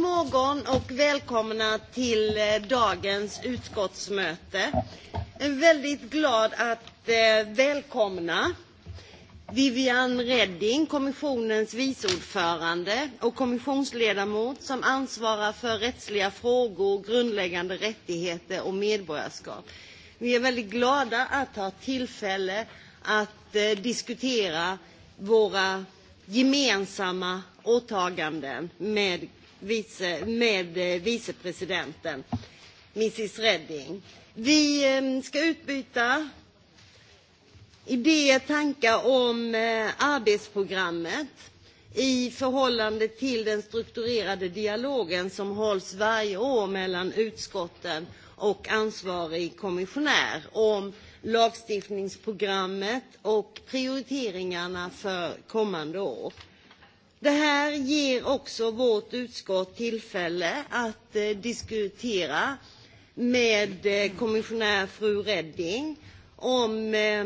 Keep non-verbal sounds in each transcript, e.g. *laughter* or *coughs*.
morgon och välkomna till eh, dagens utskottsmöte. Jag är väldigt glad att eh, välkomna Vivian Redding, kommissionens viceordförande och kommissionsledamot som ansvarar för rättsliga frågor, grundläggande rättigheter och medborgarskap. Vi är väldigt glada att ha tillfälle att eh, diskutera våra gemensamma åtaganden med vice, med vicepresidenten, Mrs Redding. Vi eh, ska utbyta idéer, tankar om eh, arbetsprogrammet i förhållande till den strukturerade dialogen som hålls varje år mellan utskotten och ansvarig kommissionär om lagstiftningsprogrammet och prioriteringarna för kommande år. Det här ger också vårt utskott tillfälle att eh, diskutera med eh, kommissionär fru Reding om eh,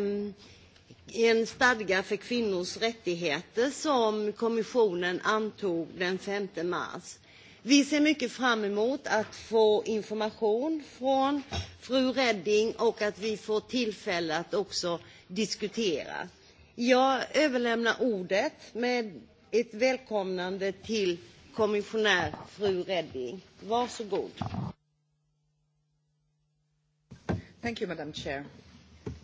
en stadga för kvinnors rättigheter som kommissionen antog den 5 mars. Vi ser mycket fram emot att få information från fru Reding och att vi får tillfälle att också diskutera. Jag överlämnar ordet med ett välkomnande till kommissionär fru Redding. Varsågod. Thank you, Madam Chair.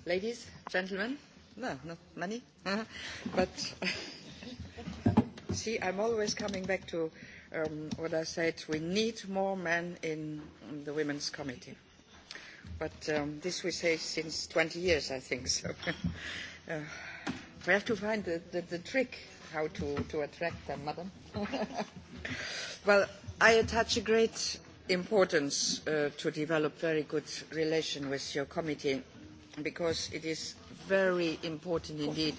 Ladies, gentlemen, no, not many, *laughs* but see, I'm always coming back to um, what I said, we need more men in the Women's Committee. But um, this we say since 20 years, I think, so *laughs* uh, we have to find the, the, the trick how to, to attract them, madam. *laughs* well, I attach a great importance uh, to develop very good relation with your committee because it is very important indeed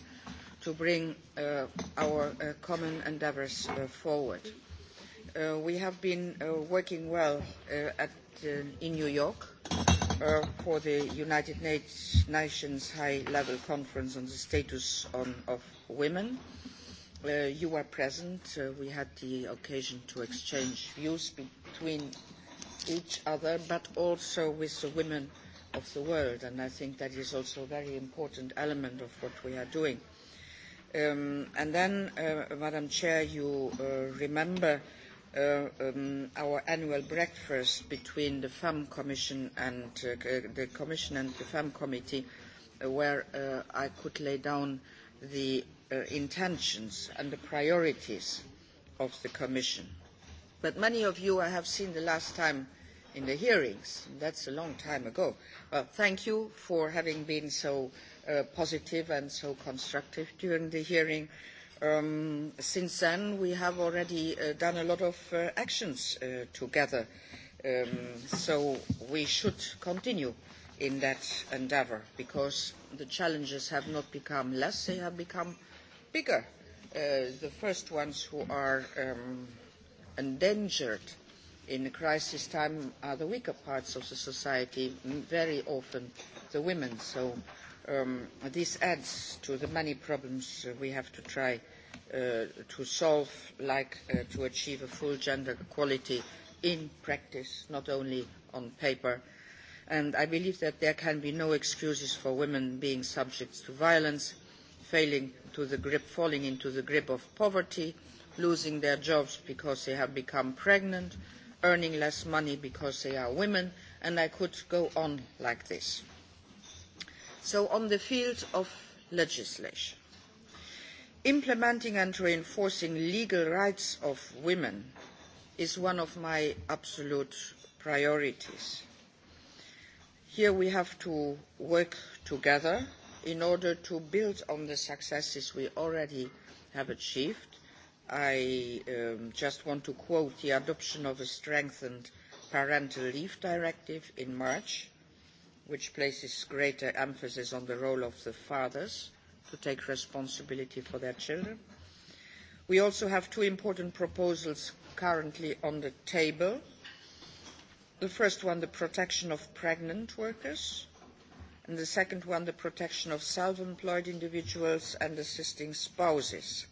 to bring uh, our uh, common endeavours uh, forward. Uh, we have been uh, working well at, in New York for the United Nations High Level Conference on the Status on, of Women. Uh, Uh, you were present. Uh, we had the occasion to exchange views between each other, but also with the women of the world. And I think that is also a very important element of what we are doing. Um, and then, uh, Madam Chair, you uh, remember uh, um, our annual breakfast between the FAM Commission and uh, uh, the Commission and the FAM Committee, uh, where uh, I could lay down the Uh, intentions and the priorities of the Commission. But many of you I have seen the last time in the hearings. that is a long time ago. thank you for having been so uh, positive and so constructive during the hearing. Um, since then, we have already uh, done a lot of uh, actions uh, together. Um, so we should continue in that endeavour because the challenges have not become less, they have become bigger. Uh, the first ones who are um, endangered in a crisis time are the weaker parts of the society, very often the women. So um, this adds to the many problems uh, we have to try uh, to solve, like uh, to achieve a full gender equality in practice, not only on paper. And I believe that there can be no excuses for women being subject to violence, failing the grip, falling into the grip of poverty, losing their jobs because they have become pregnant, earning less money because they are women, and I could go on like this. So on the field of legislation, implementing and reinforcing legal rights of women is one of my absolute priorities. Here we have to work together in order to build on the successes we already have achieved. I um, just want to quote the adoption of a strengthened parental leave directive in March, which places greater emphasis on the role of the fathers to take responsibility for their children. We also have two important proposals currently on the table. The first one, the protection of pregnant workers, and the second one the protection of self-employed individuals and assisting spouses.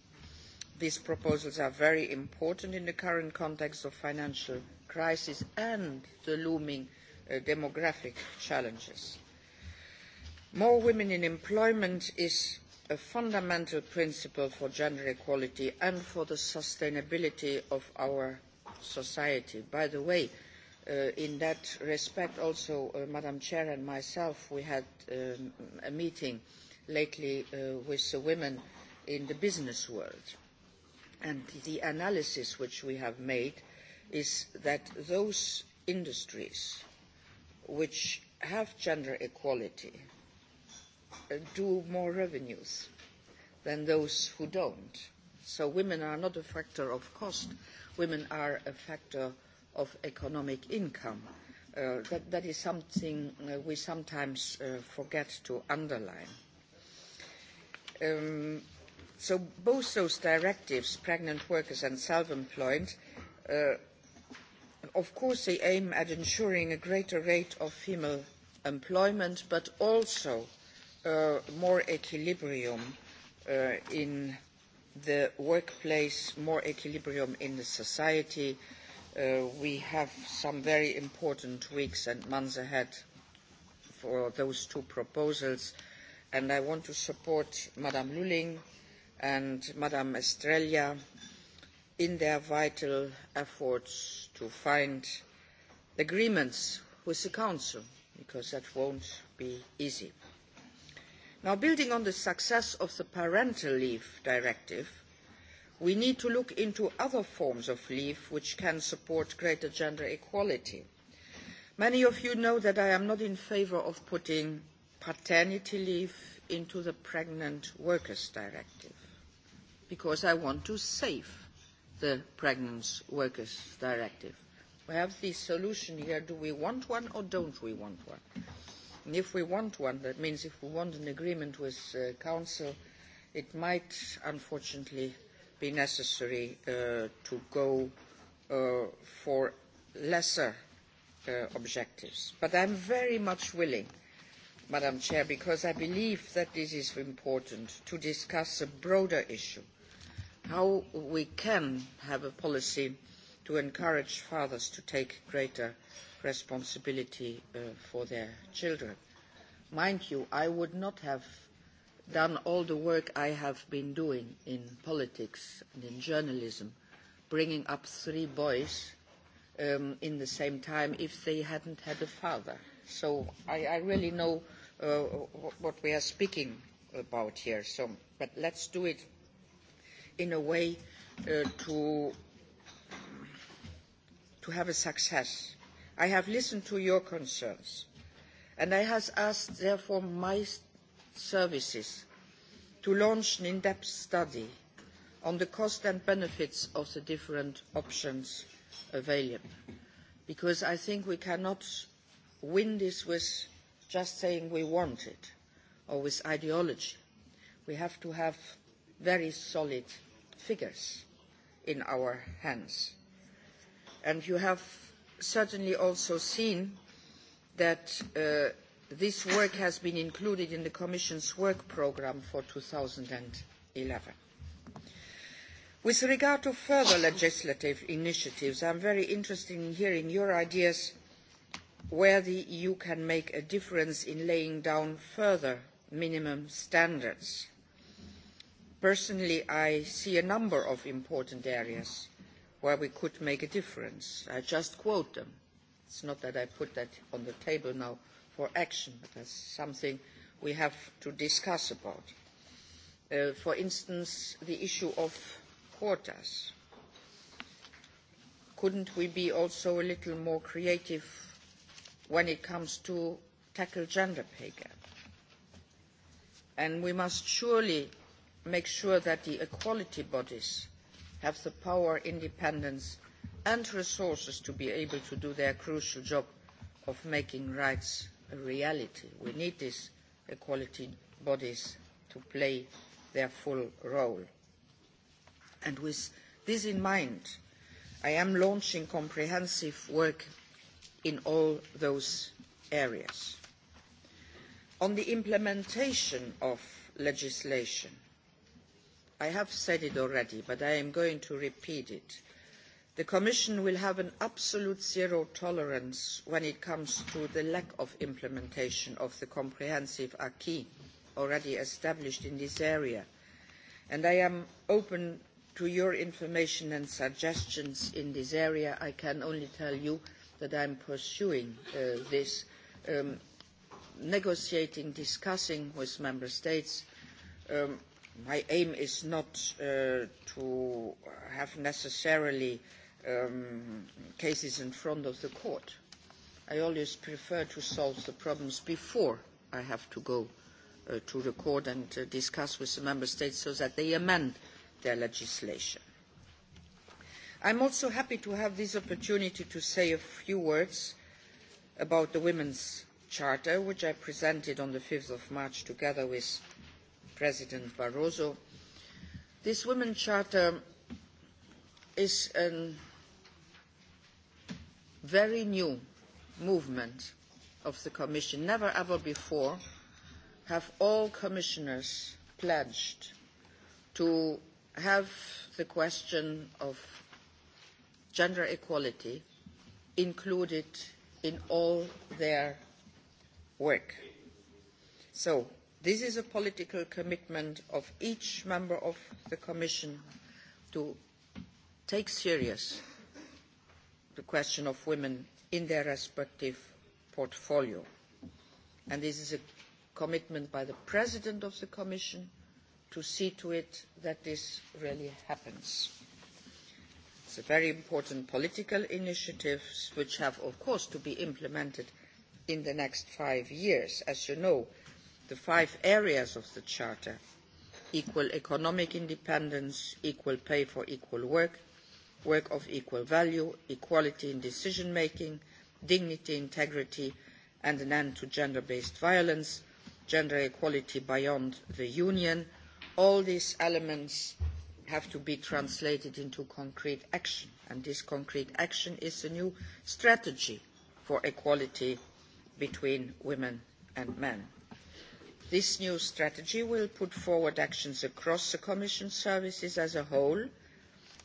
These proposals are very important in the current context of financial crisis and the looming uh, demographic challenges. More women in employment is a fundamental principle for gender equality and for the sustainability of our society. By the way, Uh, in that respect also uh, madam chair and myself we had um, a meeting lately uh, with the women in the business world and the analysis which we have made is that those industries which have gender equality do more revenues than those who do not. So women are not a factor of cost, women are a factor of economic income. Uh, that, that is something uh, we sometimes uh, forget to underline. Um, so both those directives, pregnant workers and self-employed, uh, of course they aim at ensuring a greater rate of female employment, but also uh, more equilibrium in the workplace, more equilibrium in the society, uh, Uh, we have some very important weeks and months ahead for those two proposals, and I want to support Ms Lulling and Ms Estrella in their vital efforts to find agreements with the Council, because that won't be easy. building on the success of the Parental Leave Directive, we need to look into other forms of leave which can support greater gender equality. many of you know that i am not in favour of putting paternity leave into the pregnant workers directive because i want to save the pregnant workers directive. we have the solution here do we want one or do we not want one? And if we want one that means if we want an agreement with the uh, council it might unfortunately be necessary uh, to go uh, for lesser uh, objectives. But I'm very much willing, Madam Chair, because I believe that this is important, to discuss a broader issue, how we can have a policy to encourage fathers to take greater responsibility uh, for their children. Mind you, I would not have done all the work I have been doing in politics and in journalism, bringing up three boys um, in the same time if they hadn't had a father. So I, I really know uh, what we are speaking about here. So, but let's do it in a way uh, to, to have a success. I have listened to your concerns, and I have asked, therefore, my services to launch an in depth study on the costs and benefits of the different options available because i think we cannot win this with just saying we want it or with ideology. we have to have very solid figures in our hands. And you have certainly also seen that uh, this work has been included in the commission's work programme for. two thousand and eleven with regard to further legislative initiatives i am very interested in hearing your ideas where the eu can make a difference in laying down further minimum standards. personally i see a number of important areas where we could make a difference. i just quote them it is not that i put that on the table now for action, That is something we have to discuss about. Uh, for instance, the issue of quotas. Could we be also a little more creative when it comes to tackle gender pay gap? And we must surely make sure that the equality bodies have the power, independence and resources to be able to do their crucial job of making rights a reality. We need these equality bodies to play their full role. And with this in mind, I am launching comprehensive work in all those areas. On the implementation of legislation, I have said it already, but I am going to repeat it the commission will have an absolute zero tolerance when it comes to the lack of implementation of the comprehensive acquis already established in this area and i am open to your information and suggestions in this area. i can only tell you that i am pursuing uh, this um, negotiating discussing with member states. Um, my aim is not uh, to have necessarily um, cases in front of the court. I always prefer to solve the problems before I have to go uh, to the court and uh, discuss with the member states so that they amend their legislation. I am also happy to have this opportunity to say a few words about the Women's Charter, which I presented on the 5 of March together with President Barroso. This Women's Charter is an very new movement of the Commission. Never ever before have all commissioners pledged to have the question of gender equality included in all their work. So this is a political commitment of each member of the Commission to take seriously the question of women in their respective portfolio. And this is a commitment by the President of the Commission to see to it that this really happens. It's a very important political initiative which have, of course, to be implemented in the next five years. As you know, the five areas of the Charter equal economic independence, equal pay for equal work, work of equal value equality in decision making dignity integrity and an end to gender based violence gender equality beyond the union all these elements have to be translated into concrete action and this concrete action is a new strategy for equality between women and men. this new strategy will put forward actions across the commission services as a whole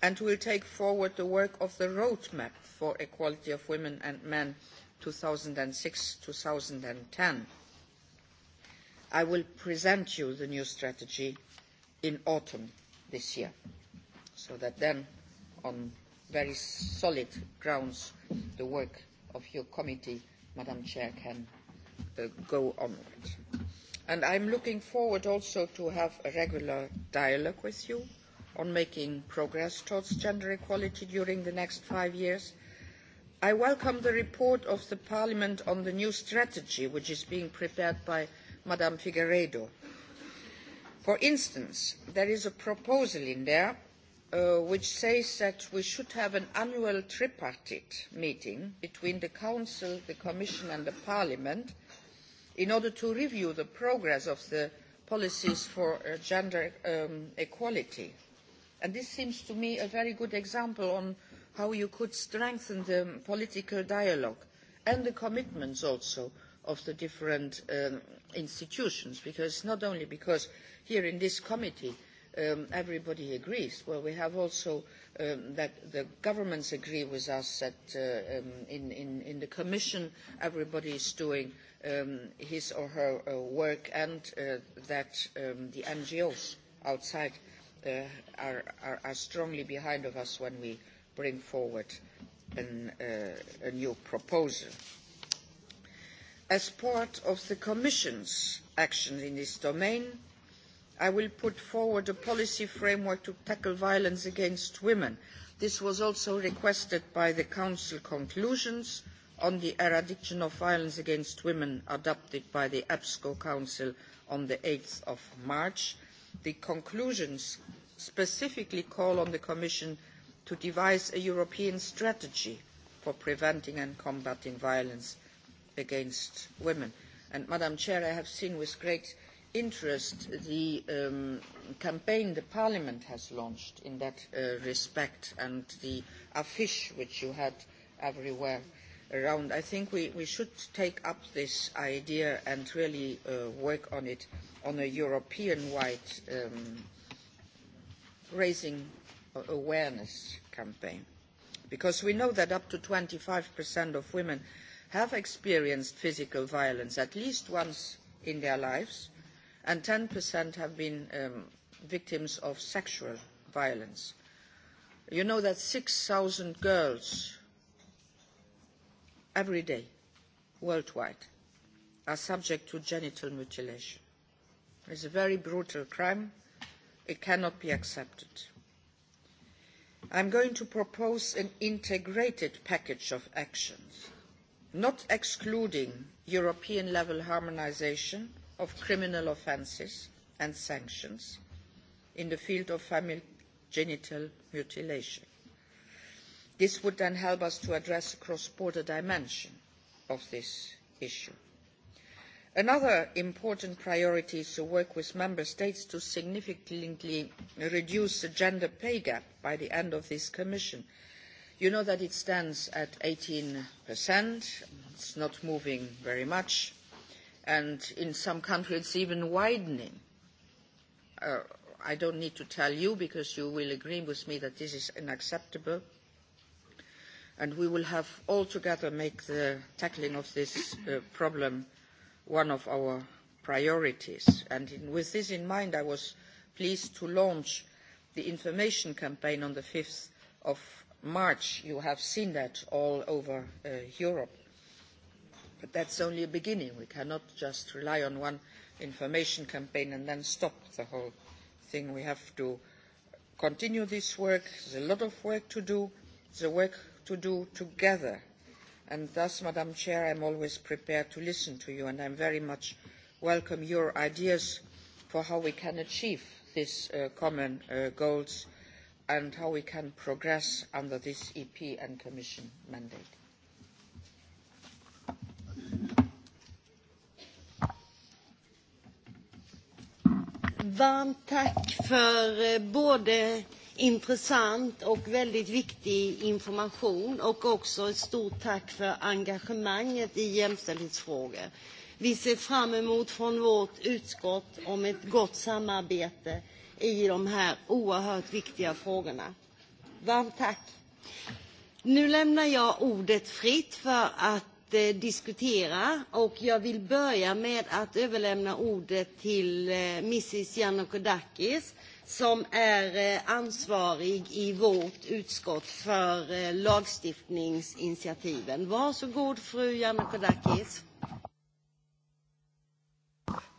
and will take forward the work of the roadmap for equality of women and men two thousand and six two thousand and ten i will present you the new strategy in autumn this year so that then on very solid grounds the work of your committee madam chair can uh, go onward. i am looking forward also to having a regular dialogue with you on making progress towards gender equality during the next five years. i welcome the report of parliament on the new strategy which is being prepared by ms figueiredo. for instance there is a proposal in there uh, which says that we should have an annual tripartite meeting between the council the commission and parliament in order to review the progress of the policies for uh, gender um, equality And this seems to me a very good example of how you could strengthen the political dialogue and the commitments also of the different um, institutions because not only because here in this committee um, everybody agrees well we have also um, that the governments agree with us that uh, um, in, in, in, the commission everybody is doing um, his or her uh, work and uh, that um, the NGOs outside uh, Uh, are, are, strongly behind of us when we bring forward an, uh, a new proposal. As part of the Commission's action in this domain, I will put forward a policy framework to tackle violence against women. This was also requested by the Council conclusions on the eradication of violence against women adopted by the EPSCO Council on the 8 of March the conclusions specifically call on the commission to devise a european strategy for preventing and combating violence against women. And, madam president i have seen with great interest the um, campaign the parliament has launched in that uh, respect and the affiche which you had everywhere around. I think we, we should take up this idea and really uh, work on it on a European-wide um, raising awareness campaign. Because we know that up to 25% of women have experienced physical violence at least once in their lives, and 10% have been um, victims of sexual violence. You know that 6,000 girls every day worldwide are subject to genital mutilation. It is a very brutal crime. It cannot be accepted. I am going to propose an integrated package of actions, not excluding European level harmonisation of criminal offences and sanctions in the field of female genital mutilation this would then help us to address the cross border dimension of this issue. another important priority is to work with member states to significantly reduce the gender pay gap by the end of this commission. you know that it stands at eighteen it is not moving very much and in some countries it is even widening. Uh, i do not need to tell you because you will agree with me that this is unacceptable and we will have all together make the tackling of this uh, problem one of our priorities. with this in mind, I was pleased to launch the information campaign on the of March. You have seen that all over uh, Europe. But that's only a beginning. We cannot just rely on one information campaign and then stop the whole thing. We have to continue this work. There is a lot of work to do. The work to do together and thus madam president i am always prepared to listen to you and i very much welcome your ideas for how we can achieve these uh, common uh, goals and how we can progress under this ep and commission mandate intressant och väldigt viktig information och också ett stort tack för engagemanget i jämställdhetsfrågor. Vi ser fram emot från vårt utskott om ett gott samarbete i de här oerhört viktiga frågorna. Varmt tack! Nu lämnar jag ordet fritt för att eh, diskutera och jag vill börja med att överlämna ordet till eh, Mrs Janakudakis som är eh, ansvarig i vårt utskott för eh, lagstiftningsinitiativen. Varsågod, fru Janakodakis.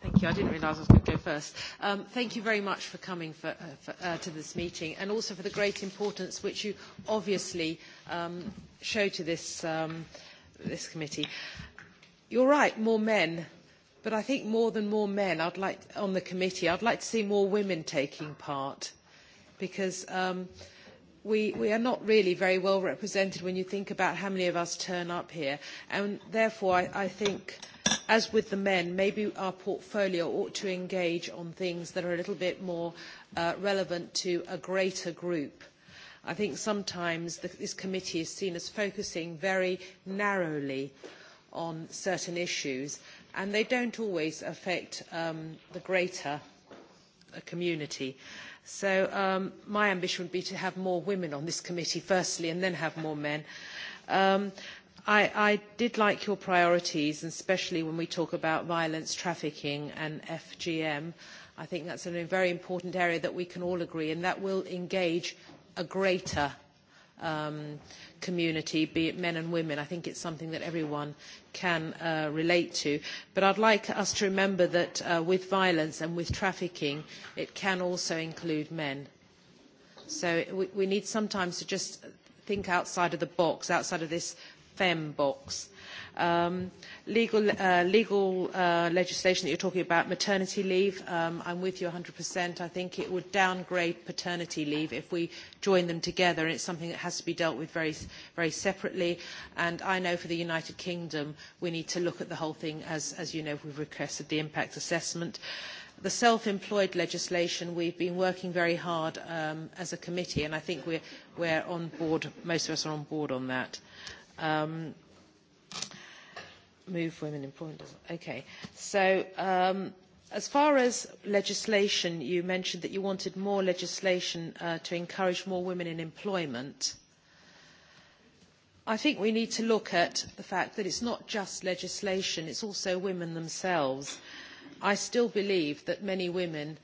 Thank you. I didn't realise I was going to go first. Um, thank you very much for coming for, uh, for, uh, to this meeting and also for the great importance which you obviously um, show to this, um, this committee. You're right, more men but i think more than more men I'd like, on the committee i would like to see more women taking part because um, we, we are not really very well represented when you think about how many of us turn up here and therefore i, I think as with the men maybe our portfolio ought to engage on things that are a little bit more uh, relevant to a greater group. i think sometimes the, this committee is seen as focusing very narrowly on certain issues and they don't always affect um, the greater uh, community. So um, my ambition would be to have more women on this committee firstly and then have more men. Um, I, I did like your priorities, especially when we talk about violence, trafficking and FGM. I think that's a very important area that we can all agree, and that will engage a greater um, community, be it men and women. I think it's something that everyone can uh, relate to. But I'd like us to remember that uh, with violence and with trafficking, it can also include men. So we, we need sometimes to just think outside of the box, outside of this Femme box Um, legal, uh, legal uh, legislation that you're talking about, maternity leave, um, I'm with you 100%. I think it would downgrade paternity leave if we join them together, and it's something that has to be dealt with very, very separately. And I know for the United Kingdom, we need to look at the whole thing, as, as you know, we've requested the impact assessment the self employed legislation we have been working very hard um, as a committee and i think we're, we're on board most of us are on board on that um, move women in employment doesn't. Okay. So um, as far as legislation, you mentioned that you wanted more legislation uh, to encourage more women in employment. I think we need to look at the fact that it's not just legislation, it's also women themselves. I still believe that many women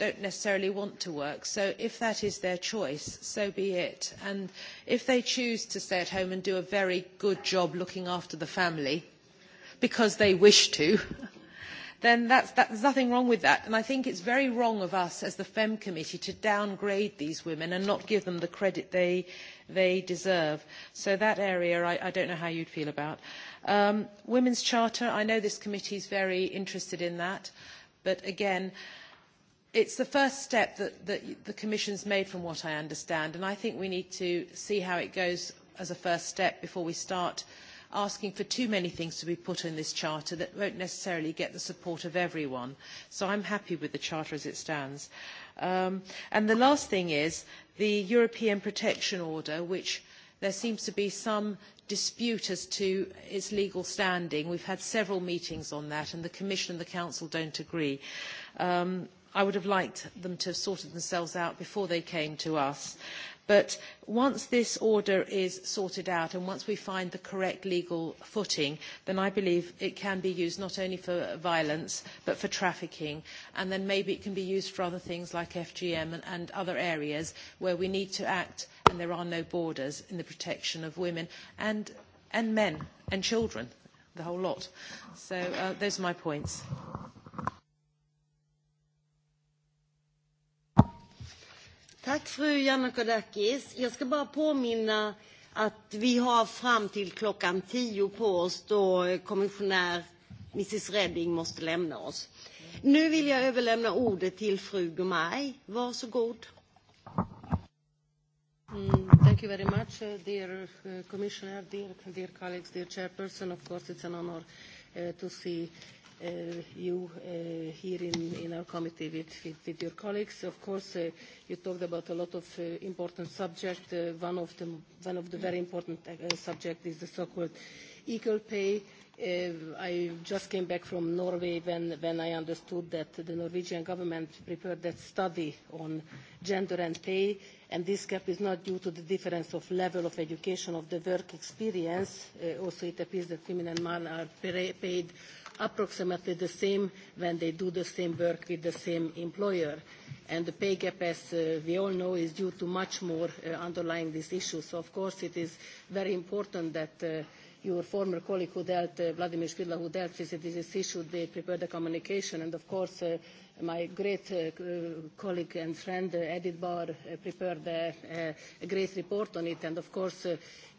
don't necessarily want to work. So if that is their choice, so be it. And if they choose to stay at home and do a very good job looking after the family, because they wish to, *laughs* then that's, that, nothing wrong with that. And I think it's very wrong of us as the FEM committee to downgrade these women and not give them the credit they, they deserve. So that area, I, I don't know how you'd feel about. Um, women's Charter, I know this committee is very interested in that. But again, it is the first step that, that the commission has made from what i understand and i think we need to see how it goes as a first step before we start asking for too many things to be put in this charter that won't necessarily get the support of everyone. So I'm happy with the charter as it stands. Um, and the last thing is the European Protection Order, which there seems to be some dispute as to its legal standing. We've had several meetings on that, and the Commission and the Council don't agree. Um, I would have liked them to have sorted themselves out before they came to us. But once this order is sorted out and once we find the correct legal footing, then I believe it can be used not only for violence but for trafficking. And then maybe it can be used for other things like FGM and, and other areas where we need to act and there are no borders in the protection of women and, and men and children, the whole lot. So uh, those are my points. Tack fru Janakodakis. Jag ska bara påminna att vi har fram till klockan tio på oss då kommissionär Mrs Redding måste lämna oss. Nu vill jag överlämna ordet till fru Gumay. Varsågod. Mm, thank you very much, uh, dear uh, Commissioner, dear, dear colleagues, dear Chairperson. Of course, it's an honor uh, to see uh, you uh, here in, in our committee with, with, with your colleagues. Of course, uh, you talked about a lot of uh, important subjects. Uh, one, of the, one of the very important uh, subjects is the so-called equal pay. Uh, I just came back from Norway when, when I understood that the Norwegian government prepared that study on gender and pay, and this gap is not due to the difference of level of education of the work experience. Uh, also, it appears that women and men are paid approximately the same when they do the same work with the same employer. And the pay gap, as uh, we all know, is due to much more uh, underlying this issue. So, of course, it is very important that uh, your former colleague who dealt, uh, Vladimir Špidla, who dealt with this issue, they prepared a communication. And, of course, uh, my great uh, uh, colleague and friend uh, Edith Bauer uh, prepared a, uh, uh, a great report on it. And, of course, uh,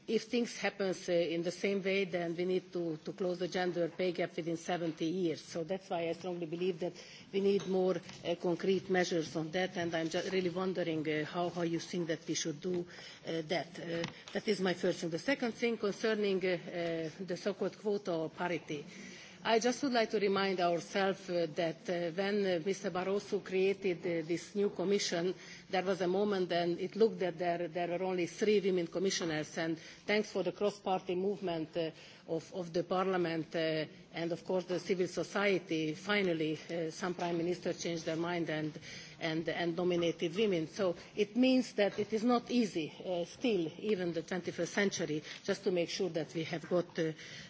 if things happen uh, in the same way, then we need to, to close the gender pay gap within 70 years. So that's why I strongly believe that we need more uh, concrete measures on that, and I'm just really wondering uh, how, how you think that we should do uh, that. Uh, that is my first thing. The second thing concerning uh, uh, the so-called quota or parity. I just would like to remind ourselves uh, that uh, when uh, Mr. Barroso created uh, this new commission, there was a moment when it looked that there, there were only three women commissioners, and thanks for the cross-party movement uh, of, of the parliament uh, and, of course, the civil society, finally uh, some prime ministers changed their mind and and, and dominated women. So it means that it is not easy uh, still, even the 21st century, just to make sure that we have got uh,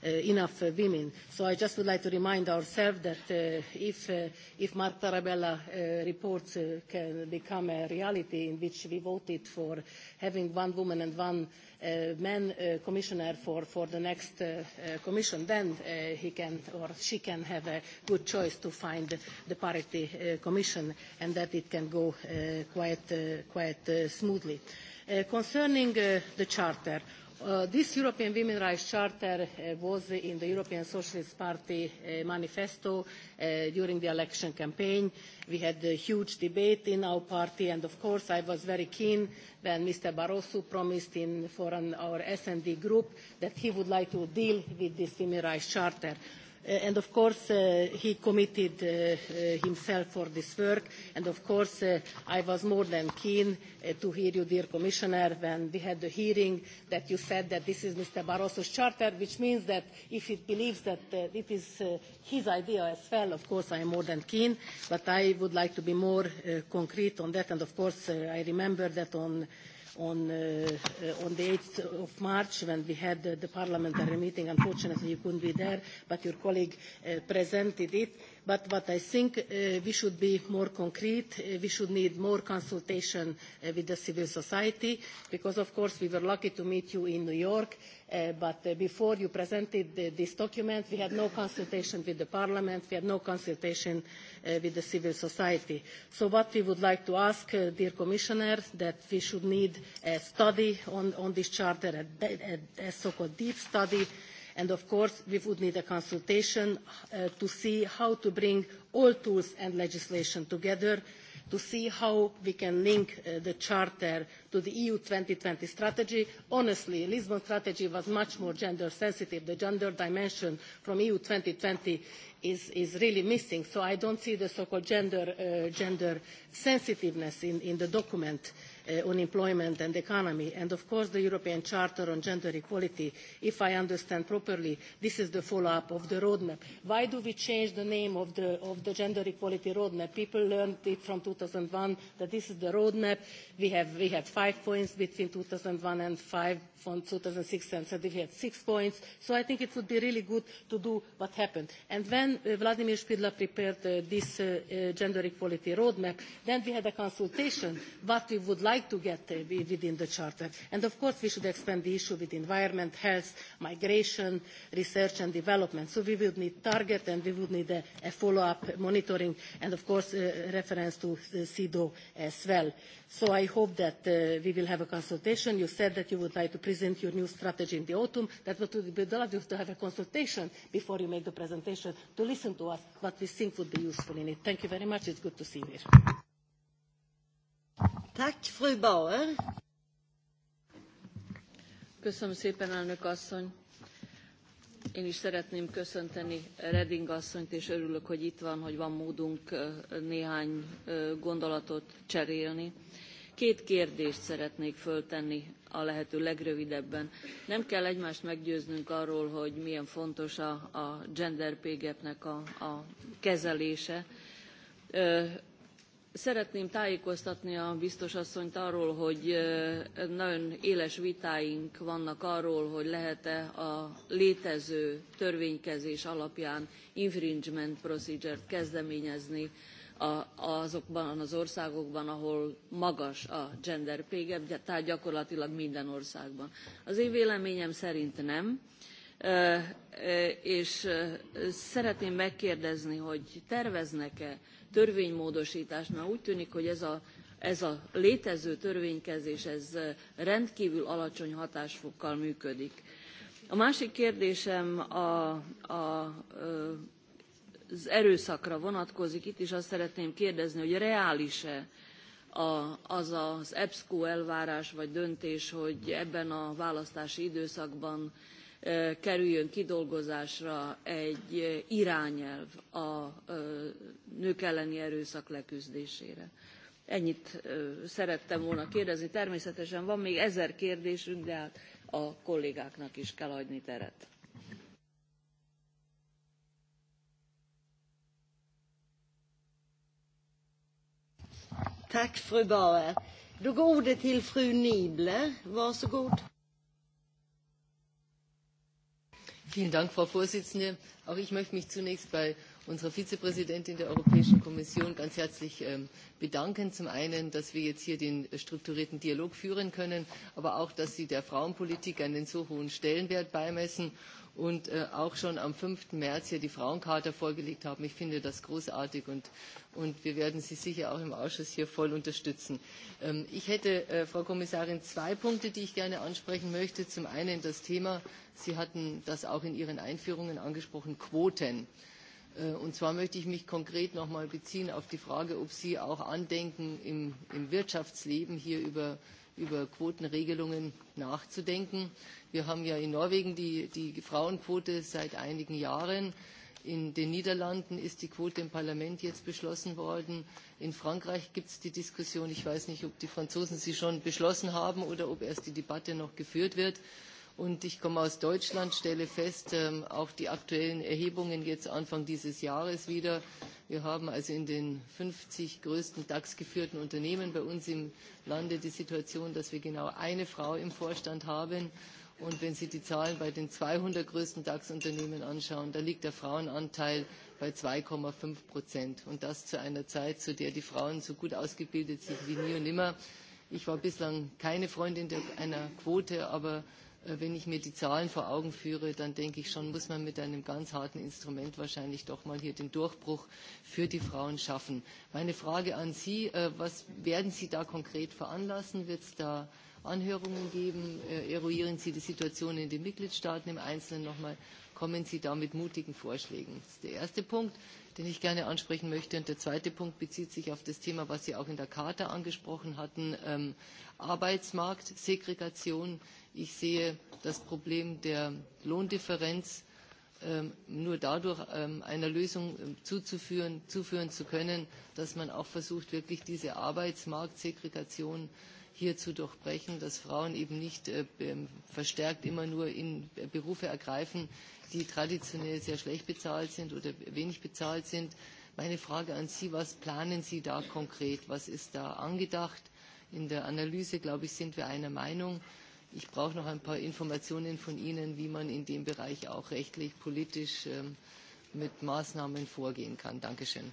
uh, enough uh, women. So I just would like to remind ourselves that uh, if, uh, if Mark Tarabella uh, reports uh, can become a reality in which we voted for having one woman and one uh, man uh, commissioner for, for the next uh, uh, commission, then uh, he can or she can have a good choice to find the parity uh, commission, and that it can go uh, quite, uh, quite uh, smoothly. Concerning the Charter, Uh, this European Women's Rights Charter uh, was in the European Socialist Party uh, manifesto during the election campaign. We had a huge debate in our party, and of course I was very keen when Mr. Barroso promised in, for an, our S&D group that he would like to deal with this Women's Rights Charter Uh, and of course, uh, he committed uh, uh, himself for this work. And of course, uh, I was more than keen to hear you, dear Commissioner, when we had the hearing that you said that this is Mr. Barroso's charter, which means that if he believes that it is his idea as well, of course, I am more than keen. But I would like to be more concrete on that. And of course, I remember that on on, uh, on the 8th of March when we had the, the parliamentary meeting. Unfortunately, you couldn't be there, but your colleague uh, presented it but, what I think uh, we should be more concrete. Uh, we should need more consultation uh, with the civil society, because of course we were lucky to meet you in New York, uh, but uh, before you presented the, this document, we had no consultation with the Parliament, we had no consultation uh, with the civil society. So what we would like to ask, uh, dear Commissioner, that we should need a study on, on this charter, a, a, a so-called deep study, uh, and of course we would need a consultation uh, to see how to bring all tools and legislation together to see how we can link uh, the charter to the EU twenty strategy. Honestly, the Lisbon strategy was much more gender sensitive. The gender dimension from EU twenty is, is really missing. So I don't see the so-called gender, uh, gender sensitiveness in, in the document. Uh, on uh, employment and economy, and of course the European Charter on Gender Equality, if I understand properly, this is the follow-up of the roadmap. Why do we change the name of the, of the Gender Equality Roadmap? People learned it from two thousand one that this is the roadmap. We have, we had five points between two thousand one and five from two thousand six and so we had six points. So I think it would be really good to do what happened. And when uh, Vladimir Spidla prepared uh, this uh, uh, gender equality roadmap, then we had a consultation what we would like like to get uh, within the Charter. And of course we should expand the issue with environment, health, migration, research and development. So we would need target and we would need a, a follow-up monitoring and of course a uh, reference to CEDAW as well. So I hope that uh, we will have a consultation. You said that you would like to present your new strategy in the autumn. That would be lovely to have a consultation before you make the presentation, to listen to us, what we think would be useful in it. Thank you very much. It's good to see you here. Köszönöm szépen, elnök asszony. Én is szeretném köszönteni Reding asszonyt, és örülök, hogy itt van, hogy van módunk néhány gondolatot cserélni. Két kérdést szeretnék föltenni a lehető legrövidebben. Nem kell egymást meggyőznünk arról, hogy milyen fontos a, gender pay gap-nek a kezelése Szeretném tájékoztatni a biztos asszonyt arról, hogy nagyon éles vitáink vannak arról, hogy lehet-e a létező törvénykezés alapján infringement procedure-t kezdeményezni azokban az országokban, ahol magas a gender pay gap, tehát gyakorlatilag minden országban. Az én véleményem szerint nem, és szeretném megkérdezni, hogy terveznek-e törvénymódosítás, mert úgy tűnik, hogy ez a, ez a létező törvénykezés ez rendkívül alacsony hatásfokkal működik. A másik kérdésem a, a az erőszakra vonatkozik. Itt is azt szeretném kérdezni, hogy reális-e az az EBSCO elvárás vagy döntés, hogy ebben a választási időszakban kerüljön kidolgozásra egy irányelv a nők elleni erőszak leküzdésére. Ennyit szerettem volna kérdezni. Természetesen van még ezer kérdésünk, de hát a kollégáknak is kell hagyni teret. Tack fru Bauer. går ordet till fru Varsågod. frau präsidentin! auch ich möchte mich zunächst bei unserer vizepräsidentin der europäischen kommission ganz herzlich ähm, bedanken zum einen dass wir jetzt hier den strukturierten dialog führen können aber auch dass sie der frauenpolitik einen so hohen stellenwert beimessen und äh, auch schon am 5. März hier die Frauencharta vorgelegt haben. Ich finde das großartig und, und wir werden Sie sicher auch im Ausschuss hier voll unterstützen. Ähm, ich hätte, äh, Frau Kommissarin, zwei Punkte, die ich gerne ansprechen möchte. Zum einen das Thema, Sie hatten das auch in Ihren Einführungen angesprochen, Quoten. Äh, und zwar möchte ich mich konkret noch nochmal beziehen auf die Frage, ob Sie auch Andenken im, im Wirtschaftsleben hier über über Quotenregelungen nachzudenken. Wir haben ja in Norwegen die, die Frauenquote seit einigen Jahren. In den Niederlanden ist die Quote im Parlament jetzt beschlossen worden. In Frankreich gibt es die Diskussion. Ich weiß nicht, ob die Franzosen sie schon beschlossen haben oder ob erst die Debatte noch geführt wird Und ich komme aus Deutschland, stelle fest, ähm, auch die aktuellen Erhebungen jetzt Anfang dieses Jahres wieder, wir haben also in den 50 größten DAX-geführten Unternehmen bei uns im Lande die Situation, dass wir genau eine Frau im Vorstand haben. Und wenn Sie die Zahlen bei den 200 größten DAX-Unternehmen anschauen, da liegt der Frauenanteil bei 2,5 Prozent. Und das zu einer Zeit, zu der die Frauen so gut ausgebildet sind wie nie und nimmer. Ich war bislang keine Freundin einer Quote, aber Äh, wenn ich mir die Zahlen vor Augen führe, dann denke ich schon, muss man mit einem ganz harten Instrument wahrscheinlich doch mal hier den Durchbruch für die Frauen schaffen. Meine Frage an Sie, äh, was werden Sie da konkret veranlassen? Wird es da Anhörungen geben? Äh, eruieren Sie die Situation in den Mitgliedstaaten im Einzelnen nochmal? Kommen Sie da mit mutigen Vorschlägen? Das ist der erste Punkt, den ich gerne ansprechen möchte. Und der zweite Punkt bezieht sich auf das Thema, was Sie auch in der Charta angesprochen hatten, ähm, Arbeitsmarktsegregation. Segregation ich sehe das Problem der Lohndifferenz ähm, nur dadurch ähm, einer Lösung ähm, zuzuführen, zuführen zu können, dass man auch versucht, wirklich diese Arbeitsmarktsegregation hier zu durchbrechen, dass Frauen eben nicht äh, verstärkt immer nur in äh, Berufe ergreifen, die traditionell sehr schlecht bezahlt sind oder wenig bezahlt sind. Meine Frage an Sie, was planen Sie da konkret? Was ist da angedacht? In der Analyse, glaube ich, sind wir einer Meinung ich brauche noch ein paar Informationen von Ihnen, wie man in dem Bereich auch rechtlich, politisch ähm, mit Maßnahmen vorgehen kann. Dankeschön.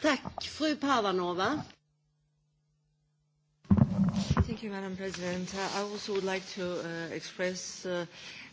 Tack, fru Pavanova. Thank you, Madam President. Uh, I also would like to uh, express uh,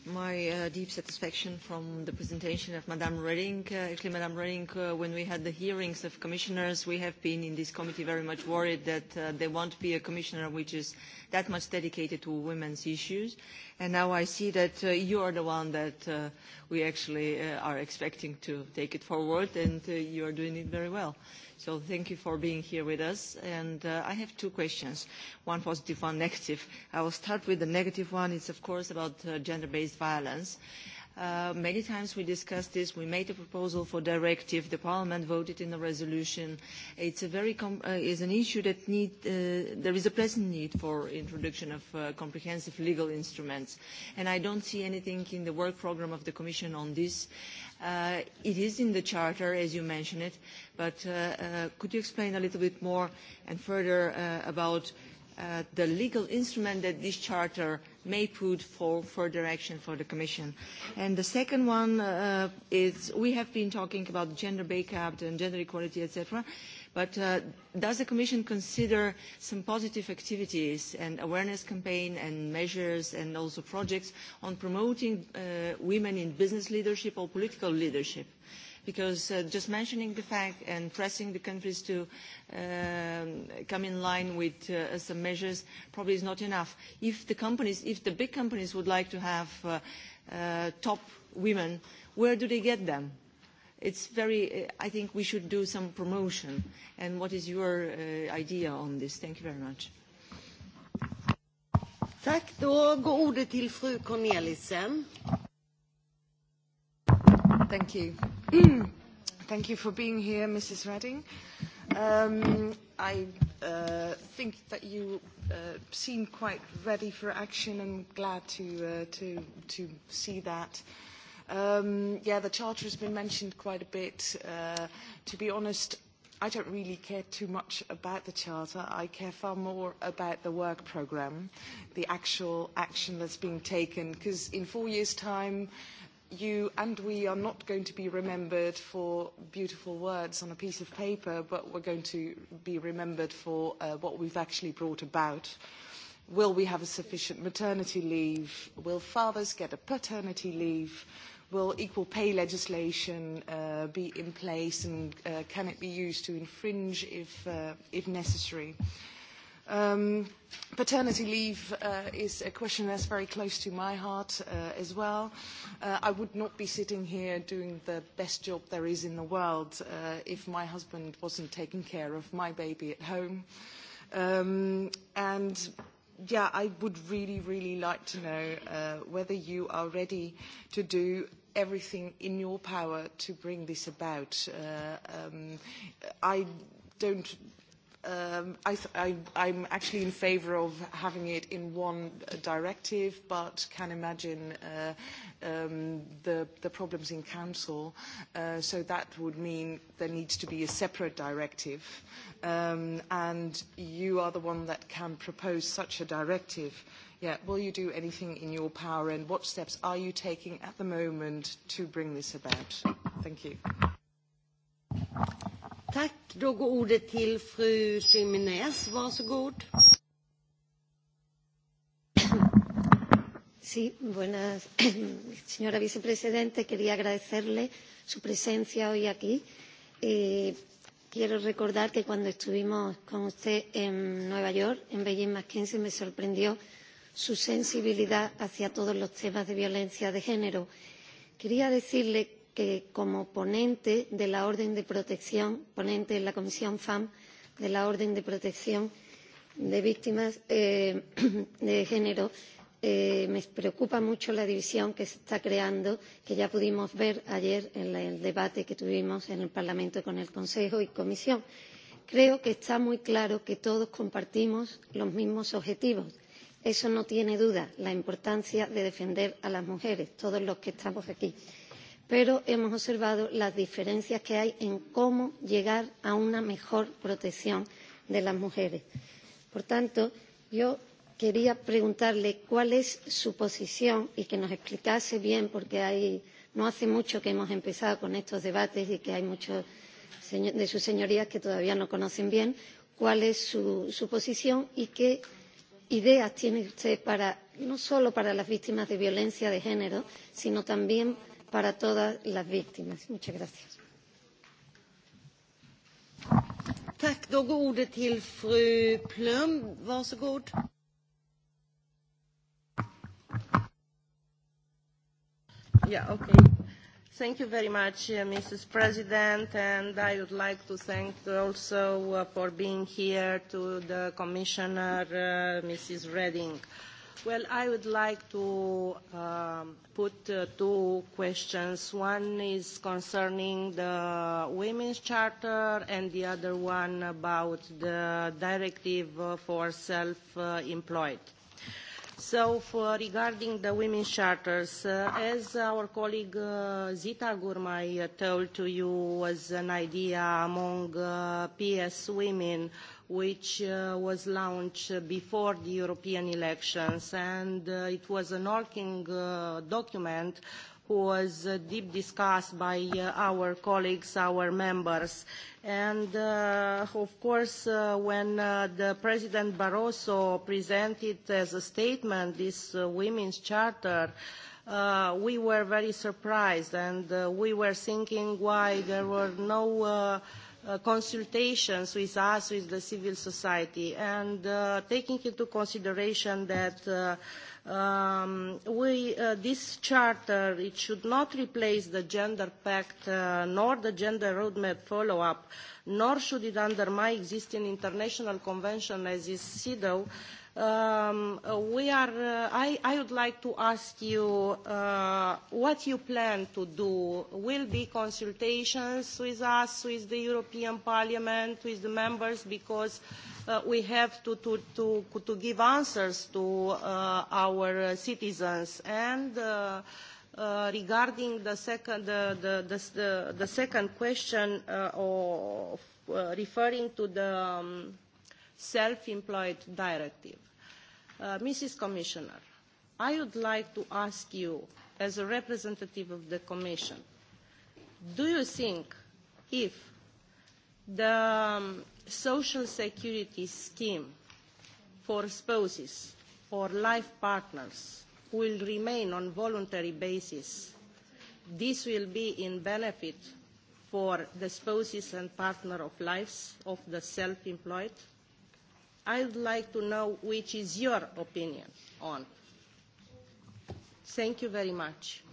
my uh, deep satisfaction from the presentation of Madame Reding. Uh, actually, Madame Reding, uh, when we had the hearings of commissioners, we have been in this committee very much worried that uh, there won't be a commissioner which is that much dedicated to women's issues. And now I see that uh, you are the one that uh, we actually uh, are expecting to take it forward, and uh, you are doing it very well. So thank you for being here with us. And uh, I have two questions, one positive, one negative. I will start with the negative one. It's, of course, about uh, gender-based violence. Uh, Uh, many times we discussed this. We made a proposal for directive. The Parliament voted in a resolution. It's a very com uh, is an issue that need, uh, there is a present need for introduction of uh, comprehensive legal instruments. And I don't see anything in the work program of the Commission on this. Uh, it is in the Charter, as you mentioned it, but uh, uh, could you explain a little bit more and further uh, about uh, the legal instrument that this charter may put for further action for the Commission. And the second one uh, is we have been talking about gender pay gap and gender equality, etc. But uh, does the Commission consider some positive activities and awareness campaign and measures and also projects on promoting uh, women in business leadership or political leadership? Uh, because uh, just mentioning the fact and pressing the countries to um, come in line with uh, some measures probably is not enough. If the companies, if the big companies would like to have uh, uh, top women, where do they get them? It's very, uh, I think we should do some promotion. And what is your uh, idea on this? Thank you very much. Tack. Då går ordet till fru Cornelissen. Thank you. Thank you for being here, Mrs. Redding. Um, I uh, think that you uh, seem quite ready for action. and glad to, uh, to, to see that. Um, yeah, the Charter has been mentioned quite a bit. Uh, to be honest, I don't really care too much about the Charter. I care far more about the work programme, the actual action that's being taken, because in four years' time, you and we are not going to be remembered for beautiful words on a piece of paper, but we're going to be remembered for uh, what we've actually brought about. Will we have a sufficient maternity leave? Will fathers get a paternity leave? Will equal pay legislation uh, be in place and uh, can it be used to infringe if, uh, if necessary? Uh, Um, paternity leave uh, is a question that's very close to my heart uh, as well. Uh, I would not be sitting here doing the best job there is in the world uh, if my husband wasn't taking care of my baby at home. Um, and yeah, I would really, really like to know uh, whether you are ready to do everything in your power to bring this about. Uh, um, I don't Um, I th I, I'm actually in favour of having it in one directive, but can imagine uh, um, the, the problems in council. Uh, so that would mean there needs to be a separate directive. Um, and you are the one that can propose such a directive. Yeah, will you do anything in your power, and what steps are you taking at the moment to bring this about? Thank you. Tack. Då går ordet till fru Varsågod. *coughs* Sí, buenas. *coughs* Señora vicepresidente, quería agradecerle su presencia hoy aquí. Eh, quiero recordar que cuando estuvimos con usted en Nueva York, en Beijing Mackenzie, me sorprendió su sensibilidad hacia todos los temas de violencia de género. Quería decirle que como ponente de la orden de protección ponente en la comisión femm de la orden de protección de víctimas eh, *clears throat* de género eh, me preocupa mucho la división que se está creando que ya pudimos ver ayer en el debate que tuvimos en el parlamento con el consejo y la comisión. creo que está muy claro que todos compartimos los mismos objetivos eso no tiene duda la importancia de defender a las mujeres todos los que estamos aquí pero hemos observado las diferencias que hay en cómo llegar a una mejor protección de las mujeres. Por tanto, yo quería preguntarle cuál es su posición y que nos explicase bien, porque hay, no hace mucho que hemos empezado con estos debates y que hay muchos de sus señorías que todavía no conocen bien, cuál es su, su posición y qué ideas tiene usted para, no solo para las víctimas de violencia de género, sino también para todas las víctimas. Muchas gracias. Tack, då går ordet till fru Plum. Varsågod. Yeah, okay. Thank you very much, uh, Mrs. President, and I would like to thank also uh, for being here to the Commissioner, uh, Mrs. Redding. Uh, Well, I would like to um, put uh, two questions. One is concerning the Women's Charter and the other one about the Directive uh, for Self-Employed. So for regarding the Women's Charters, uh, as our colleague uh, Zita Gurmai uh, told to you was an idea among uh, PS women which uh, was launched before the European elections, and uh, it was an working uh, document which was deep discussed by our colleagues, our members. And of course, when the President Barroso presented as a statement this Women's Charter, we were very surprised and we were thinking why there were no Uh, consultations with us, with the civil society, and uh, taking into consideration that uh, um, we, uh, this charter, it should not replace the gender pact uh, nor the gender roadmap follow-up, nor should it undermine existing international convention as is CEDAW, um, we are, uh, I, I would like to ask you uh, what you plan to do. Will be consultations with us, with the European Parliament, with the members, because uh, we have to, to, to, to give answers to uh, our citizens. And uh, uh, regarding the second, the, the, the, the second question uh, of, uh, referring to the um, self-employed directive. Uh, Mrs. Commissioner, I would like to ask you, as a representative of the Commission, do you think if the um, social security scheme for spouses or life partners will remain on voluntary basis, this will be in benefit for the spouses and partner of lives of the self-employed? I would like to know which is your opinion on. Thank you very much.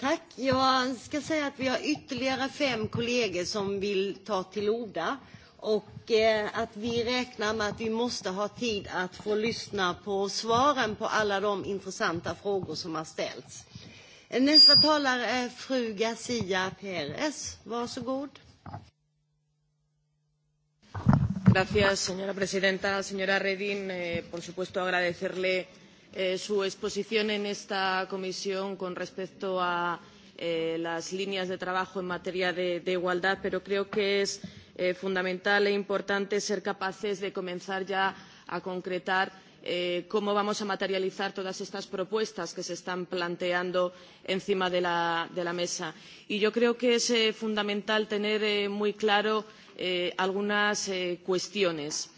Tack. Jag ska säga att vi har ytterligare fem kollegor som vill ta till orda och eh, att vi räknar med att vi måste ha tid att få lyssna på svaren på alla de intressanta frågor som har ställts. Eh, nästa talare är fru Garcia Perez. Varsågod. señora presidenta. Señora Reding, eh, por supuesto, agradecerle eh, su exposición en esta comisión con respecto a eh, las líneas de trabajo en materia de, igualdad, pero creo que es fundamental e importante ser capaces de comenzar ya a concretar cómo vamos a materializar todas estas propuestas que se están planteando encima de la, mesa. Y yo creo que es fundamental tener muy claro Eh, algunas eh, cuestiones.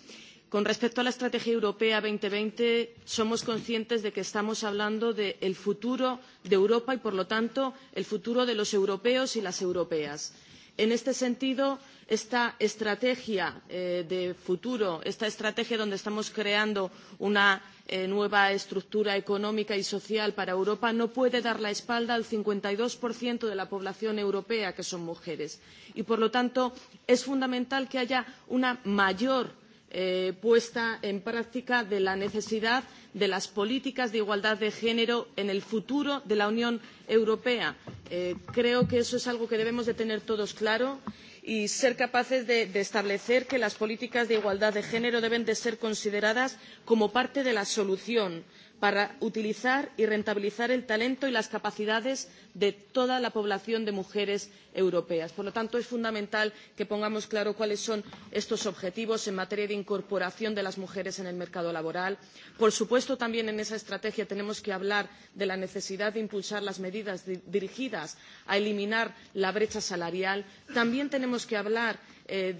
Con respecto a la Estrategia Europea dos mil veinte, somos conscientes de que estamos hablando del futuro de Europa y, por lo tanto, el futuro de los europeos y las europeas. En este sentido, esta estrategia eh, de futuro, esta estrategia donde estamos creando una Eh, nueva estructura económica y social para Europa no puede dar la espalda al cincuenta y dos de la población europea, que son mujeres. Y, por lo tanto, es fundamental que haya una mayor eh, puesta en práctica de la necesidad de las políticas de igualdad de género en el futuro de la Unión Europea. Eh, creo que eso es algo que debemos tener todos claro. y y ser capaces de, establecer que las políticas de igualdad de género deben ser consideradas como parte de la solución no para utilizar y rentabilizar el talento y las capacidades de toda la población de mujeres europeas. por lo tanto es fundamental que pongamos claro cuáles son estos objetivos en materia de incorporación de las mujeres en el mercado laboral. por supuesto también en esa estrategia tenemos que hablar de la necesidad de impulsar las medidas dirigidas a eliminar la brecha salarial. también tenemos que hablar Eh,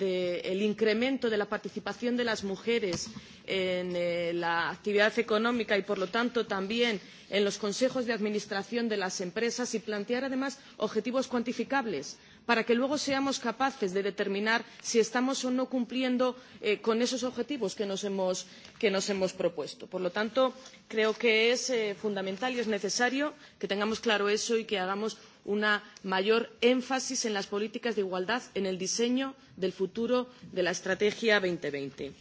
del incremento de la participación de las mujeres en eh, la actividad económica y por lo tanto también en los consejos de administración de las empresas y plantear además objetivos cuantificables para que luego seamos capaces de determinar si estamos o no cumpliendo eh, con esos objetivos que nos, hemos, que nos hemos propuesto. por lo tanto creo que es fundamental y es necesario que tengamos claro eso y que hagamos un mayor énfasis en las políticas de igualdad en el diseño del futuro de la estrategia. dos mil veinte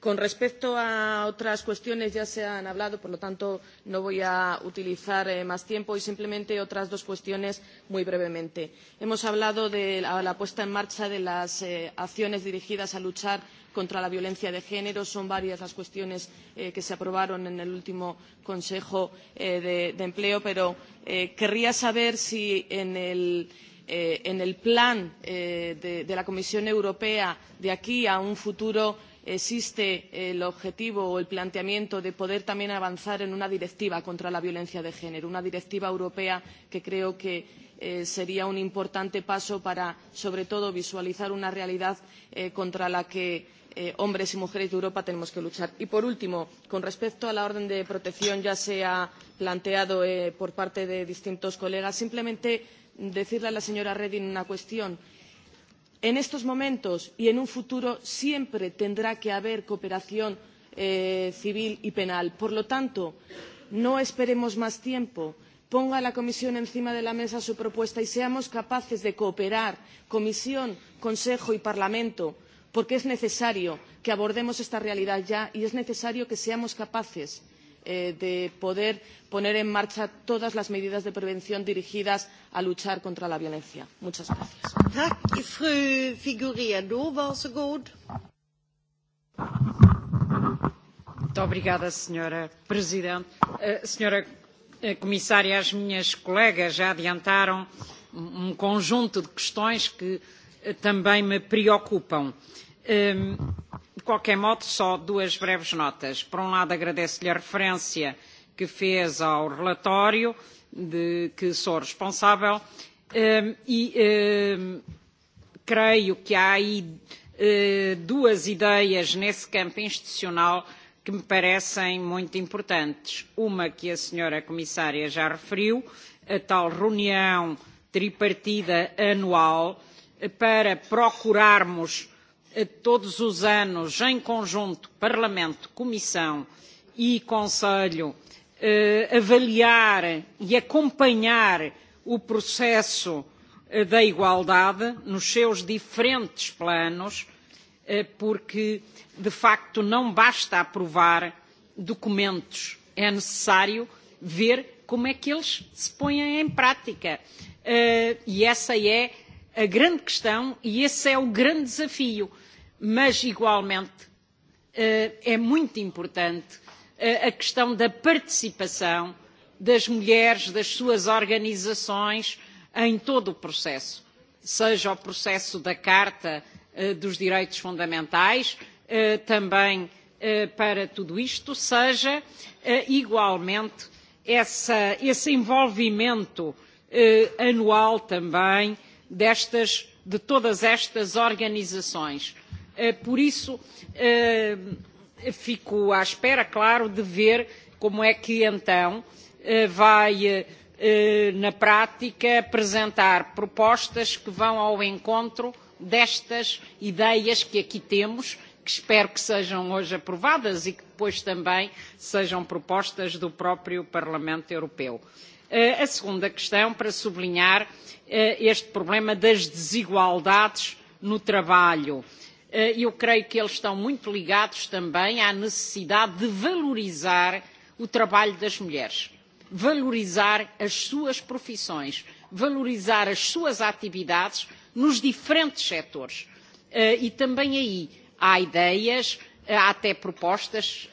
con respecto a otras cuestiones ya se han hablado por lo tanto no voy a utilizar eh, más tiempo y simplemente otras dos cuestiones muy brevemente. hemos hablado de la, la puesta en marcha de las eh, acciones dirigidas a luchar contra contra la violencia de género. Son varias las cuestiones eh, que se aprobaron en el último Consejo eh, de, de, Empleo, pero eh, querría saber si en el, eh, en el plan eh, de, de la Comisión Europea de aquí a un futuro existe el objetivo o el planteamiento de poder también avanzar en una directiva contra la violencia de género una directiva europea que creo que eh, sería un importante paso para sobre todo visualizar una realidad eh, contra la que eh, hombres y mujeres de Europa tenemos que luchar. Y por último, con respecto a la orden de protección ya se ha planteado eh, por parte de distintos colegas, simplemente decirle a la señora Reding una cuestión. En estos momentos y en un futuro siempre tendrá que haber cooperación eh, civil y penal. Por lo tanto, no esperemos más tiempo ponga la comisión encima de la mesa su propuesta y seamos capaces de cooperar comisión consejo y parlamento porque es necesario que abordemos esta realidad ya y es necesario que seamos capaces eh, de poder poner en marcha todas las medidas de prevención dirigidas a luchar contra la violencia. Muchas gracias. Obrigada, senhora presidente eh, senhora eh, comissária as minhas colegas já adiantaram um, um conjunto de questões que também me preocupam. De qualquer modo, só duas breves notas. Por um lado, agradeço-lhe a referência que fez ao relatório de que sou responsável e creio que há aí eh, duas ideias nesse campo institucional que me parecem muito importantes. Uma que a senhora comissária já referiu, a tal reunião tripartida anual para procurarmos eh, todos os anos, em conjunto, Parlamento, Comissão e Conselho, eh, avaliar e acompanhar o processo eh, da igualdade nos seus diferentes planos, porque, de facto, não basta aprovar documentos, é necessário ver como é que eles se põem em prática. E essa é a grande questão, e esse é o grande desafio, mas igualmente eh, é muito importante eh, a questão da participação das mulheres, das suas organizações em todo o processo, seja o processo da Carta eh, dos Direitos Fundamentais, também para tudo isto, seja igualmente essa, esse envolvimento anual também destas, de todas estas organizações. Eh, por isso, eh, fico à espera, claro, de ver como é que então eh, vai, na prática, apresentar propostas que vão ao encontro destas ideias que aqui temos, que espero que sejam hoje aprovadas e que depois também sejam propostas do próprio Parlamento Europeu. Uh, Eh, a segunda questão para sublinhar eh, este problema das desigualdades no trabalho. Eh, eu creio que eles estão muito ligados também à necessidade de valorizar o trabalho das mulheres, valorizar as suas profissões, valorizar as suas atividades nos diferentes setores. E também aí há ideias, há até propostas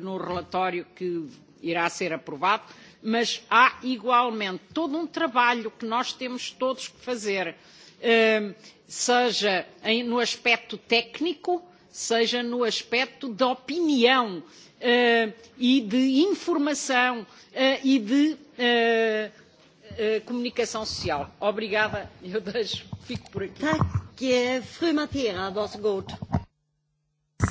no relatório que irá ser aprovado mas há igualmente todo um trabalho que nós temos todos que fazer, eh, seja no aspecto técnico, seja no aspecto da opinião eh, e de informação eh, e de comunicação social. Obrigada, eu deixo, fico por aqui.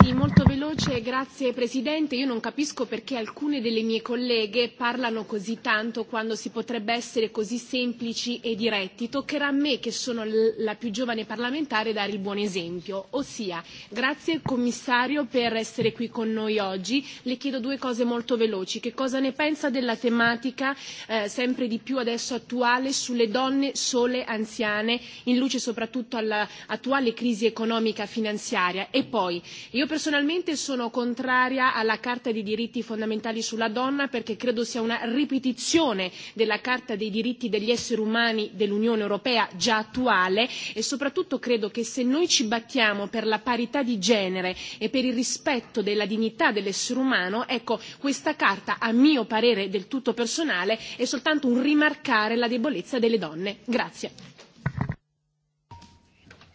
Sì, molto veloce, grazie Presidente. Io non capisco perché alcune delle mie colleghe parlano così tanto quando si potrebbe essere così semplici e diretti. Toccherà a me, che sono la più giovane parlamentare, dare il buon esempio. Ossia, grazie Commissario per essere qui con noi oggi. Le chiedo due cose molto veloci. Che cosa ne pensa della tematica eh, sempre di più adesso attuale sulle donne sole anziane, in luce soprattutto all'attuale crisi economica finanziaria? E poi, Io personalmente sono contraria alla Carta dei diritti fondamentali sulla donna perché credo sia una ripetizione della Carta dei diritti degli esseri umani dell'Unione Europea già attuale e soprattutto credo che se noi ci battiamo per la parità di genere e per il rispetto della dignità dell'essere umano, ecco, questa Carta, a mio parere del tutto personale, è soltanto un rimarcare la debolezza delle donne. Grazie.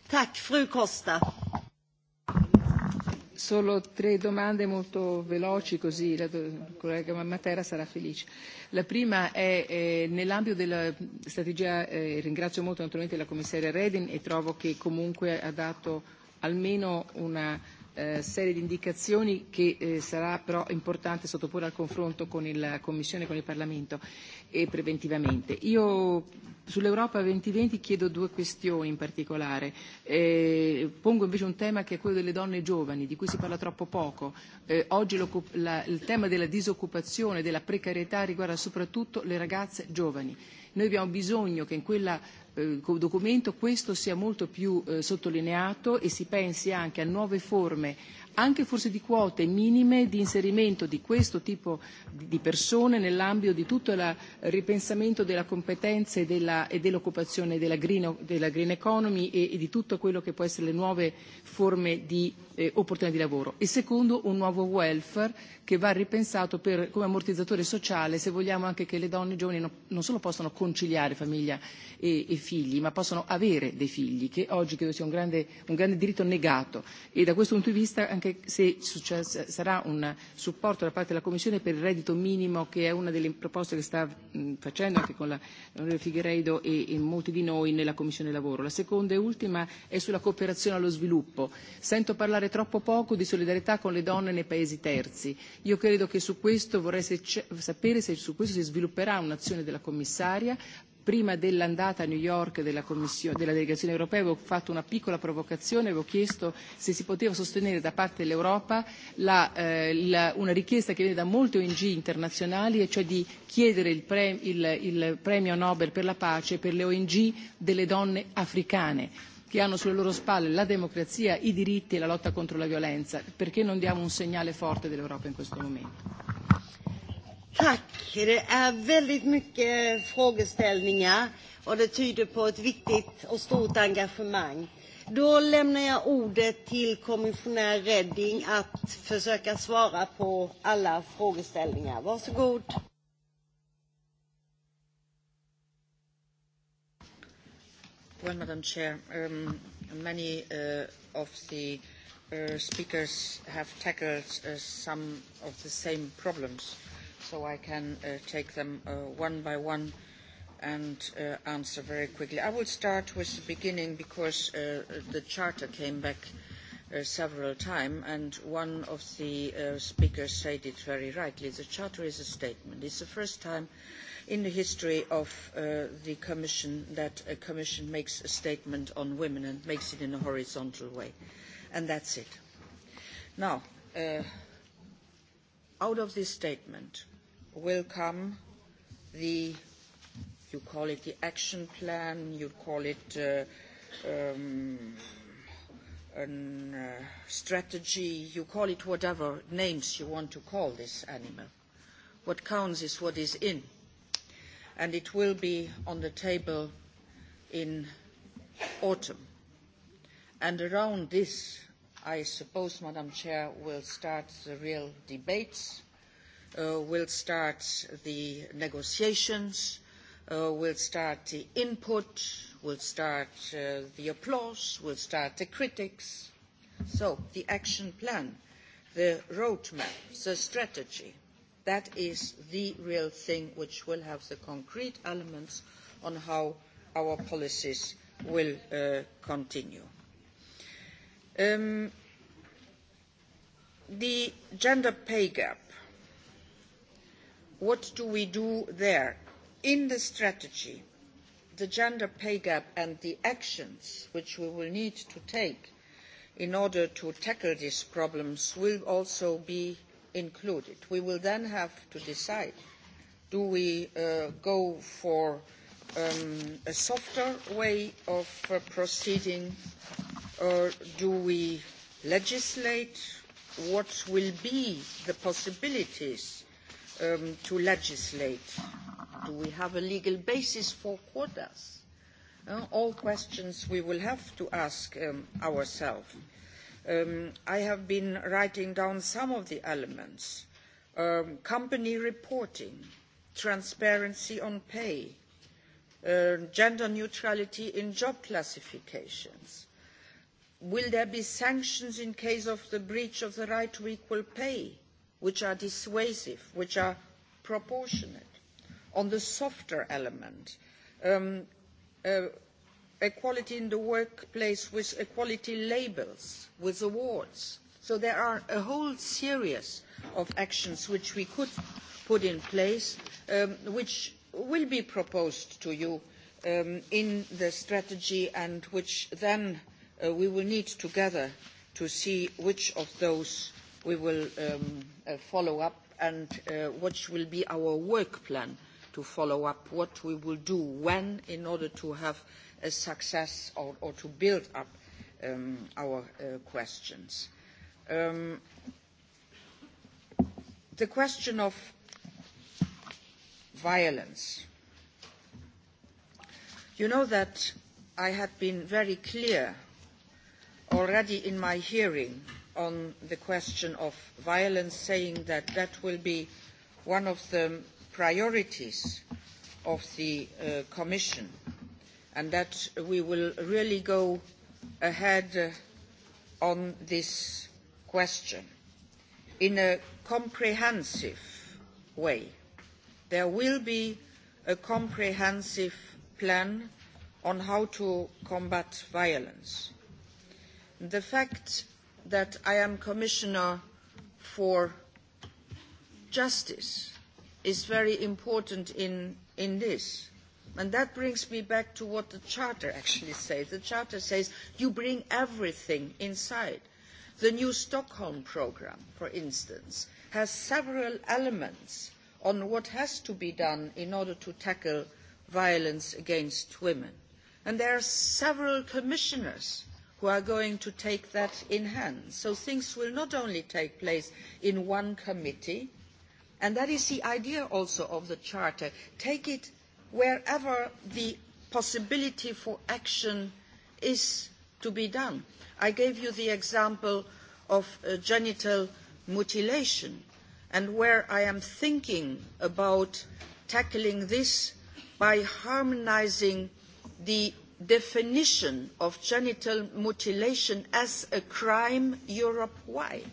Tack, fru Costa. Solo tre domande molto veloci così la collega Matera sarà felice. La prima è eh, nell'ambito della strategia, eh, ringrazio molto naturalmente la commissaria Redin e trovo che comunque ha dato almeno una eh, serie di indicazioni che eh, sarà però importante sottoporre al confronto con la Commissione e con il Parlamento e preventivamente. Io Sull'Europa 2020 chiedo due questioni in particolare. Eh, pongo invece un tema che è quello delle donne giovani, di cui si parla troppo poco. Eh, oggi la, il tema della disoccupazione, e della precarietà riguarda soprattutto le ragazze giovani. Noi abbiamo bisogno che in eh, documento questo sia molto più eh, sottolineato e si pensi anche a nuove forme anche forse di quote minime di inserimento di questo tipo di persone nell'ambito di tutto il ripensamento della competenza e, della, e dell'occupazione della green, della green economy e, e di tutto quello che può essere le nuove forme di eh, opportunità di lavoro e secondo un nuovo welfare che va ripensato per, come ammortizzatore sociale se vogliamo anche che le donne giovani no, non solo possano conciliare famiglia e, e figli ma possano avere dei figli che oggi credo sia un grande, un grande diritto negato e da questo punto di vista anche se cioè, sarà un supporto da parte della Commissione per il reddito minimo che è una delle proposte che sta mh, facendo anche con l'onorevole Figueiredo e, e molti di noi nella Commissione lavoro. La seconda e ultima è sulla cooperazione allo sviluppo. Sento parlare fare troppo poco di solidarietà con le donne nei paesi terzi. Io credo che su questo vorrei se sapere se su questo si svilupperà un'azione della commissaria prima dell'andata a New York della, della delegazione europea avevo fatto una piccola provocazione, avevo chiesto se si poteva sostenere da parte dell'Europa eh, una richiesta che viene da molte ONG internazionali, e cioè di chiedere il, pre, il, il premio Nobel per la pace per le ONG delle donne africane che hanno sulle loro spalle la democrazia, i diritti e la lotta contro la violenza. Perché non diamo un segnale forte dell'Europa in questo momento? Tack. Det är väldigt mycket frågeställningar och det tyder på ett viktigt och stort engagemang. Då lämnar jag ordet till kommissionär Redding att försöka svara på alla frågeställningar. Varsågod. Well, Madam Chair, um, many uh, of the uh, speakers have tackled uh, some of the same problems, so I can take them one by one and answer very quickly. I will start with the beginning because the Charter came back several times, and one of the speakers said it very rightly. The Charter is a statement. It is the first time in the history of uh, the Commission that a Commission makes a statement on women and makes it in a horizontal way. And that's it. Now, uh, out of this statement will come the, you call it the action plan, you call it uh, um, a uh, strategy, you call it whatever names you want to call this animal. What counts is what is in and it will be on the table in autumn. And around this, I suppose, Madam Chair, will start the real debates, uh, will start the negotiations, uh, will start the input, will start uh, the applause, will start the critics. So the action plan, the roadmap, the strategy That is the real thing which will have the concrete elements on how our policies will uh, continue. Um, the gender pay gap. What do we do there? In the strategy, the gender pay gap and the actions which we will need to take in order to tackle these problems will also be included. we will then have to decide do we uh, go for um, a softer way of uh, proceeding or do we legislate what will be the possibilities um, to legislate? Do we have a legal basis for quotas? Uh, all questions we will have to ask um, ourselves. Um, I have been writing down some of the elements. Um, company reporting, transparency on pay, um, gender neutrality in job classifications. Will there be sanctions in case of the breach of the right to equal pay, which are dissuasive, which are proportionate? On the softer element, uh, equality in the workplace with equality labels, with awards. So there are a whole series of actions which we could put in place, um, which will be proposed to you um, in the strategy and which then uh, we will need together to see which of those we will um, uh, follow up and uh, what will be our work plan to follow up what we will do when in order to have a success or, or to build up um, our uh, questions. Um, the question of violence. You know that I had been very clear already in my hearing on the question of violence, saying that that will be one of the priorities of the uh, Commission and that we will really go ahead uh, on this question in a comprehensive way. There will be a comprehensive plan on how to combat violence. The fact that I am Commissioner for Justice is very important in, in this And that brings me back to what the Charter actually says. The Charter says you bring everything inside. The new Stockholm programme, for instance, has several elements on what has to be done in order to tackle violence against women. And there are several commissioners who are going to take that in hand. So things will not only take place in one committee, and that is the idea also of the Charter, take it wherever the possibility for action is to be done. I gave you the example of uh, genital mutilation and where I am thinking about tackling this by harmonising the definition of genital mutilation as a crime Europe wide.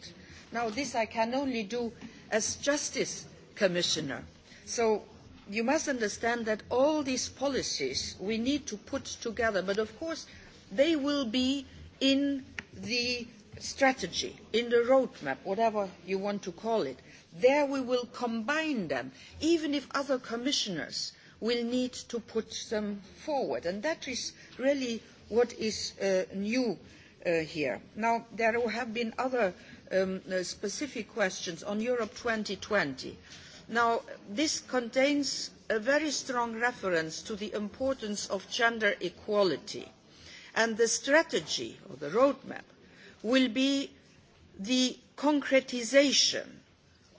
Now this I can only do as Justice Commissioner. So you must understand that all these policies we need to put together, but of course they will be in the strategy, in the roadmap, whatever you want to call it. There we will combine them, even if other commissioners will need to put them forward. And that is really what is uh, new uh, here. Now, there have been other um, uh, specific questions on Europe twenty Now, this contains a very strong reference to the importance of gender equality. And the strategy, or the roadmap, will be the concretisation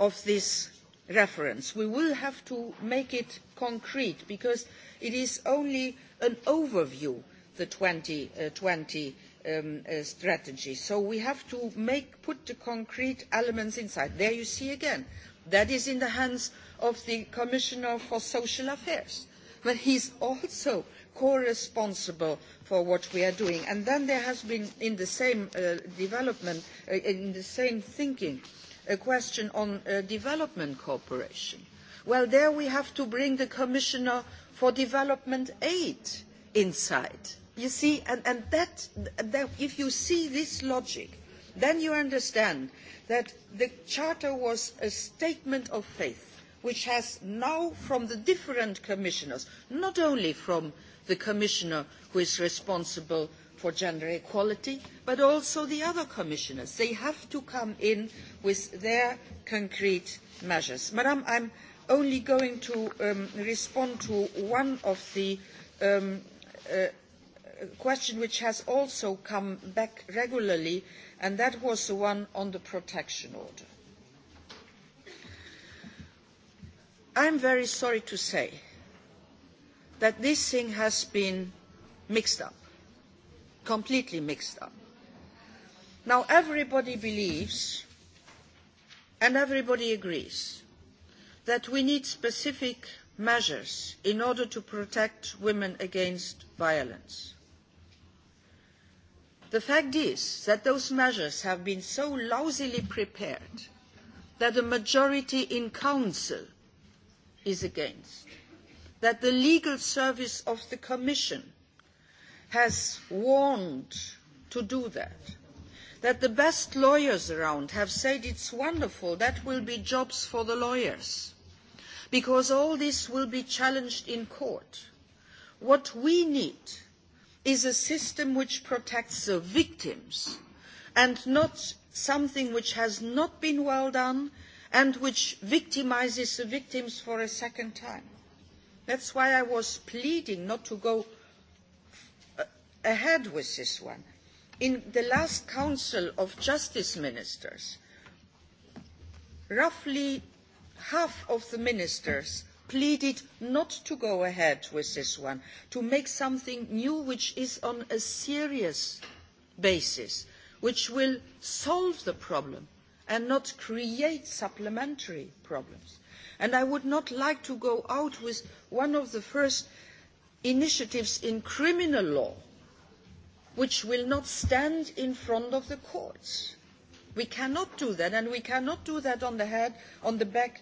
of this reference. We will have to make it concrete because it is only an overview, the 2020 uh, um, uh, strategy. So we have to make, put the concrete elements inside. There you see again that is in the hands of the commissioner for social affairs but he is also co responsible for what we are doing. And then there has been in the same uh, development uh, in the same thinking a question on uh, development cooperation. well there we have to bring the commissioner for development aid inside you see and, and that, that if you see this logic then you understand that the charter was a statement of faith which has now from the different commissioners not only from the commissioner who is responsible for gender equality but also the other commissioners they have to come in with their concrete measures. madam i am only going to um, respond to one of the um, uh, questions which has also come back regularly and that was the one on the protection order. I am very sorry to say that this thing has been mixed up, completely mixed up. Now everybody believes and everybody agrees that we need specific measures in order to protect women against violence The fact is that those measures have been so lousily prepared that a majority in Council is against, that the legal service of the Commission has warned to do that, that the best lawyers around have said it is wonderful, that will be jobs for the lawyers, because all this will be challenged in court. What we need is a system which protects the victims and not something which has not been well done and which victimises the victims for a second time. That is why I was pleading not to go uh, ahead with this one. In the last Council of Justice Ministers, roughly half of the ministers pleaded not to go ahead with this one, to make something new which is on a serious basis, which will solve the problem and not create supplementary problems. And I would not like to go out with one of the first initiatives in criminal law which will not stand in front of the courts. We cannot do that, and we cannot do that on the head, on the back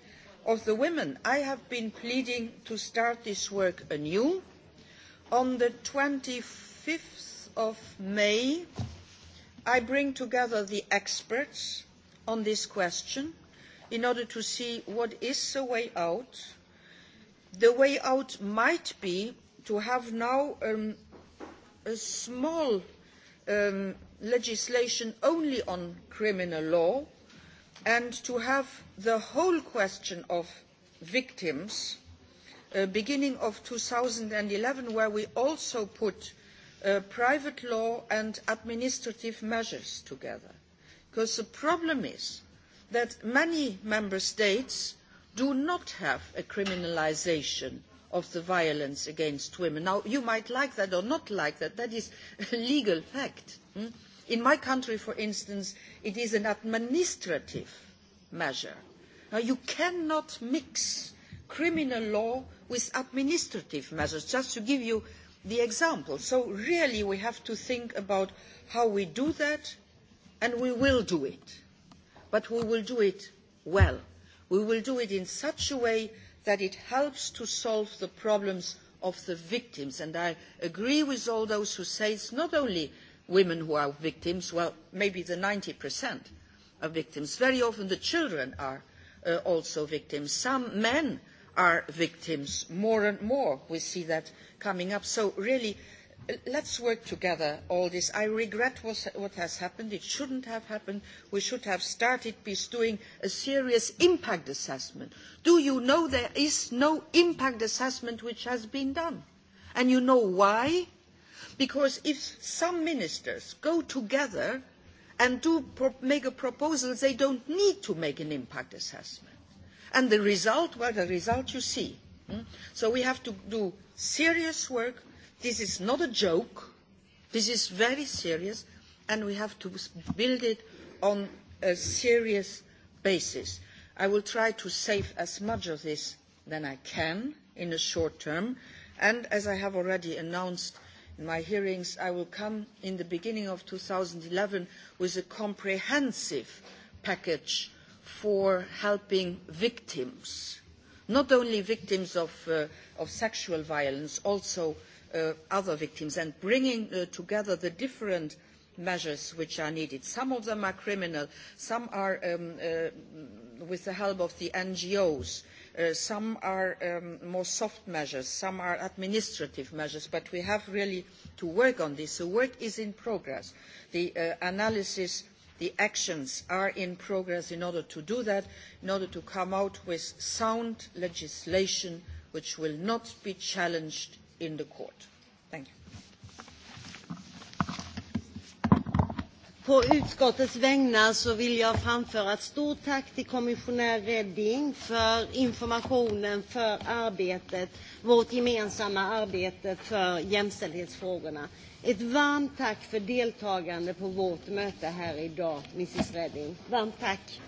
of the women. I have been pleading to start this work anew. On the five of May, I bring together the experts on this question in order to see what is the way out. The way out might be to have now um, a small um, legislation only on criminal law and to have the whole question of victims the uh, beginning of two thousand and eleven where we also put uh, private law and administrative measures together because the problem is that many member states do not have a criminalisation of the violence against women. Now, you might like that or not like that that is a legal fact. Hmm? in my country for instance it is an administrative measure Now, you cannot mix criminal law with administrative measures, just to give you the example. So really we have to think about how we do that, and we will do it. But we will do it well. We will do it in such a way that it helps to solve the problems of the victims. And I agree with all those who say it's not only women who are victims, well, maybe the 90% are victims. Very often the children are Uh, also victims. Some men are victims more and more. We see that coming up. So really, uh, let's work together all this. I regret what has happened. It shouldn't have happened. We should have started by doing a serious impact assessment. Do you know there is no impact assessment which has been done? And you know why? Because if some ministers go together – and do pro make a proposal, they don't need to make an impact assessment. And the result, well, the result you see. Hmm? So we have to do serious work. This is not a joke. This is very serious, and we have to build it on a serious basis. I will try to save as much of this as I can in the short term, and as I have already announced, In my hearings i will come in the beginning of two thousand and eleven with a comprehensive package for helping victims not only victims of, uh, of sexual violence but also uh, other victims and bringing uh, together the different measures which are needed. some of them are criminal some are um, uh, with the help of the ngos Uh, some are um, more soft measures some are administrative measures but we have really to work on this. the work is in progress. the uh, analysis the actions are in progress in order to do that in order to come out with sound legislation which will not be challenged in the court. Thank På utskottets vägnar så vill jag framföra ett stort tack till kommissionär Reding för informationen, för arbetet, vårt gemensamma arbete för jämställdhetsfrågorna. Ett varmt tack för deltagande på vårt möte här idag, Mrs Reding. Varmt tack!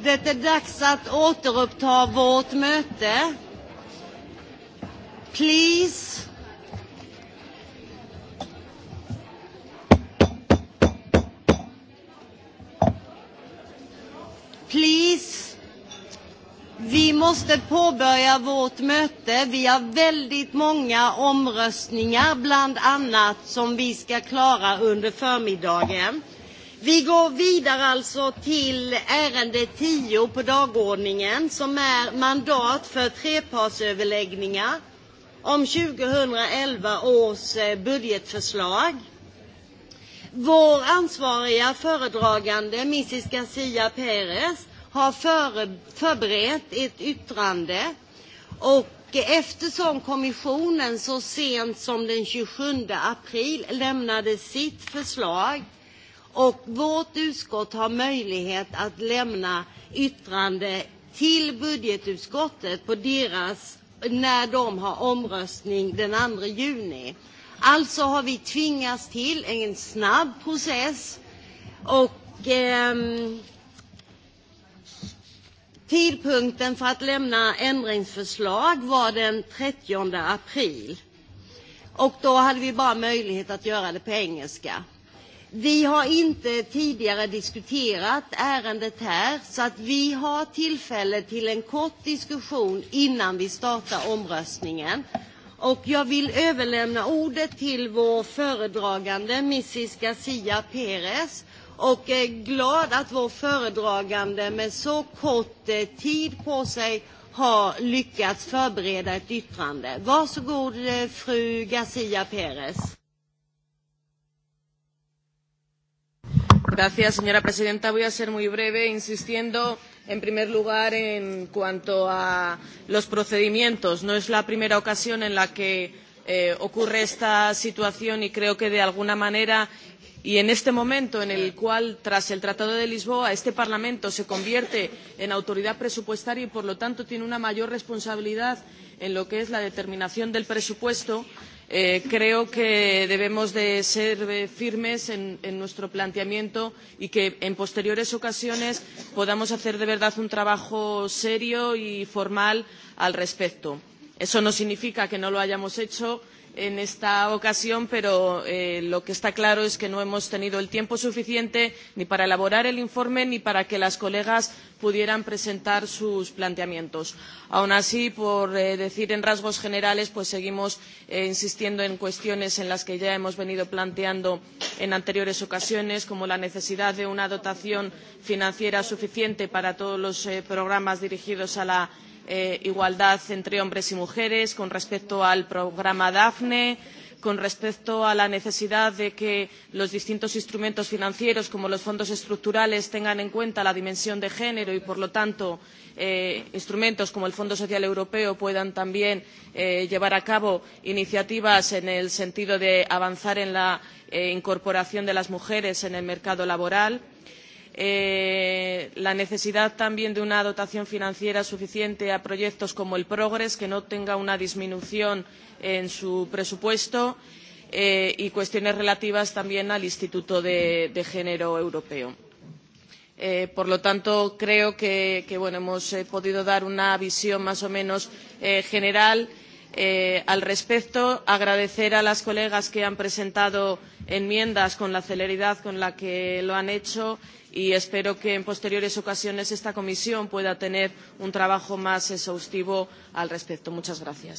Det är dags att återuppta vårt möte. Please. Please. Vi måste påbörja vårt möte. Vi har väldigt många omröstningar, bland annat, som vi ska klara under förmiddagen. Vi går vidare alltså till ärende 10 på dagordningen som är mandat för trepartsöverläggningar om 2011 års eh, budgetförslag. Vår ansvariga föredragande, Mrs Garcia Perez, har förberett ett yttrande och eftersom kommissionen så sent som den 27 april lämnade sitt förslag och vårt utskott har möjlighet att lämna yttrande till budgetutskottet på deras, när de har omröstning den 2 juni. Alltså har vi tvingats till en snabb process och eh, tidpunkten för att lämna ändringsförslag var den 30 april. Och då hade vi bara möjlighet att göra det på engelska. Vi har inte tidigare diskuterat ärendet här, så att vi har tillfälle till en kort diskussion innan vi startar omröstningen. Och jag vill överlämna ordet till vår föredragande, Mrs Garcia Perez. Och är glad att vår föredragande med så kort eh, tid på sig har lyckats förbereda ett yttrande. Varsågod, eh, fru Garcia Perez. Gracias, señora presidenta. Voy a ser muy breve, insistiendo en primer lugar en cuanto a los procedimientos. No es la primera ocasión en la que eh, ocurre esta situación y creo que de alguna manera y en este momento en el cual tras el tratado de lisboa este parlamento se convierte en autoridad presupuestaria y por lo tanto tiene una mayor responsabilidad en lo que es la determinación del presupuesto Eh, creo que debemos de ser eh, firmes en, en nuestro planteamiento y que en posteriores ocasiones podamos hacer de verdad un trabajo serio y formal al respecto. eso no significa que no lo hayamos hecho en esta ocasión, pero eh, lo que está claro es que no hemos tenido el tiempo suficiente ni para elaborar el informe ni para que las colegas pudieran presentar sus planteamientos. Aun así, por eh, decir en rasgos generales, pues seguimos eh, insistiendo en cuestiones en las que ya hemos venido planteando en anteriores ocasiones, como la necesidad de una dotación financiera suficiente para todos los eh, programas dirigidos a la eh, igualdad entre hombres y mujeres, con respecto al programa DAFNE, con respecto a la necesidad de que los distintos instrumentos financieros como los fondos estructurales tengan en cuenta la dimensión de género y por lo tanto eh, instrumentos como el fondo social europeo puedan también eh, llevar a cabo iniciativas en el sentido de avanzar en la eh, incorporación de las mujeres en el mercado laboral; Eh, la necesidad también de una dotación financiera suficiente a proyectos como el PROGRESS, que no tenga una disminución en su presupuesto, eh, y cuestiones relativas también al Instituto de, Género Europeo. Eh, por lo tanto, creo que, hemos podido dar una visión más o menos general al respecto agradecer a las colegas que han presentado enmiendas con la celeridad con la que lo han hecho y espero que en posteriores ocasiones esta comisión pueda tener un trabajo más exhaustivo al respecto. Muchas gracias.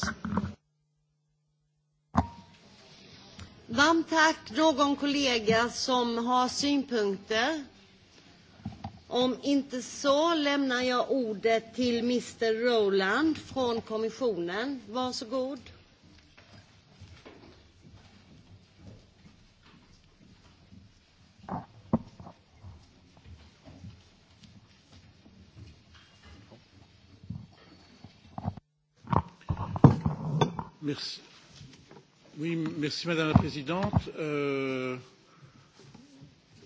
Om inte så lämnar jag ordet till Mr Rowland från kommissionen. Varsågod. Merci. Madame la Présidente. Euh,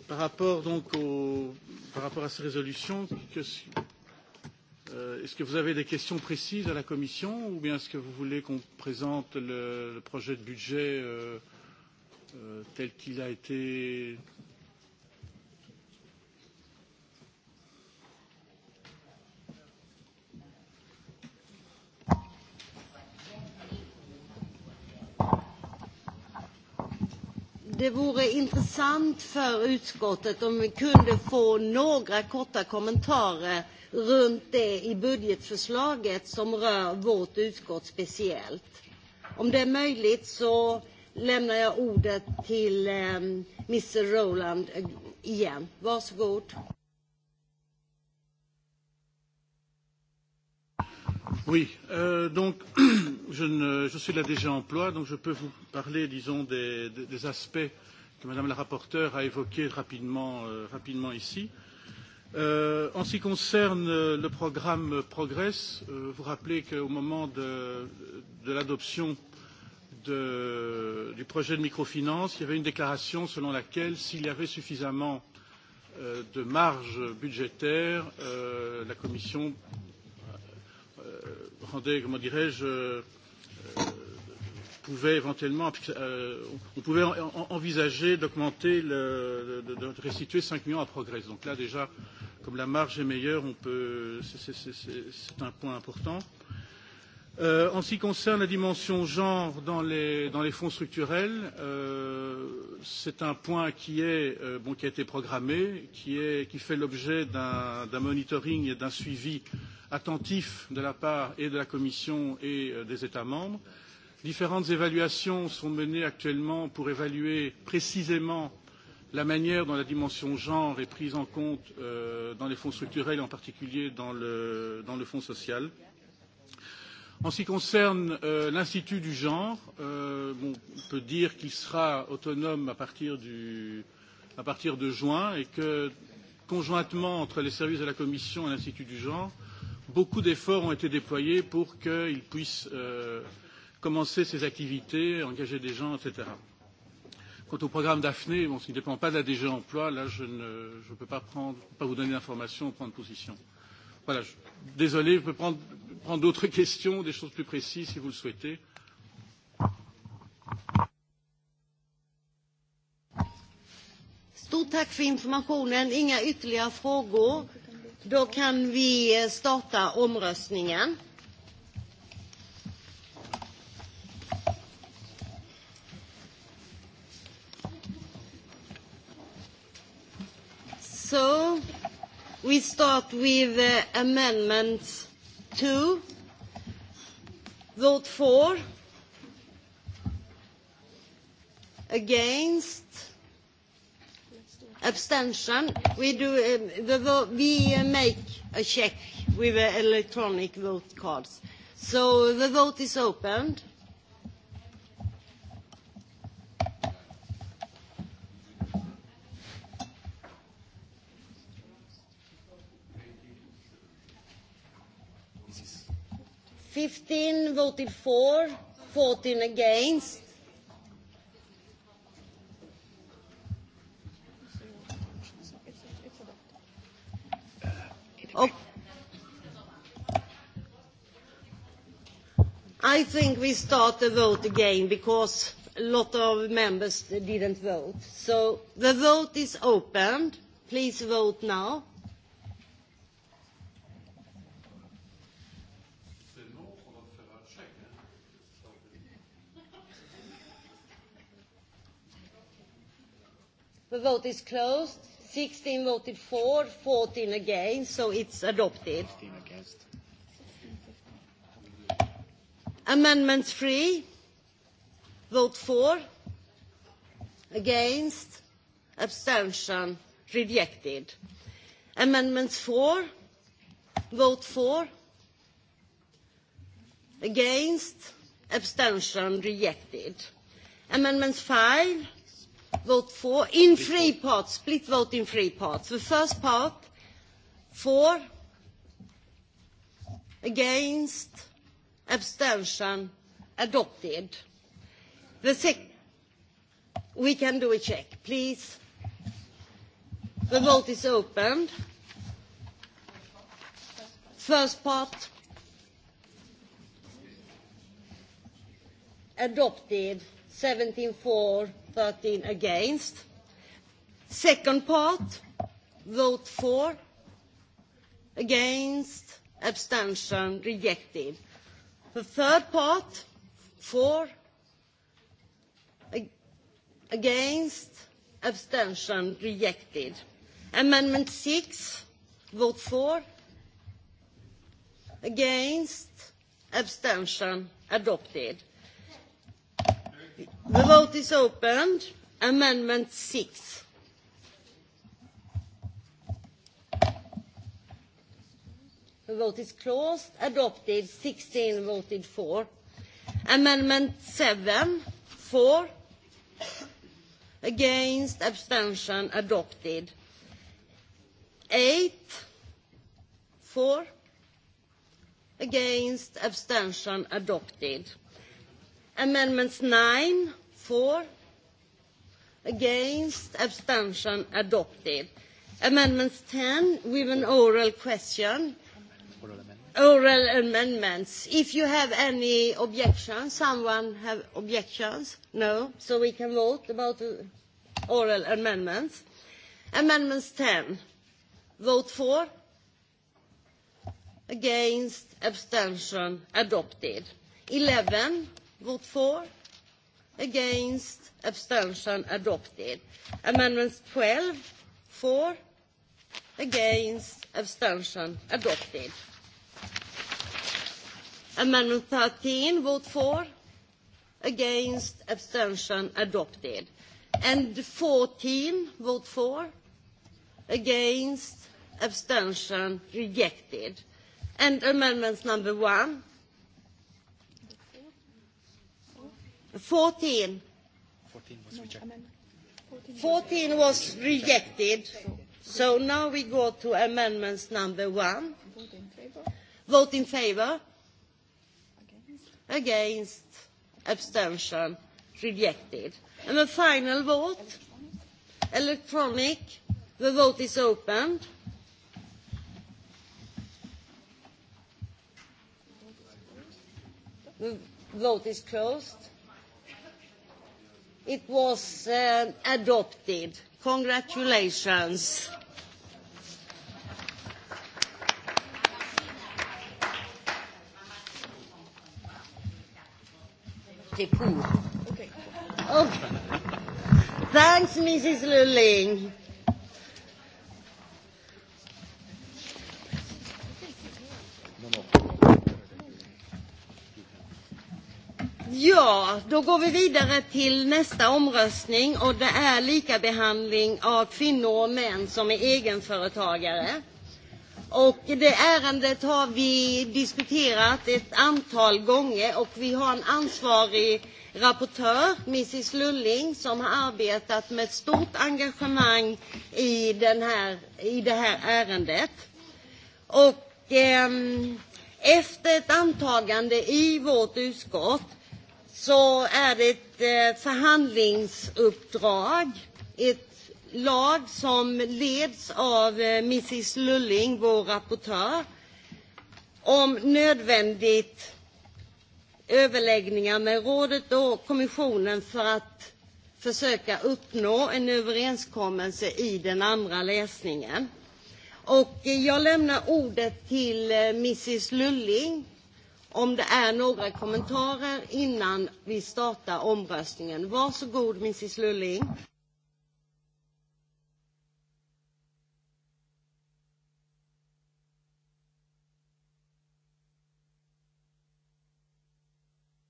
par rapport donc au, par rapport à ces résolutions, que, euh, est-ce que vous avez des questions précises à la Commission ou bien est-ce que vous voulez qu'on présente le, le projet de budget euh, euh, tel qu'il a été Det vore intressant för utskottet om vi kunde få några korta kommentarer runt det i budgetförslaget som rör vårt utskott speciellt. Om det är möjligt så lämnar jag ordet till eh, Mr Roland igen. Varsågod. Oui, euh, donc *clears throat* je, ne, je suis de la DG Emploi, donc je peux vous parler, disons, des, des, des aspects que Madame la rapporteure a évoqués rapidement, euh, rapidement ici. Euh, en ce qui concerne le programme Progress, euh, vous rappelez qu'au moment de, de l'adoption du projet de microfinance, il y avait une déclaration selon laquelle s'il y avait suffisamment euh, de marge budgétaire, euh, la Commission rendait, comment dirais-je, euh, euh pouvait éventuellement, euh, on pouvait en, en, envisager d'augmenter, de, de restituer 5 millions à Progress. Donc là déjà, comme la marge est meilleure, on peut, c'est un point important. Euh, en ce qui concerne la dimension genre dans les, dans les fonds structurels, euh, c'est un point qui, est, euh, bon, qui a été programmé, qui, est, qui fait l'objet d'un monitoring et d'un suivi euh, attentif de la part et de la Commission et euh, des États membres. Différentes évaluations sont menées actuellement pour évaluer précisément la manière dont la dimension genre est prise en compte euh, dans les fonds structurels, en particulier dans le, dans le fonds social. En ce qui concerne euh, l'Institut du genre, euh, bon, on peut dire qu'il sera autonome à partir, du, à partir de juin et que, conjointement entre les services de la Commission et l'Institut du genre, euh, beaucoup d'efforts ont été déployés pour qu'ils puissent euh, commencer ses activités, engager des gens, etc. Quant au programme Daphné, bon, qui ne dépend pas de la DG Emploi, là, je ne je peux pas, prendre, pas vous donner d'informations, prendre position. Voilà, je, désolé, je peux prendre, prendre d'autres *laughs* questions, des choses plus précises si vous le souhaitez. Stort tack för informationen. Inga ytterligare frågor. Då kan vi eh, starta omröstningen. So we start with uh, amendment two. Vote for. Against abstention, we, do, um, we uh, make a check with the uh, electronic vote cards. So the vote is opened. Fifteen voted for, fourteen against I think we start the vote again because a lot of members didn't vote. So the vote is opened. Please vote now. The vote is closed. 16 voted for, 14 against, so it's adopted. 15 against. Amendment 3, vote for, against, abstention, rejected. Amendment 4, vote for, against, abstention, rejected. Amendment 5, vote for in three parts, split vote in three parts. The first part, for, against, abstention, adopted. The sec we can do a check, please. The vote is opened. First part, adopted, 17 four 13 against. Second part, vote for, against, abstention, rejected. The third part, for, against, abstention, rejected. Amendment six, vote for, against, abstention, adopted. The vote is opened. Amendment six. The vote is closed. Adopted. 16 voted for. Amendment seven For. Against. Abstention. Adopted. Eight. For. Against. Abstention. Adopted. Amendments nine for against abstention adopted amendments 10 with an oral question oral amendments. oral amendments if you have any objections someone have objections no so we can vote about the oral amendments amendments 10 vote for against abstention adopted 11 vote for against, abstention adopted. Amendments 12, for, against, abstention adopted. Amendment 13, vote for, against, abstention adopted. And 14, vote for, against, abstention rejected. And amendments number one 14. 14 was rejected. 14 was rejected. So now we go to amendments number one. Vote in favor. Vote in Against. Abstention. Rejected. And the final vote. Electronic. The vote is opened. The vote is closed It was uh, adopted. Congratulations. Okay. Okay. Oh. Thanks, Mrs. Lulling. Ja, då går vi vidare till nästa omröstning och det är behandling av kvinnor och män som är egenföretagare. Och det ärendet har vi diskuterat ett antal gånger och vi har en ansvarig rapportör, Mrs Lulling, som har arbetat med stort engagemang i, den här, i det här ärendet. Och, eh, efter ett antagande i vårt utskott så är det ett eh, förhandlingsuppdrag. Ett lag som leds av eh, Mrs Lulling, vår rapportör, om nödvändigt överläggningar med rådet och kommissionen för att försöka uppnå en överenskommelse i den andra läsningen. Och eh, jag lämnar ordet till Mrs Lulling Om det är några kommentarer innan vi startar omröstningen. Varsågod, Mrs Lulling.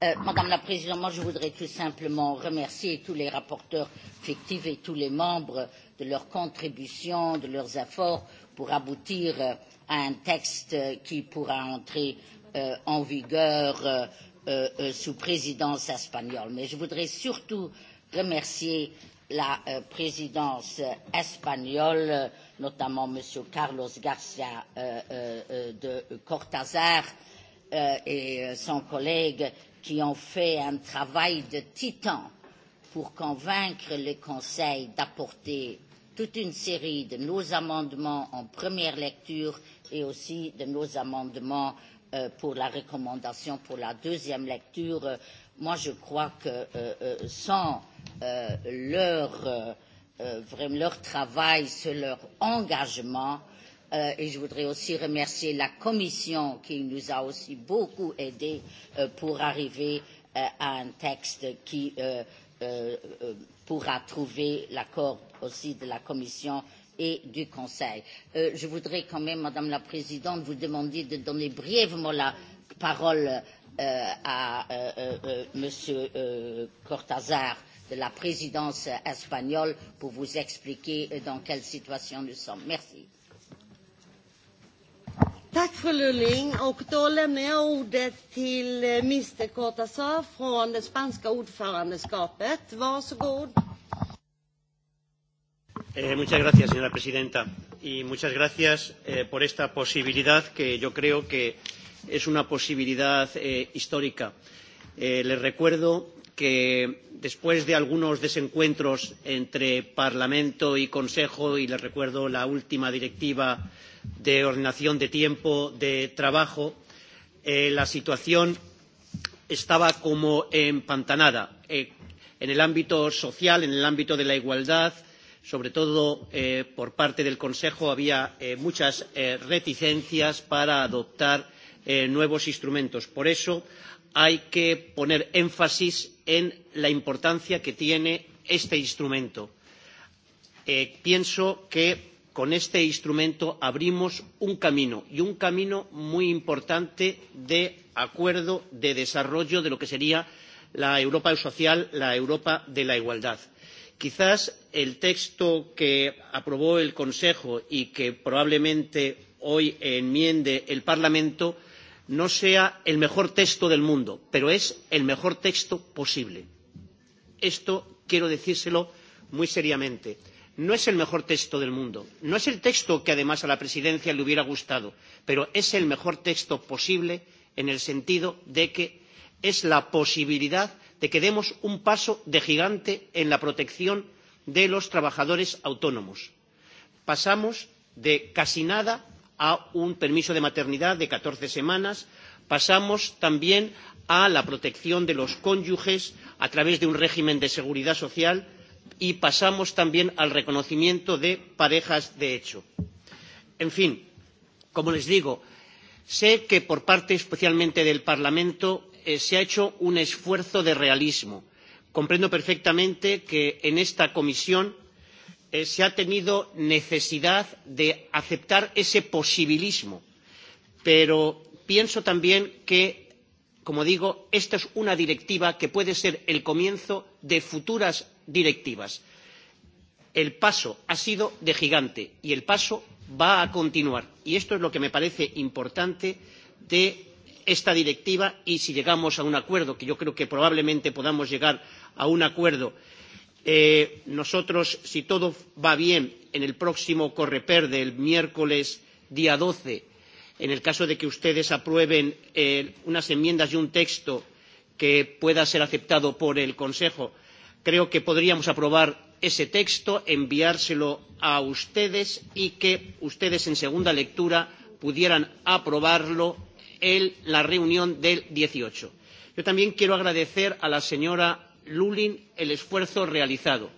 Euh, Madame la Présidente, moi je voudrais tout simplement remercier tous les rapporteurs fictifs et tous les membres de leur contribution, de leurs efforts pour aboutir à un texte qui pourra entrer euh, en vigueur euh, euh, euh, sous présidence espagnole. Mais je voudrais surtout remercier la euh, présidence espagnole, notamment M. Carlos Garcia euh, euh, euh, de Cortázar euh, et euh, son collègue, qui ont fait un travail de titan pour convaincre le Conseil d'apporter toute une série de nos amendements en première lecture et aussi de nos amendements Euh, pour la recommandation pour la deuxième lecture. Euh, moi, je crois que euh, sans leur, vraiment leur travail, sur leur engagement, et je voudrais aussi remercier la Commission qui nous a aussi beaucoup aidés pour arriver à un texte qui pourra trouver l'accord aussi de la Commission et du Conseil. Euh, je voudrais quand même, Madame la Présidente, vous demander de donner brièvement la parole euh, à euh, euh, euh Monsieur euh, Cortazar de la présidence espagnole pour vous expliquer euh, dans quelle situation nous sommes. Merci. Tack för Lulling och då lämnar jag ordet till eh, Mr Cortazar från det spanska ordförandeskapet. Varsågod. Eh, señora presidenta. Y muchas gracias eh, por esta posibilidad que yo creo que es una posibilidad eh, histórica. les recuerdo que después de algunos desencuentros entre Parlamento y Consejo, y les recuerdo la última directiva de ordenación de tiempo de trabajo, la situación estaba como empantanada en el ámbito social, en el ámbito de la igualdad, sobre todo eh, por parte del Consejo había eh, muchas eh, reticencias para adoptar eh, nuevos instrumentos. Por eso hay que poner énfasis en la importancia que tiene este instrumento. Eh, pienso que con este instrumento abrimos un camino y un camino muy importante de acuerdo de desarrollo de lo que sería la Europa social, la Europa de la igualdad Quizás el texto que aprobó el Consejo y que probablemente hoy enmiende el Parlamento no sea el mejor texto del mundo, pero es el mejor texto posible. Esto quiero decírselo muy seriamente. No es el mejor texto del mundo, no es el texto que además a la presidencia le hubiera gustado, pero es el mejor texto posible en el sentido de que es la posibilidad de que demos un paso de gigante en la protección de los trabajadores autónomos. Pasamos de casi nada a un permiso de maternidad de catorce semanas. Pasamos también a la protección de los cónyuges a través de un régimen de seguridad social y pasamos también al reconocimiento de parejas de hecho. En fin, como les digo, sé que por parte especialmente del Parlamento Eh, se ha hecho un esfuerzo de realismo. Comprendo perfectamente que en esta comisión eh, se ha tenido necesidad de aceptar ese posibilismo, pero pienso también que, como digo, esta es una directiva que puede ser el comienzo de futuras directivas. El paso ha sido de gigante y el paso va a continuar. Y esto es lo que me parece importante de esta directiva y si llegamos a un acuerdo, que yo creo que probablemente podamos llegar a un acuerdo, eh, nosotros, si todo va bien, en el próximo Correper del miércoles día doce, en el caso de que ustedes aprueben eh, unas enmiendas y un texto que pueda ser aceptado por el Consejo, creo que podríamos aprobar ese texto, enviárselo a ustedes y que ustedes en segunda lectura pudieran aprobarlo el, la reunión del 18. Yo también quiero agradecer a la señora Lulin el esfuerzo realizado.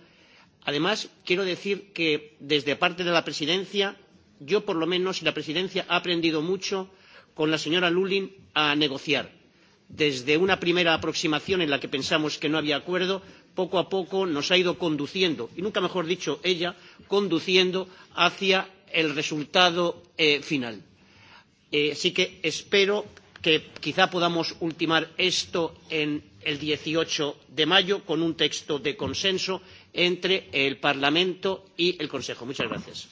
Además, quiero decir que desde parte de la presidencia, yo por lo menos, y la presidencia ha aprendido mucho con la señora Lulin a negociar. Desde una primera aproximación en la que pensamos que no había acuerdo, poco a poco nos ha ido conduciendo, y nunca mejor dicho ella, conduciendo hacia el resultado eh, final. Eh, sí que espero que quizá podamos ultimar esto en el 18 de mayo con un texto de consenso entre el Parlamento y el Consejo. Muchas gracias.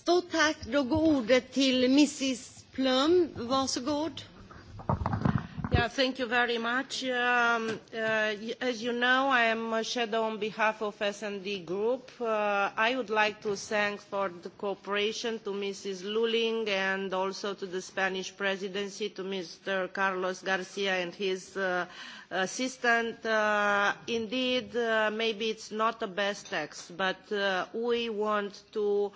Stort tack. Då går ordet till Mrs Plum. Varsågod. Uh, thank you very much. Um, uh, as you know, I am a shadow on behalf of S&D Group. Uh, I would like to thank for the cooperation to Mrs. Lulling and also to the Spanish presidency, to Mr. Carlos Garcia and his assistant. indeed, maybe it's not the best text, but we want to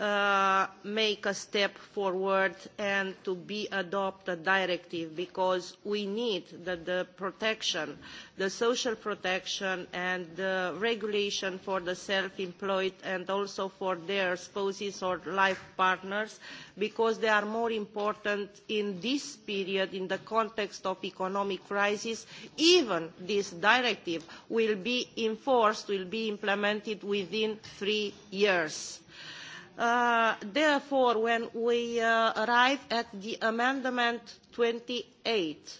Uh, make a step forward and to be adopt a directive because we need the, the protection, the social protection and the regulation for the self-employed and also for their spouses or life partners because they are more important in this period in the context of economic crisis. Even this directive will be enforced, will be implemented within three years. Uh, Uh, therefore, when we uh, arrive at the amendment twenty eight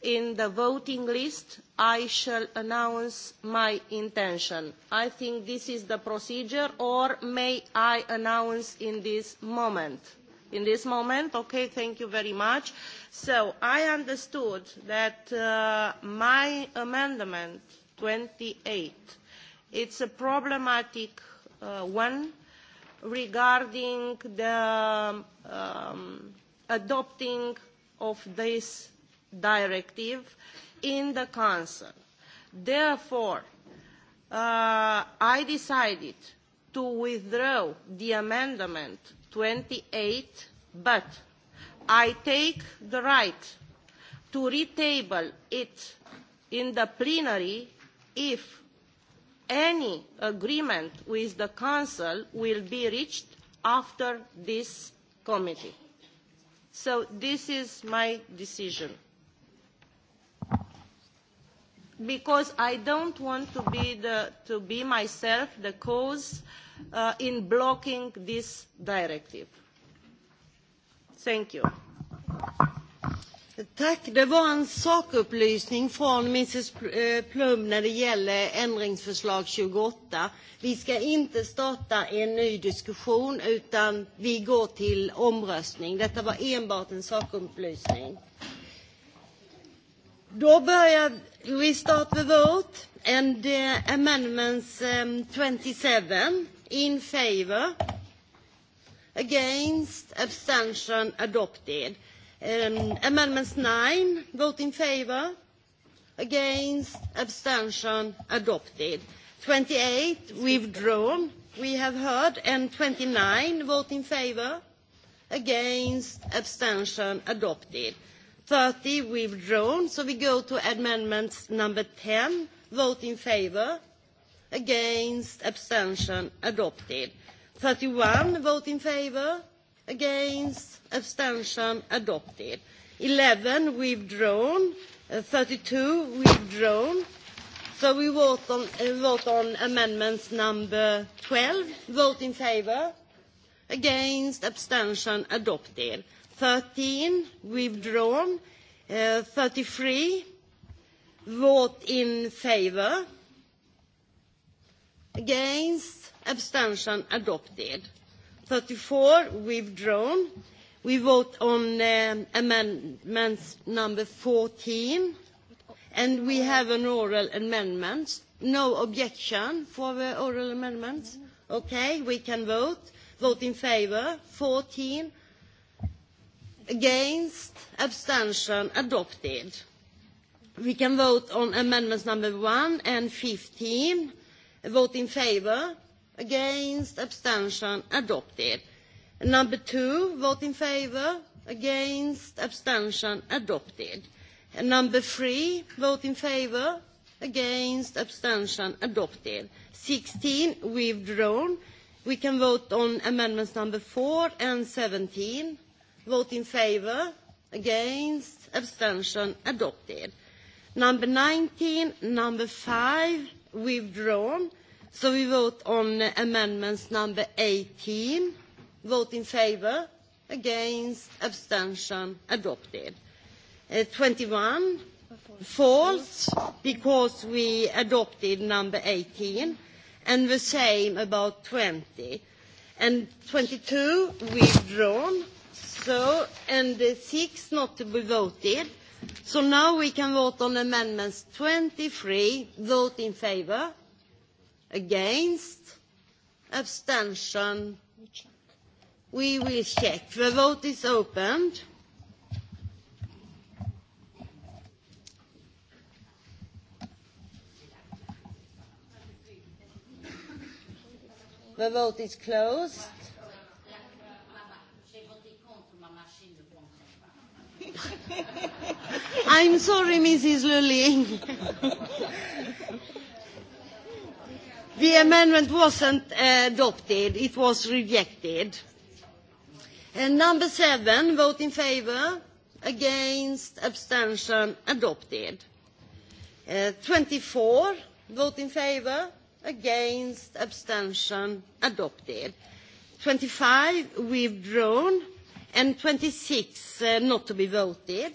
in the voting list, I shall announce my intention. I think this is the procedure, or may I announce in this moment? In this moment, okay, thank you very much. So I understood that uh, my amendment twenty eight is a problematic uh, one regarding the um, adopting of this directive in the Council. Therefore, uh, I decided to withdraw the amendment 28, but I take the right to retable it in the plenary if any agreement with the council will be reached after this committee. so this is my decision because i don't want to be, the, to be myself the cause uh, in blocking this directive. thank you. Tack. Det var en sakupplysning från Mrs eh, Plum när det gäller ändringsförslag 28. Vi ska inte starta en ny diskussion utan vi går till omröstning. Detta var enbart en sakupplysning. Då börjar vi start the vote and uh, amendments 27 um, in favor against abstention adopted. Um, amendments nine, vote in favour. Against, abstention, adopted. Twenty eight withdrawn. We have heard. And twenty nine vote in favour. Against, abstention, adopted. Thirty withdrawn. So we go to amendments number ten. Vote in favour. Against, abstention, adopted. Thirty one vote in favour against, abstention adopted. 11 withdrawn, uh, Thirty 32 withdrawn. So we vote on, uh, vote on amendments number 12. Vote in favour, against, abstention adopted. 13 withdrawn, uh, Thirty 33 vote in favour, against, abstention adopted. 34 withdrawn. We vote on amendment um, amendments number 14, and we have an oral amendment. No objection for the oral amendments? Okay, we can vote. Vote in favor, 14. Against, abstention, adopted. We can vote on amendments number 1 and 15. Vote in favor, against, abstention, adopted. Number two, vote in favour, against, abstention, adopted. Number three, vote in favour, against, abstention, adopted. Sixteen withdrawn. We can vote on amendments number four and seventeen. Vote in favour, against, abstention, adopted. Number nineteen, number five, withdrawn. So we vote on amendments number 18. Vote in favor, against, abstention, adopted. Uh, twenty 21, false, because we adopted number 18, and the same about 20. And 22, withdrawn. So, and six 6 not to be voted. So now we can vote on amendments 23. Vote in favor, Against? Abstention? We will check. The vote is opened. The vote is closed. *laughs* I'm sorry, Mrs. Lulling. *laughs* The amendment wasn't adopted. It was rejected. And number seven, vote in favour, against, abstention, adopted. Uh, twenty 24, vote in favour, against, abstention, adopted. 25, withdrawn, and 26, six uh, not to be voted.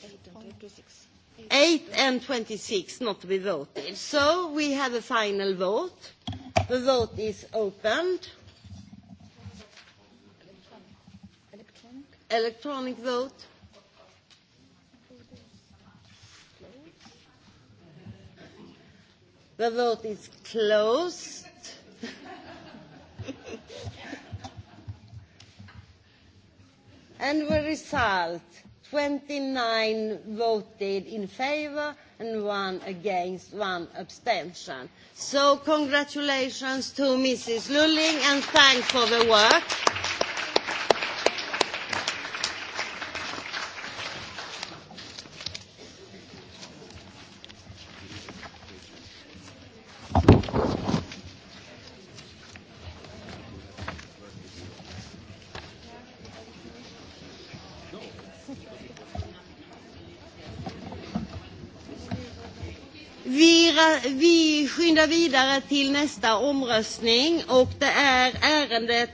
8 and 26, not to be voted. So we have a final vote. The vote is opened. Electronic, vote. The vote is closed. *laughs* and the result, 29 voted in favor and one against, one abstention. So congratulations to Mrs. Lulling and thanks for the work. vi skyndar vidare till nästa omröstning och det är ärendet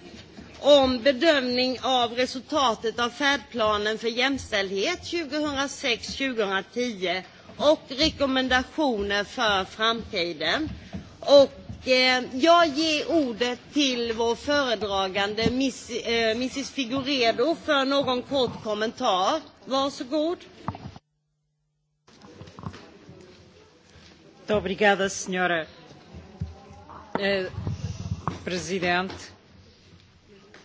om bedömning av resultatet av färdplanen för jämställdhet 2006-2010 och rekommendationer för framtiden. Och, eh, jag ger ordet till vår föredragande Miss, eh, Mrs Figuredo för någon kort kommentar. Varsågod. Obrigada, eh, presidente.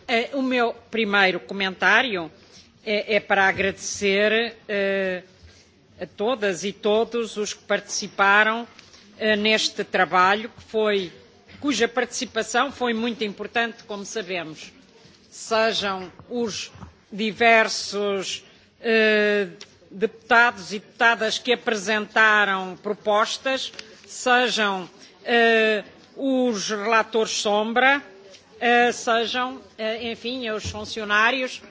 Eh, o meu primeiro comentário é para agradecer eh, a todas e todos os que participaram neste trabalho cuja participação foi muito importante, como sabemos, sejam os diversos eh, deputados e deputadas que apresentaram propostas, sejam eh, os relatores sombra, eh, sejam, eh, enfim, os funcionários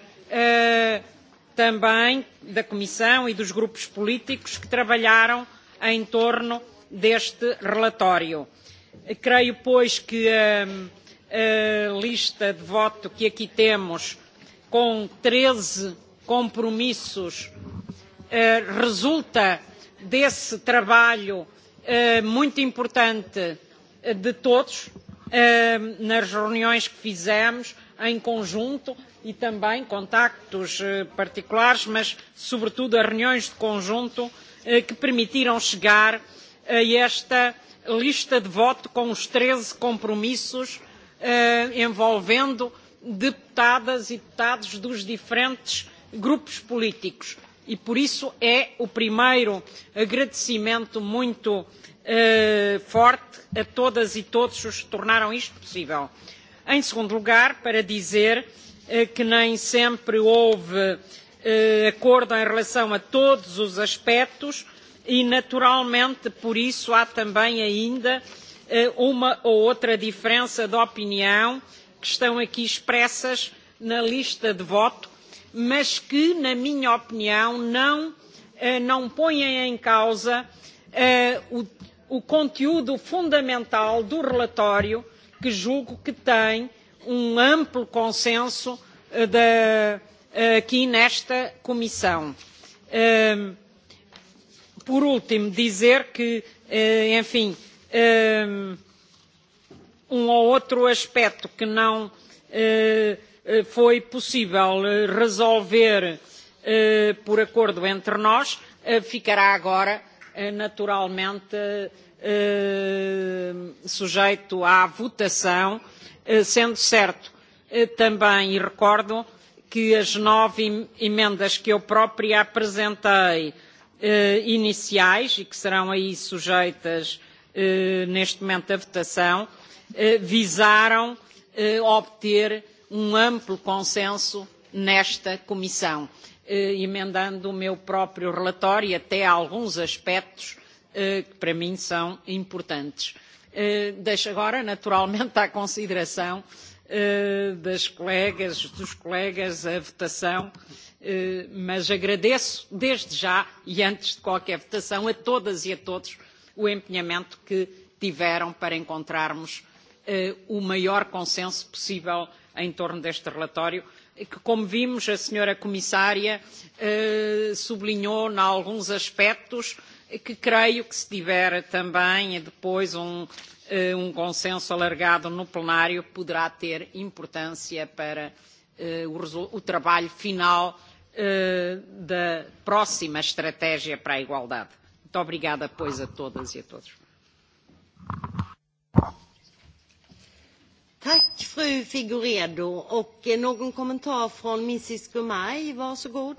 também da Comissão e dos grupos políticos que trabalharam em torno deste relatório. Creio, pois, que a lista de voto que aqui temos, com treze compromissos Eh, resulta desse trabalho eh, muito importante eh, de todos nas reuniões que fizemos em conjunto e também contactos particulares, mas sobretudo as reuniões de conjunto que permitiram chegar a esta lista de voto com os treze compromissos envolvendo deputadas e deputados dos diferentes grupos políticos e por isso é o primeiro agradecimento muito eh, forte a todas e todos os que tornaram isto possível. Em segundo lugar, para dizer eh, que nem sempre houve eh, acordo em relação a todos os aspectos e, naturalmente, por isso há também ainda uma ou outra diferença de opinião que estão aqui expressas na lista de voto mas que, na minha opinião, não, eh, não põem em causa eh, o, o conteúdo fundamental do relatório, que julgo que tem um amplo consenso eh, da, aqui nesta comissão. Ehm, por último, dizer que, enfim, ehm, um ou outro aspecto que não Eh, foi possível eh, resolver eh, por acordo entre nós, ficará agora naturalmente sujeito à votação, sendo certo também e recordo que as nove emendas que eu própria apresentei iniciais e que serão aí sujeitas neste momento à votação visaram obter um amplo consenso nesta comissão, eh, emendando o meu próprio relatório e até alguns aspectos eh, que para mim são importantes. Eh, deixo agora, naturalmente, à consideração das colegas, dos colegas a votação, mas agradeço desde já e antes de qualquer votação a todas e a todos o empenhamento que tiveram para encontrarmos o maior consenso possível em torno deste relatório, e que, como vimos, a senhora comissária eh, sublinhou em alguns aspectos e que creio que se tiver também e depois um, eh, um consenso alargado no plenário poderá ter importância para eh, o trabalho final da próxima estratégia para a igualdade. Muito obrigada, pois, a todas e a todos. Tack fru Figuredo och eh, någon kommentar från Mrs Gumay, varsågod.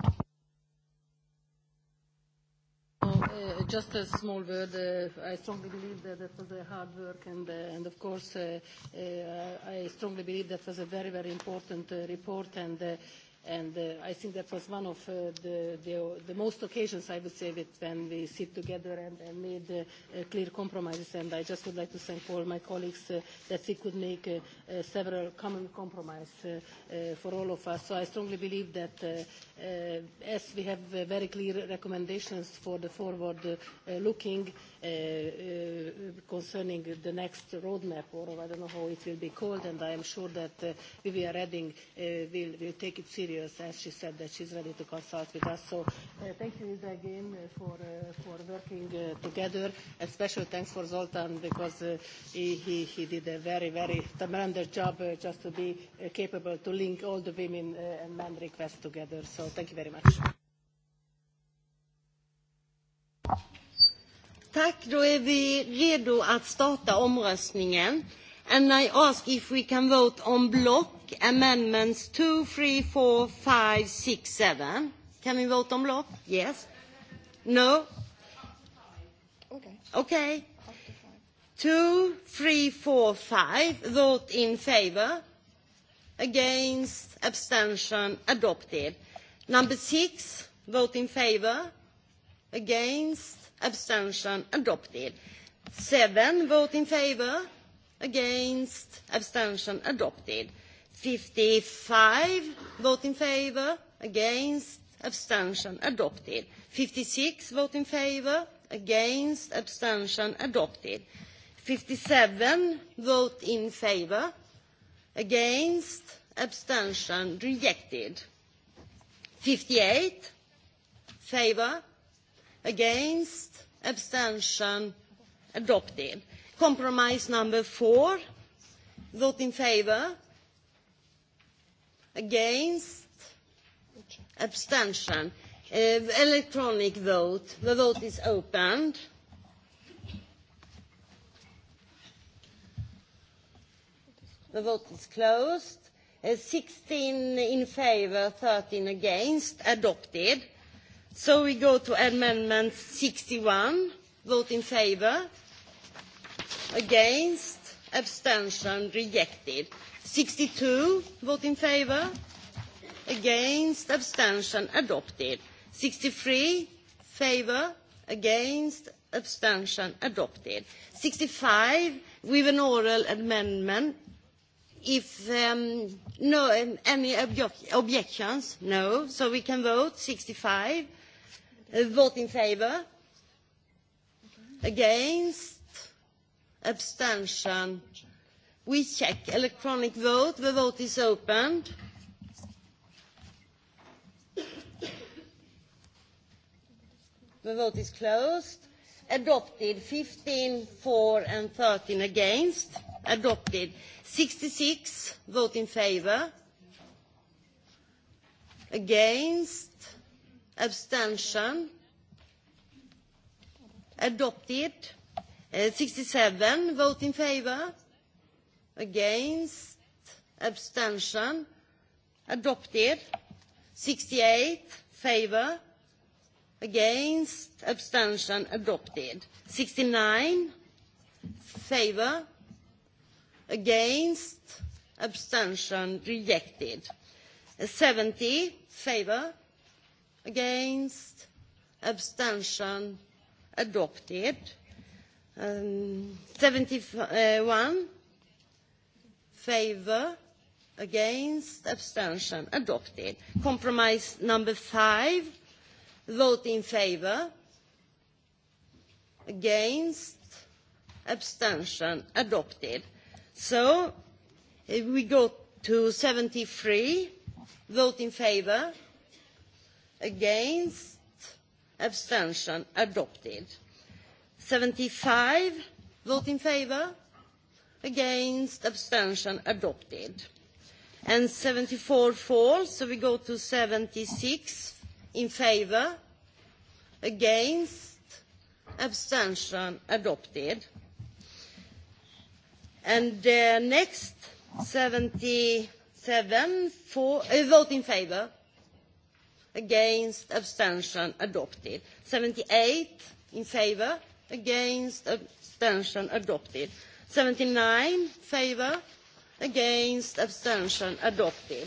Oh, eh, just a small word. Uh, I strongly believe that that was a hard work, and, uh, and of course, uh, uh, I strongly believe that was a very, very important uh, report. And uh, And uh, I think that was one of uh, the, the, the most occasions, I would say, that when we sit together and, and made uh, uh, clear compromises. And I just would like to thank all my colleagues uh, that we could make uh, uh, several common compromises uh, uh, for all of us. So I strongly believe that uh, uh, as we have uh, very clear recommendations for the forward-looking uh, uh, uh, concerning the next roadmap, or I don't know how it will be called, and I am sure that uh, Vivian Redding uh, will, will take it seriously serious as she said that she's ready to consult with us. So uh, thank you, again uh, for, uh, for working uh, together. And special thanks for Zoltan because uh, he, he, he did a very, very tremendous job uh, just to be uh, capable to link all the women uh, and men requests together. So thank you very much. Tack, då är vi redo att starta omröstningen. And I ask if we can vote on block take amendments two, three, four, five, six, seven. Can we vote on block? Yes? No? Okay. Okay. Two, three, four, five. Vote in favour? Against. Abstention. Adopted. Number six. Vote in favour, Against. Abstention. Adopted. Seven. Vote in favour? Against. Abstention. Adopted 55 vote in favor against abstention adopted 56 vote in favor against abstention adopted 57 vote in favor against abstention rejected 58 favor against abstention adopted compromise number four vote in favor Against? Abstention. Uh, electronic vote. The vote is opened. The vote is closed. Uh, 16 in favor, 13 against. Adopted. So we go to amendment 61. Vote in favor. Against. Abstention. Rejected. 62 vote in favor against abstention adopted 63 favor against abstention adopted 65 with an oral amendment if um, no um, any objections no so we can vote 65 uh, vote in favor against abstention We check electronic vote. The vote is opened. The vote is closed. Adopted 15 for and 13 against. Adopted 66 vote in favor. Against. Abstention. Adopted. Uh, 67 vote in favor against abstention adopted 68 favor against abstention adopted 69 favor against abstention rejected 70 favor against abstention adopted um, Seventy 71 favour? against abstention adopted compromise number five vote in favour? against abstention adopted so if we go to seventy three vote in favour. against abstention adopted seventy five vote in favour? against, abstention adopted. And 74 for so we go to 76 in favor, against, abstention adopted. And uh, next, 77, for, uh, vote in favor, against, abstention adopted. 78 in favor, against, abstention adopted. 79 favour? against abstention adopted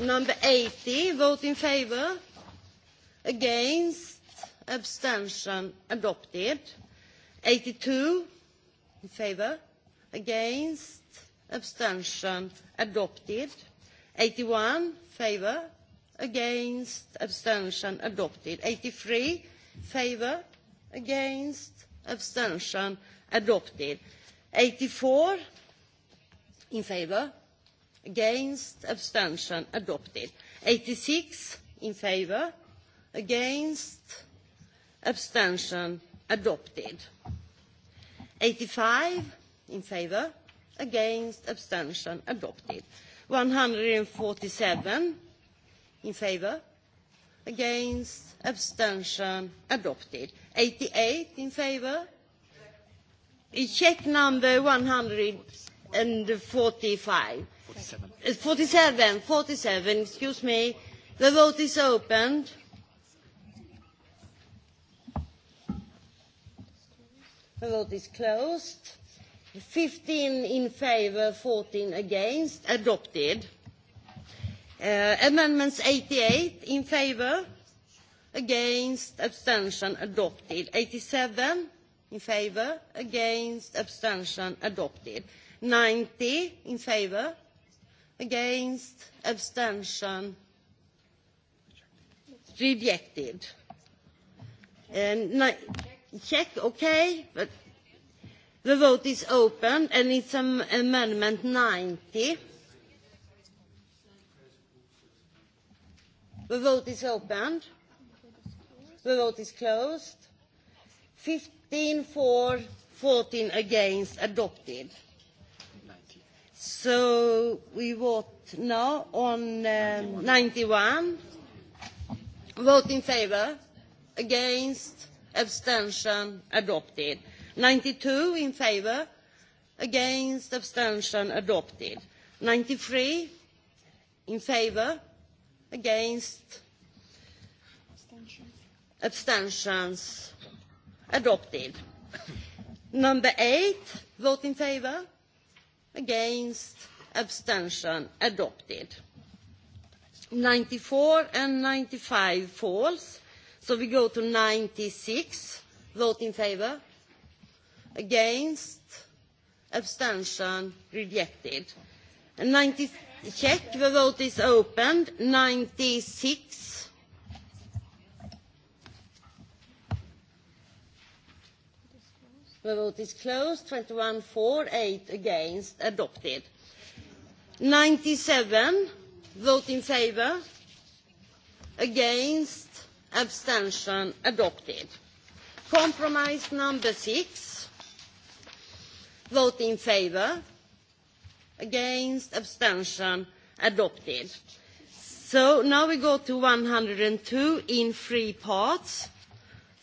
number 80 vote in favour, against abstention adopted 82 in favour. against abstention adopted 81 favour, against abstention adopted 83 favour, against abstention adopted eighty four in favour against abstention adopted eighty six in favour against abstention adopted eighty five in favour against abstention adopted one hundred and forty seven in favour against abstention adopted eighty eight in favour Check number 145. 47. 47, 47, excuse me. The vote is opened. The vote is closed. 15 in favour, 14 against. Adopted. Uh, amendments 88 in favour? against, abstention adopted. 87 in favour against abstention adopted ninety in favour against abstention rejected and check okay but the vote is open and it's um, amendment ninety. the vote is opened the vote is closed 50 15 for, 14 against, adopted. So we vote now on um, ninety 91. 91. Vote in favour? against, abstention, adopted. 92 in favour? against, abstention, adopted. 93 in favour? against, abstentions adopted. Number eight, vote in favour. Against, abstention, adopted. Ninety four and ninety five falls. So we go to ninety six. Vote in favour. Against, abstention, rejected. And 90, check, the vote is opened. Ninety six The vote is closed. 21 for, 8 against. Adopted. 97, vote in favour. Against. Abstention. Adopted. Compromise number 6. Vote in favour. Against. Abstention. Adopted. So now we go to 102 in three parts.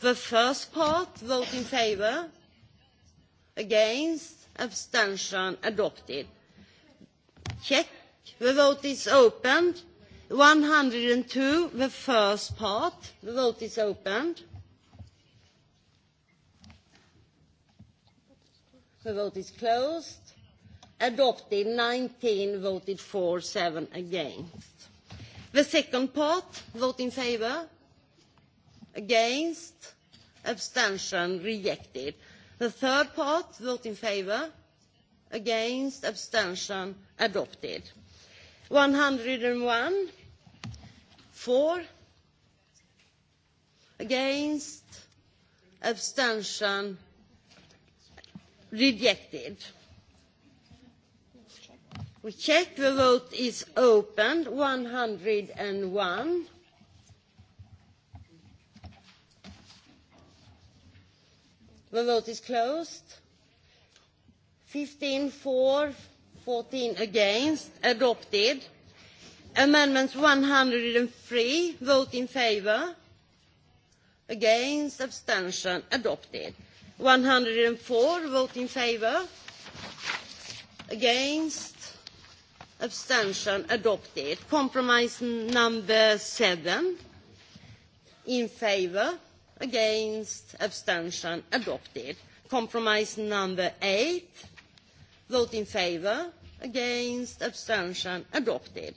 The first part, vote in favour against abstention adopted check the vote is opened one hundred and two the first part the vote is opened the vote is closed adopted nineteen voted for seven against the second part vote in favour against abstention rejected The third part, vote in favour. Against, abstention, adopted. 101, for, against, abstention, rejected. We check the vote is opened, 101. The vote is closed. 15 for, 14 against, adopted. Amendments 103, vote in favor. Against, abstention, adopted. 104, vote in favor. Against, abstention, adopted. Compromise number seven, in favor against, abstention, adopted. Compromise number eight, vote in favour, against, abstention, adopted.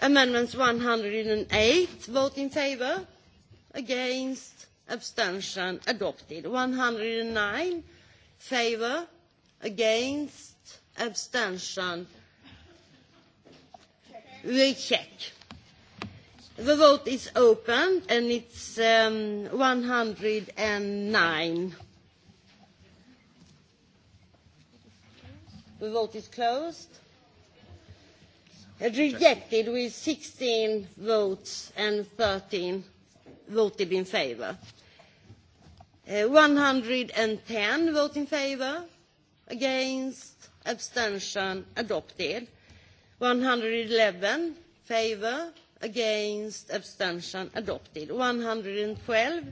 Amendments one hundred and eight, vote in favour, against, abstention, adopted. One hundred and nine, favour, against, abstention, we check. The vote is open, and it's um, and 109. The vote is closed. Rejected with 16 votes and 13 voted in favor. Uh, and 110 vote in favor, against, abstention, adopted. 111 favor, against, abstention adopted. One hundred and twelve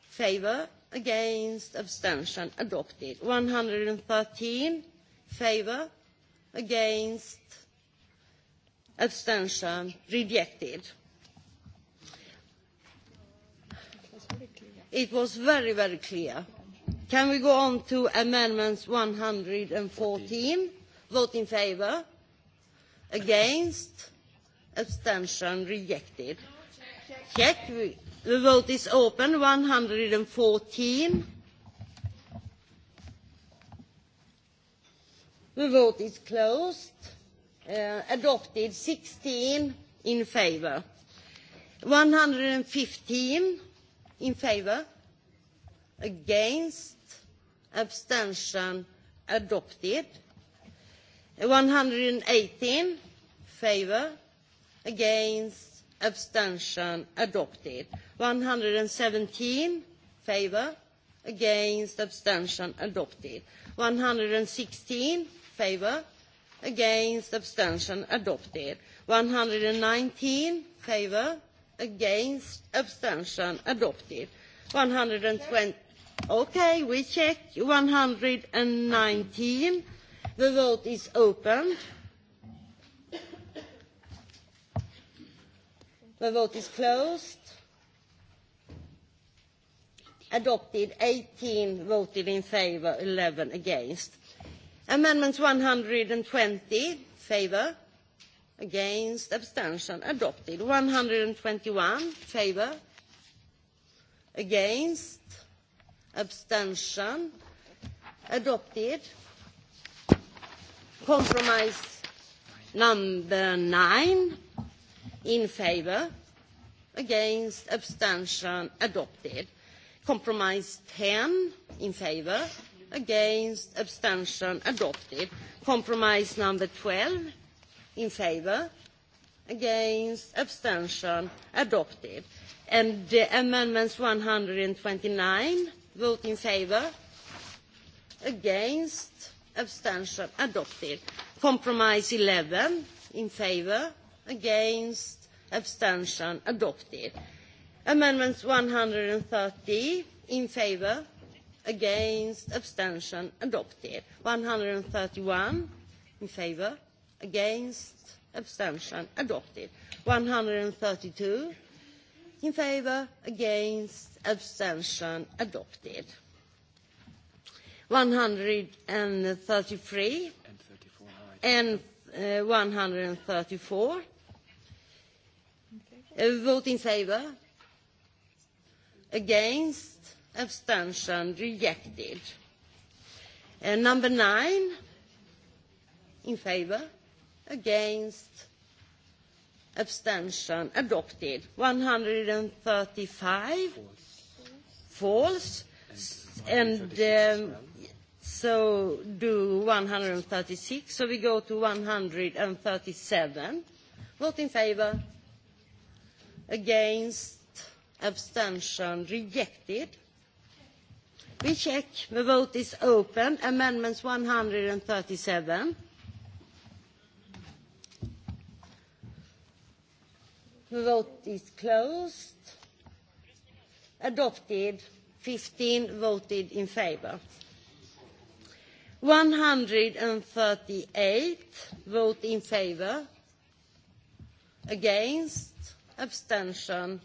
favour, against, abstention adopted. One hundred and thirteen favour, against, abstention rejected. It was very, very clear. Can we go on to amendments one hundred and fourteen? Vote in favour. Against? abstention rejected. Check. The vote is open. 114. The vote is closed. Uh, adopted 16 in favor. 115 in favor. Against. Abstention adopted. 118 favor against abstention adopted one hundred and seventeen favour against abstention adopted one hundred and sixteen favour against abstention adopted one hundred and nineteen favour against abstention adopted one hundred and twenty okay we check one hundred and nineteen the vote is open The vote is closed. Adopted. 18 voted in favour, 11 against. Amendments 120, Favour? against, abstention, adopted. 121, favour? against, abstention, adopted. Compromise number nine, in favour against abstention adopted compromise 10 in favour against abstention adopted compromise number 12 in favour against abstention adopted and the amendments 129 vote in favour against abstention adopted compromise 11 in favour against, abstention, adopted. Amendments 130 in favour? against, abstention, adopted. 131 in favour. against, abstention, adopted. 132 in favour. against, abstention, adopted. 133 and And 134 Uh, vote in favour against abstention rejected and uh, number nine in favour against abstention adopted one hundred and thirty five false and um, so do one hundred and thirty six so we go to one hundred and thirty seven vote in favour against, abstention, rejected. We check. The vote is open. Amendments 137. The vote is closed. Adopted. 15 voted in favor. 138 vote in favor. Against, abstention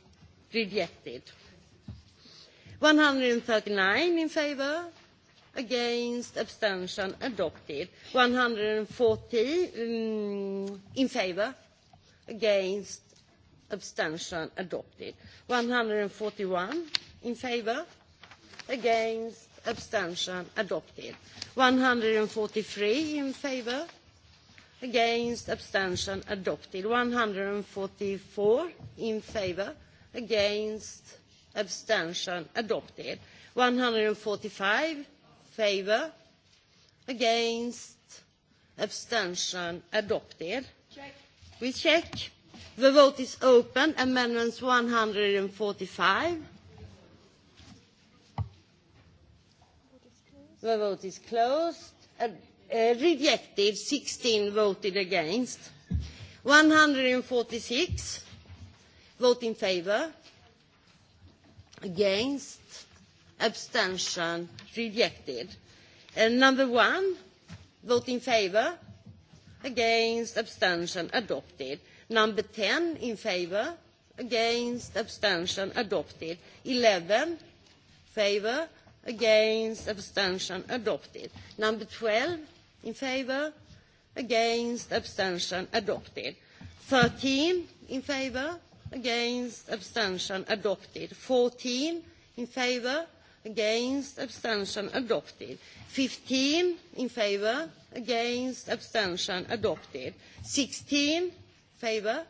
rejected. 139 in favor, against, abstention adopted. 140 forty mm, in favor, against, abstention adopted. 141 in favor, against, abstention adopted. 143 in favor, against abstention adopted one hundred and forty four in favour against abstention adopted one hundred and forty five in favour against abstention adopted check. we check the vote is open amendments one hundred and forty five the vote is closed Ad Eh, rejected, Sixteen voted against, One hundred and forty six vote in favour? against, abstention, rejected. and number one, vote in favour. against, abstention, adopted. Number ten in favour? against, abstention, adopted. in favour? against, abstention, adopted. Number twelve? in favour against abstention adopted 13 in favour against abstention adopted 14 in favour against abstention adopted 15 in favour against abstention adopted 16 favour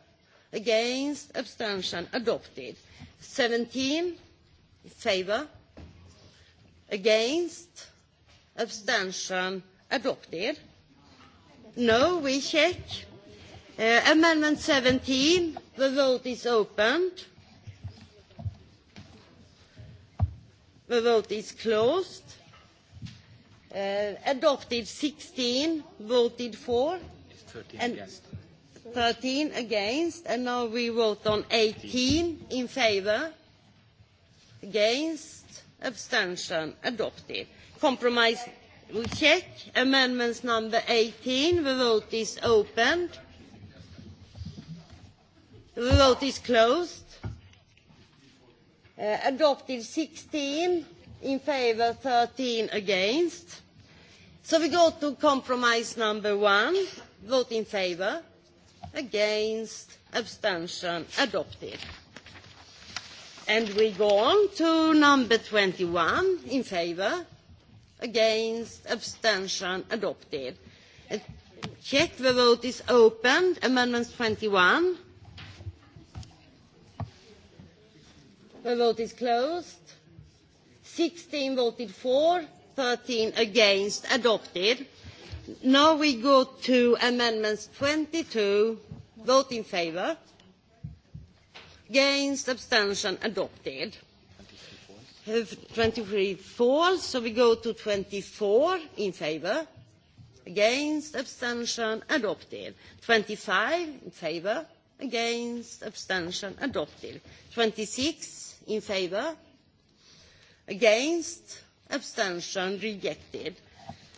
against abstention adopted 17 in favour against abstention adopted? No, we check. Uh, amendment 17, the vote is opened. The vote is closed. Uh, adopted 16, voted for. 13 and against. 13 against, and now we vote on 18 in favor, against, abstention, adopted. Compromise We check amendments number 18. The vote is opened. The vote is closed. Uh, adopted 16 in favour, 13 against. So we go to compromise number one. Vote in favour. against, abstention, adopted. And we go on to number 21, in favour against, abstention, adopted. check, the vote is opened. Amendment 21. The vote is closed. 16 voted for, 13 against, adopted. Now we go to amendments 22. Vote in favor. Against, abstention, adopted have 23 falls, so we go to 24 in favor, against, abstention, adopted. 25 in favor, against, abstention, adopted. 26 in favor, against, abstention, rejected.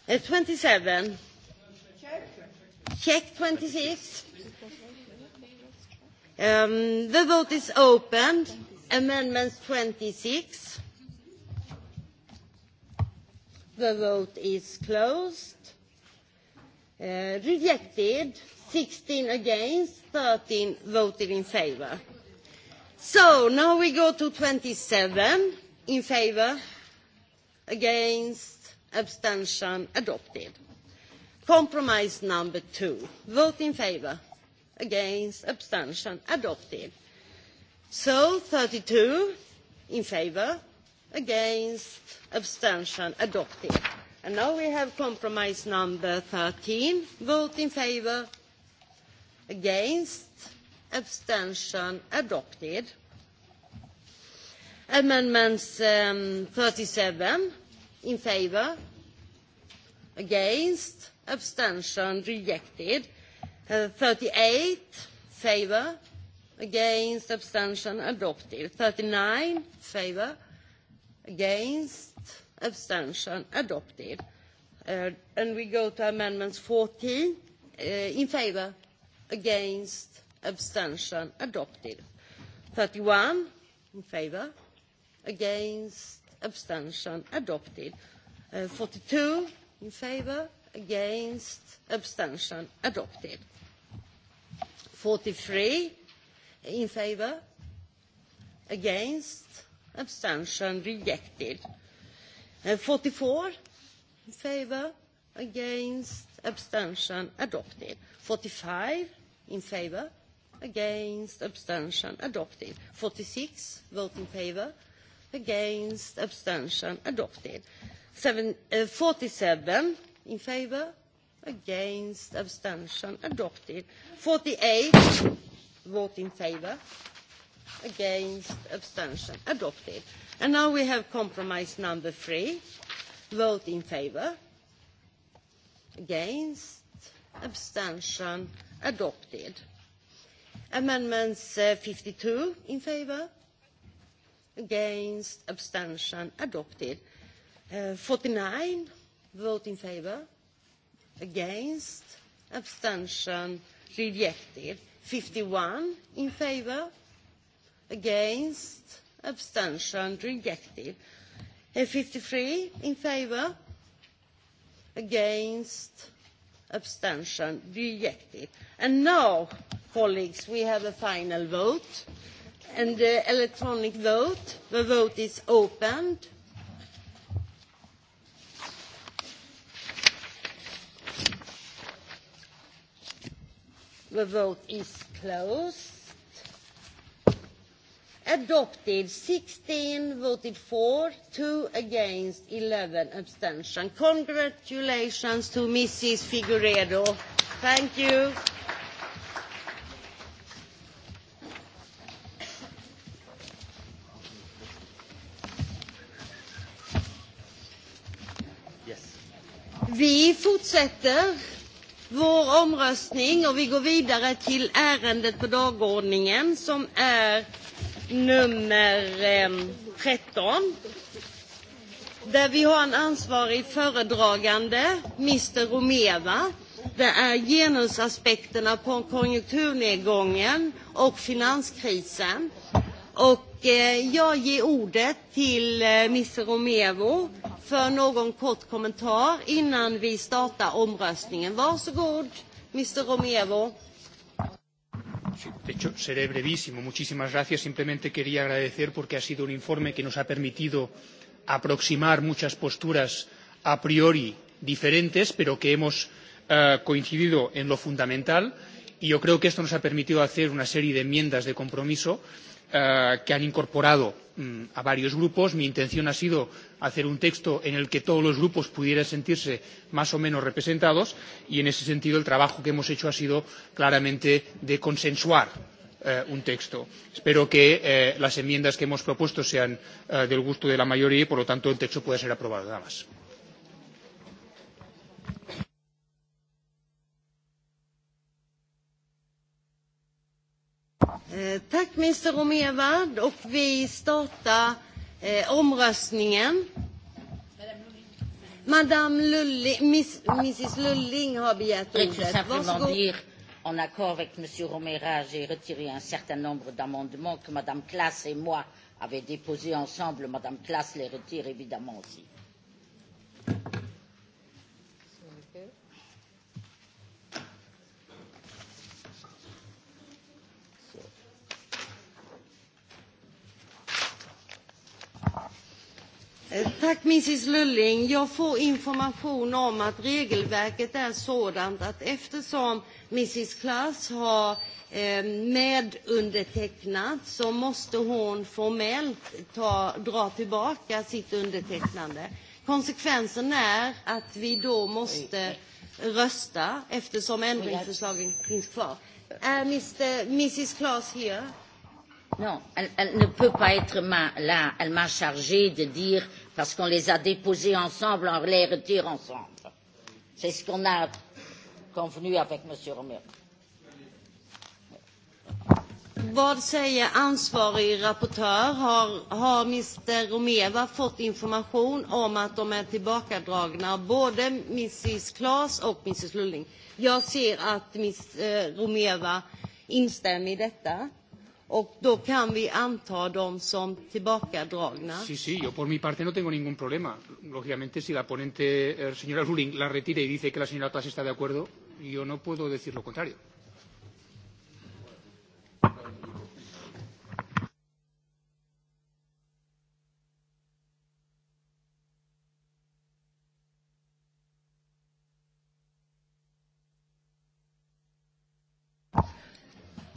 Uh, 27. Check, Check 26. Um, the vote is opened. Amendments 26. The vote is closed. Uh, rejected, 16 against, 13 voted in favor. So now we go to 27 in favor, against, abstention, adopted. Compromise number two. Vote in favor, against, abstention, adopted. So 32 in favor, against abstention adopted and now we have compromise number 13 vote in favor against abstention adopted amendments um, 37 in favor against abstention rejected uh, 38 favor against abstention adopted 39 favor against abstention adopted uh, and we go to amendments 14 uh, in favor against abstention adopted 31 in favor against abstention adopted uh, 42 in favor against abstention adopted 43 in favor against abstention rejected. Uh, 44 in favor, against, abstention adopted. 45 in favor, against, abstention adopted. 46 vote in favor, against, abstention adopted. Seven, uh, 47 in favor, against, abstention adopted. 48 vote in favor, against, abstention, adopted. And now we have compromise number three. Vote in favour, against, abstention, adopted. Amendments uh, 52 in favour, against, abstention, adopted. Uh, 49, vote in favour, against, abstention, rejected. 51 in favour, against abstention rejected fifty three in favour against abstention rejected and now colleagues we have a final vote and the electronic vote the vote is opened the vote is closed adopted sixteen voted for, two against, eleven abstention. Congratulations to Mrs. Figueiredo. Thank you. Yes. Vi fortsätter vår omröstning och vi går vidare till ärendet på dagordningen som är nummer 13 ehm, där vi har en ansvarig föredragande, Mr Romeva. Det är genusaspekterna på konjunkturnedgången och finanskrisen. Och eh, jag ger ordet till eh, Mr Romevo för någon kort kommentar innan vi startar omröstningen. Varsågod, Mr Romevo de hecho, seré brevísimo. Muchísimas gracias. Simplemente quería agradecer porque ha sido un informe que nos ha permitido aproximar muchas posturas a priori diferentes, pero que hemos eh, coincidido en lo fundamental. Y yo creo que esto nos ha permitido hacer una serie de enmiendas de compromiso eh, que han incorporado Mm, a varios grupos. Mi intención ha sido hacer un texto en el que todos los grupos pudieran sentirse más o menos representados y en ese sentido el trabajo que hemos hecho ha sido claramente de consensuar eh, un texto. Espero que eh, las enmiendas que hemos propuesto sean eh, del gusto de la mayoría y por lo tanto el texto pueda ser aprobado. Nada más. Eh, tack Mr Romeva och vi startar eh, omröstningen. Madame Lulling, Miss, Mrs Lulling har begärt ordet. En accord avec Monsieur Romera, j'ai retiré un certain nombre d'amendements que Madame Klaas et moi avaient déposés ensemble. Madame Klaas les retire évidemment aussi. Eh, tack Mrs Lulling. Jag får information om att regelverket är sådant att eftersom Mrs Klass har eh, medundertecknat så måste hon formellt ta, dra tillbaka sitt undertecknande. Konsekvensen är att vi då måste rösta eftersom ändringsförslagen finns kvar. Är Mr, Mrs Klass here? Non, elle, elle ne peut pas être ma, là. Elle m'a chargé de dire, parce qu'on les a déposés ensemble, on les retire ensemble. C'est ce qu'on a convenu avec M. Romero. Vad säger ansvarig rapportör? Har, har Mr Romeva fått information om att de är tillbakadragna, både Mrs Claes och Mrs Lulling? Jag ser att Mr eh, Romeva instämmer i detta och då kan vi anta dem som tillbakadragna. Sí, sí, yo por mi parte no tengo ningún problema. Lógicamente, si la ponente, eh, señora Ruling, la retira y dice que la señora Tass está de acuerdo, yo no puedo decir lo contrario.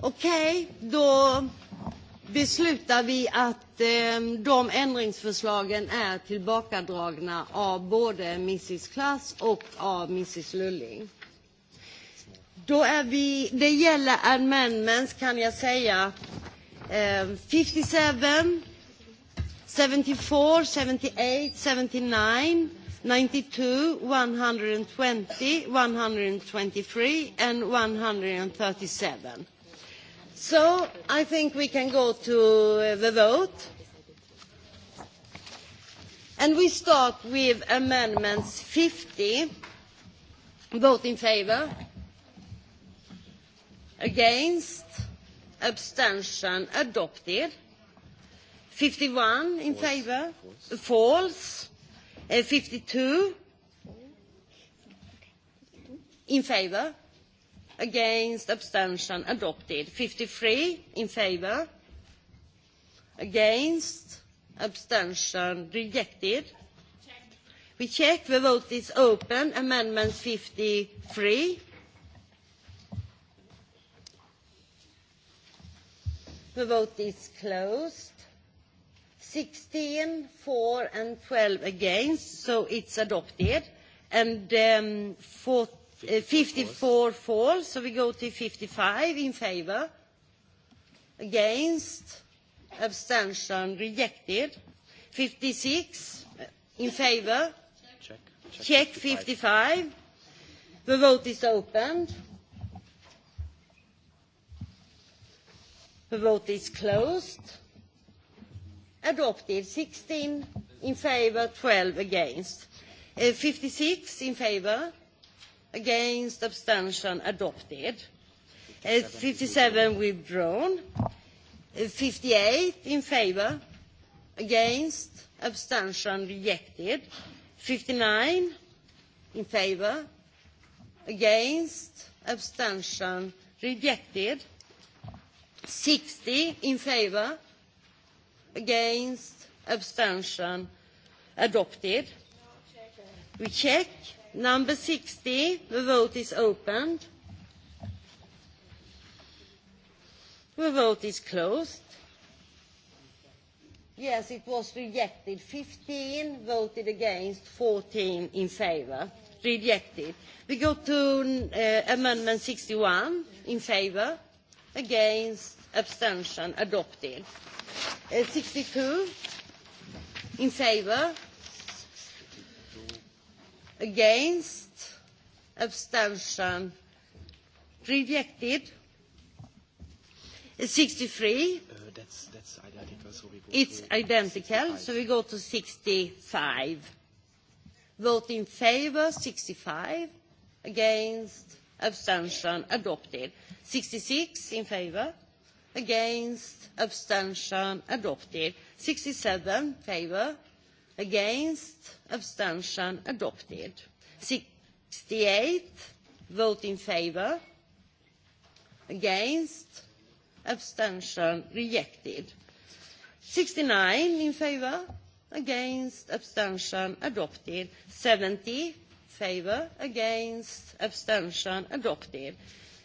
Okej, okay, då beslutar vi att eh, de ändringsförslagen är tillbakadragna av både Mrs Klass och av Mrs Lulling. Då är vi, det gäller amendments kan jag säga eh, 57, 74, 78, 79, 92, 120, 123 and 137. So I think we can go to uh, the vote. And we start with amendments 50. Vote in favor. Against. Abstention. Adopted. 51 uh, in favor. False. 52 in favor against abstention adopted 53 in favour? against abstention rejected check. we check the vote is open amendment 53 the vote is closed 16 four and 12 against so it's adopted and um, 54 eh, falls, so we go to 55 in favor, against, abstention, rejected. 56 eh, in favor. Check. Check, Check 55. The vote is opened. The vote is closed. Adopted, 16 in favor, 12 against. Uh, eh, 56 in favor, against abstention adopted uh, 57 withdrawn uh, 58 in favour. against abstention rejected 59 in favour. against abstention rejected 60 in favour. against abstention adopted we check Number 60, the vote is opened. The vote is closed. Yes, it was rejected. 15 voted against, 14 in favor. Rejected. We go to uh, amendment 61 in favor, against, abstention, adopted. Uh, 62 in favor, against, abstention, rejected. 63. three? Uh, that's, that's identical, so we go It's to identical, 65. so we go to 65. Vote in favor, 65. Against, abstention, adopted. 66 in favor, against, abstention, adopted. 67 favor, against abstention adopted 68 vote in favor against abstention rejected 69 in favor against abstention adopted 70 favor against abstention adopted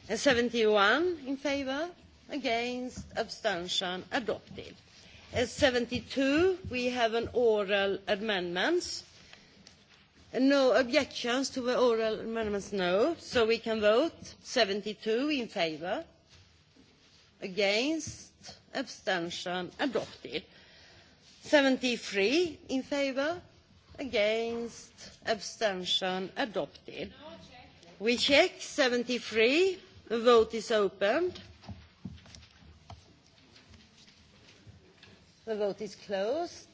and 71 in favor against abstention adopted seventy two we have an oral amendment. No objections to the oral amendments? No. So we can vote. seventy two in favour. Against? Abstention? Adopted. seventy three in favour. Against? Abstention? Adopted. We check seventy three. The vote is opened. The vote is closed.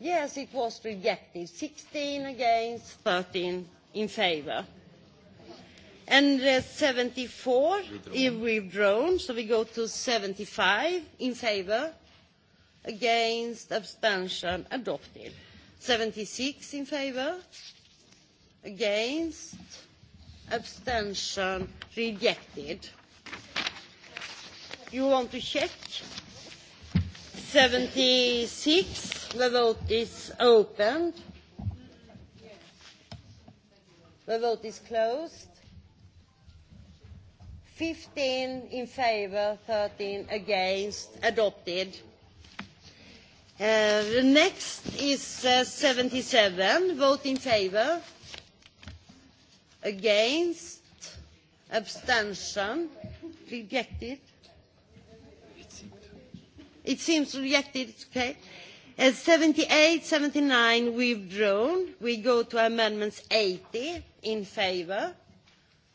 Yes, it was rejected. 16 against, 13 in favor. And uh, 74 withdrawn. is eh, withdrawn, so we go to 75 in favor, against, abstention, adopted. 76 in favor, against, abstention, rejected. You want to check? 76. The vote is opened. The vote is closed. 15 in favour, 13 against, adopted. Uh, the next is uh, 77. Vote in favour? Against. Abstention. Rejected. It seems rejected. Okay. As 78, 79 withdrawn. We go to amendments 80 in favor,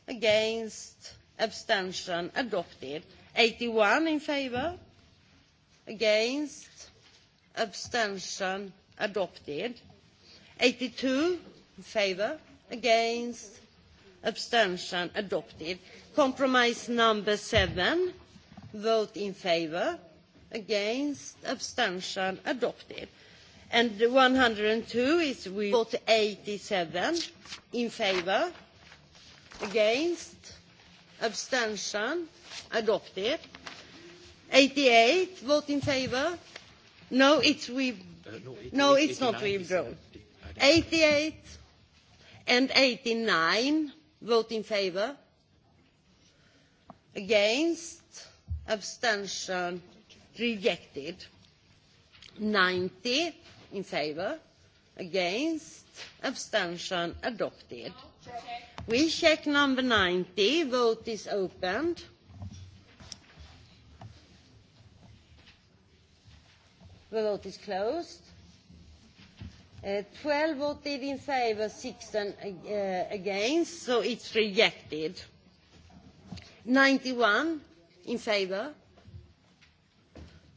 against, abstention, adopted. 81 in favor, against, abstention, adopted. 82 in favor, against, abstention, adopted. Compromise number seven, vote in favor, against, abstention, adopted. And the 102 is we vote 87 in favor, against, abstention, adopted. 88 vote in favor. No, it's we. Uh, no, it- no, it's 89, not withdrawn. 88 and 89 vote in favor, against, abstention, rejected. 90 in favour? against, abstention, adopted. Check. We check number 90. Vote is opened. The vote is closed. Uh, 12 voted in favour, 6 uh, against, so it's rejected. 91 in favour?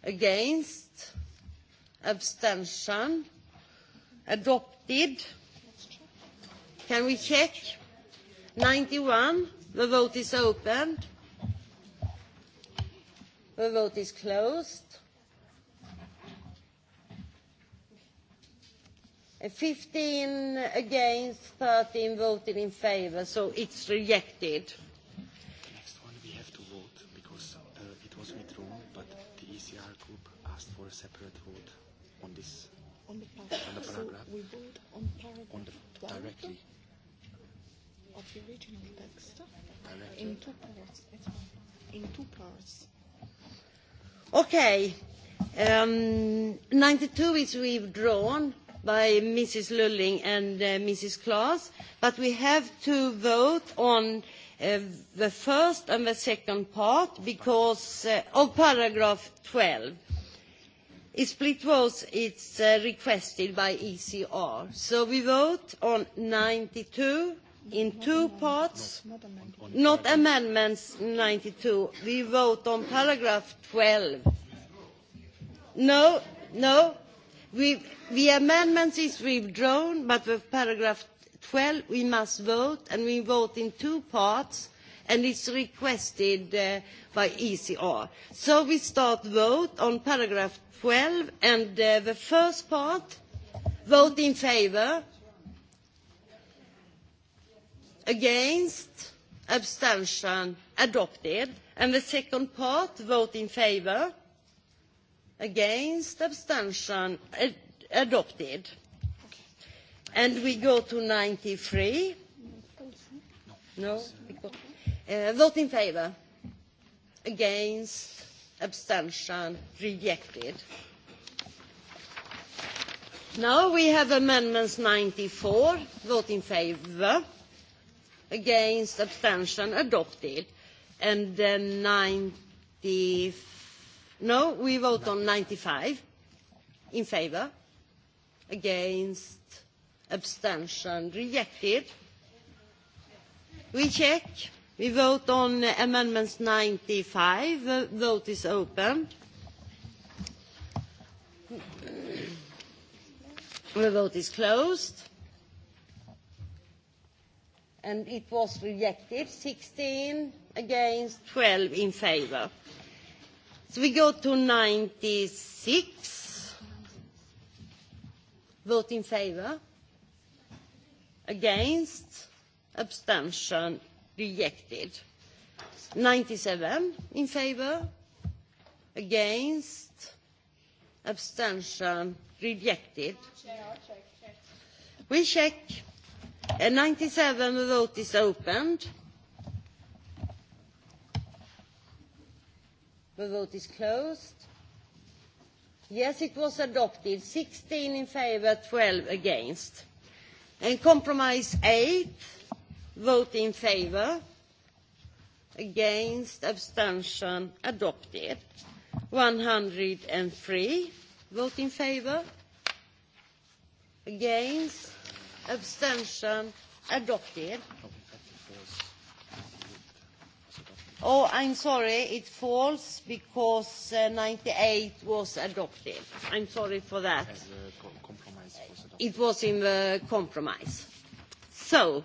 Against? Abstention? Adopted? Can we check? 91. The vote is opened. The vote is closed. 15 against, 13 voted in favor, so it's rejected. on the paragraph, on the, directly. Of the original text, directly. in two parts. In two parts. Okay. Um, 92 is withdrawn by Mrs. Lulling and uh, Mrs. Klaas, but we have to vote on uh, the first and the second part because uh, of paragraph 12 is split vote uh, requested by ECR. So we vote on ninety two in two parts, not, not, not amendments ninety two. We vote on paragraph twelve. No, no. We, the amendment is withdrawn, but with paragraph twelve we must vote, and we vote in two parts and it's requested uh, by ECR. So we start vote on paragraph 12 and uh, the first part, vote in favour, against, abstention, adopted. And the second part, vote in favour, against, abstention, ad adopted. And we go to 93. No, because no, Eh, vote in favour. Against. Abstention. Rejected. Now we have amendments 94. Vote in favour. Against. Abstention. Adopted. And then 90. No, we vote on 95. In favour. Against. Abstention. Rejected. We check. We vote on amendments 95. The vote is open. The vote is closed. And it was rejected, 16 against, 12 in favor. So we go to 96. Vote in favor. Against. Abstention rejected ninety seven in favour against abstention rejected check, check, check. we check ninety seven the vote is opened the vote is closed yes it was adopted sixteen in favour twelve against and compromise eight vote in favour against abstention adopted One hundred and three vote in favour against abstention adopted Oh, I'm sorry, it falls because uh, 98 was adopted. I'm sorry for that. Uh, was it was in the compromise. So,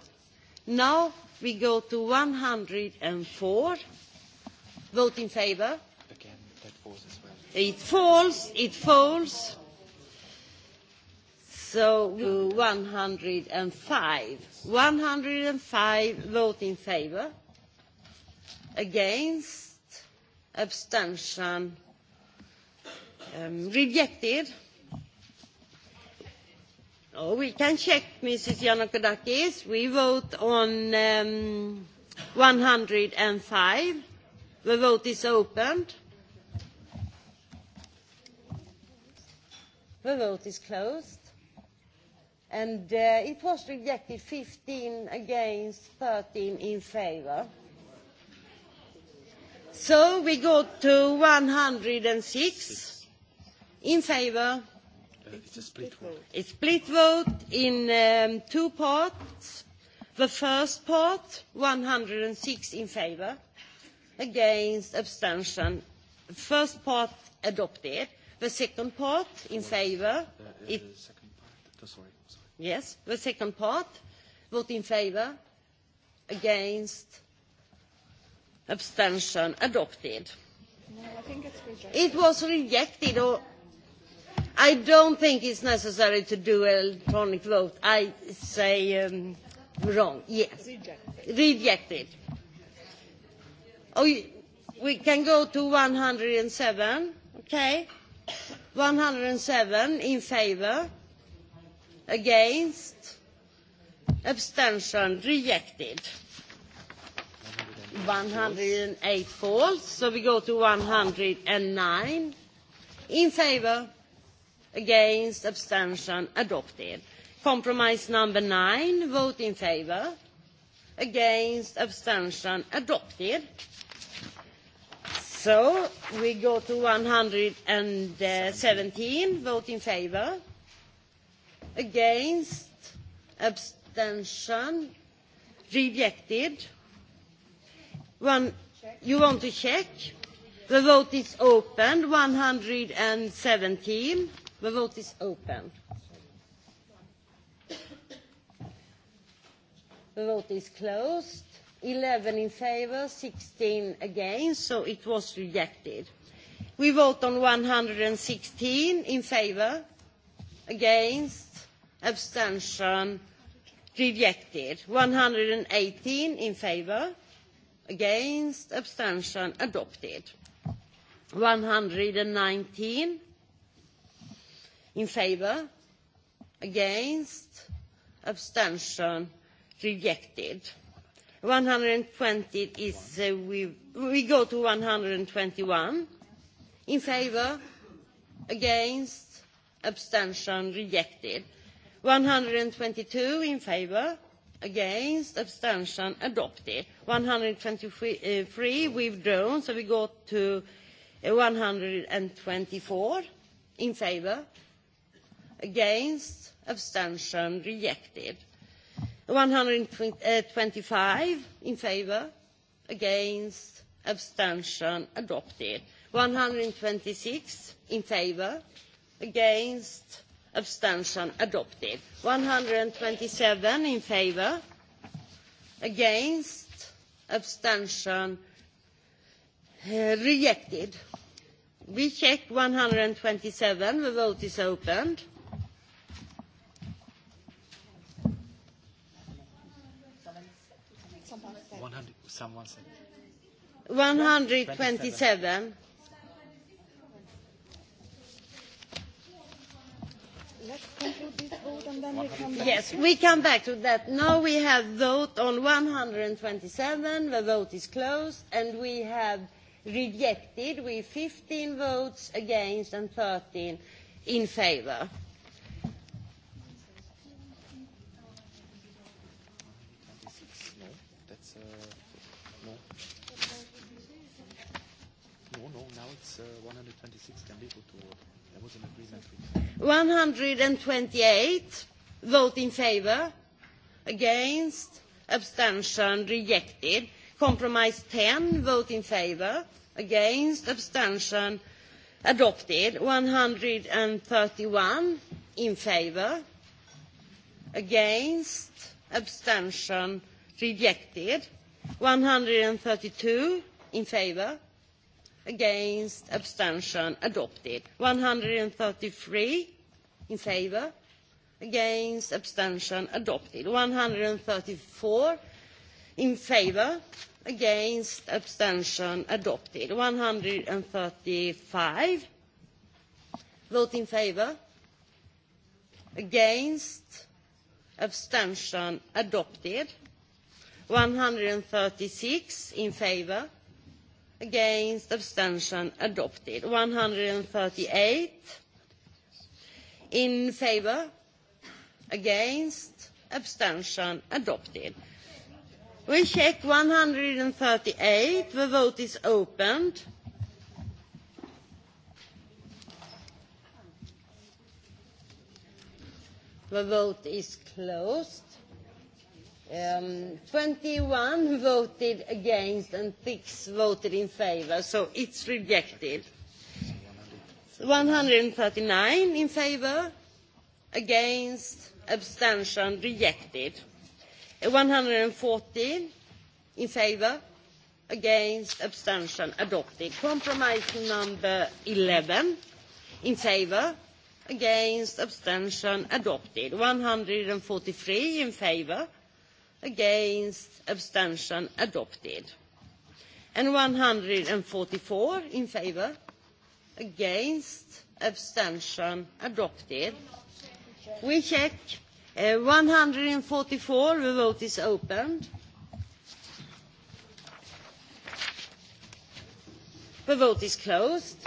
Now we go to 104. Vote in favour. Again, that falls as well. It falls. It falls. So uh, 105. 105 vote in favour. Against. Abstention. Um, rejected. Oh, we can check, Mrs. Yanakodakis. We vote on um, 105. The vote is opened. The vote is closed. And uh, it was rejected 15 against, 13 in favor. So we go to 106 in favor It's a split vote. It's split vote in um, two parts. The first part, 106 in favor, against, abstention. First part adopted. The second part in favor. Uh, uh, it, second part. Oh, sorry, sorry. Yes, the second part. Vote in favor, against, abstention, adopted. No, I think it's rejected. It was rejected or i don't think it's necessary to do electronic vote. I say um, wrong. Yes. Rejected. Rejected. Oh, we can go to 107. Okay. 107 in favor. Against. Abstention. Rejected. 108 false. So we go to 109. In favor against abstention adopted compromise number nine vote in favour against abstention adopted so we go to one hundred and seventeen vote in favour against abstention rejected one you want to check the vote is open one hundred and seventeen The vote is open. The vote is closed. 11 in favor, 16 against, so it was rejected. We vote on 116 in favor, against, abstention, rejected. 118 in favor, against, abstention, adopted. 119 in favour against abstention rejected one hundred and twenty is uh, we we go to one hundred and twenty one in favour against abstention rejected one hundred and twenty two in favour against abstention adopted one hundred and twenty three uh, withdrawn so we go to uh, one hundred and twenty four in favour against abstention rejected one hundred and twenty five in favour against abstention adopted one hundred and twenty six in favour against abstention adopted one hundred and twenty seven in favour against abstention uh, rejected we check one hundred and twenty seven the vote is opened someone said. 127. Yes, we come back to that. Now we have vote on 127. The vote is closed, and we have rejected with 15 votes against and 13 in favor. 126 uh, can be put to vote. There was an agreement 128 vote in favour. against, abstention, rejected. Compromise 10 vote in favour. against, abstention, adopted. 131 in favour. against, abstention, rejected. 132 in favour? against abstention adopted one hundred and thirty three in favour against abstention adopted one hundred and thirty four in favour against abstention adopted one hundred and thirty five vote in favour against abstention adopted one hundred and thirty six in favour against, abstention, adopted. 138 in favor, against, abstention, adopted. We check 138. The vote is opened. The vote is closed Um, 21 voted against and 6 voted in favor, so it's rejected. 139 in favor, against, abstention, rejected. 114 in favor, against, abstention, adopted. Compromise number 11 in favor, against, abstention, adopted. 143 in favor, against abstention adopted and one hundred and forty four in favour against abstention adopted we check uh, one hundred and forty four the vote is opened the vote is closed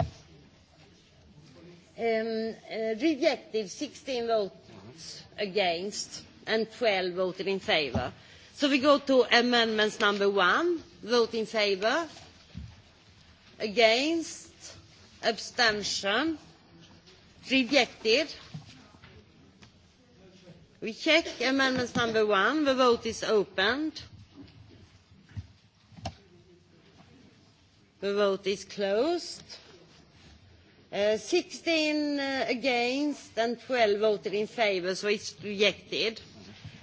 um, uh, rejected sixteen votes against and twelve voted in favour so we go to amendments number one. Vote in favour. Against. Abstention. Rejected. We check amendments number one. The vote is opened. The vote is closed. Uh, 16 uh, against and 12 voted in favour, so it's rejected.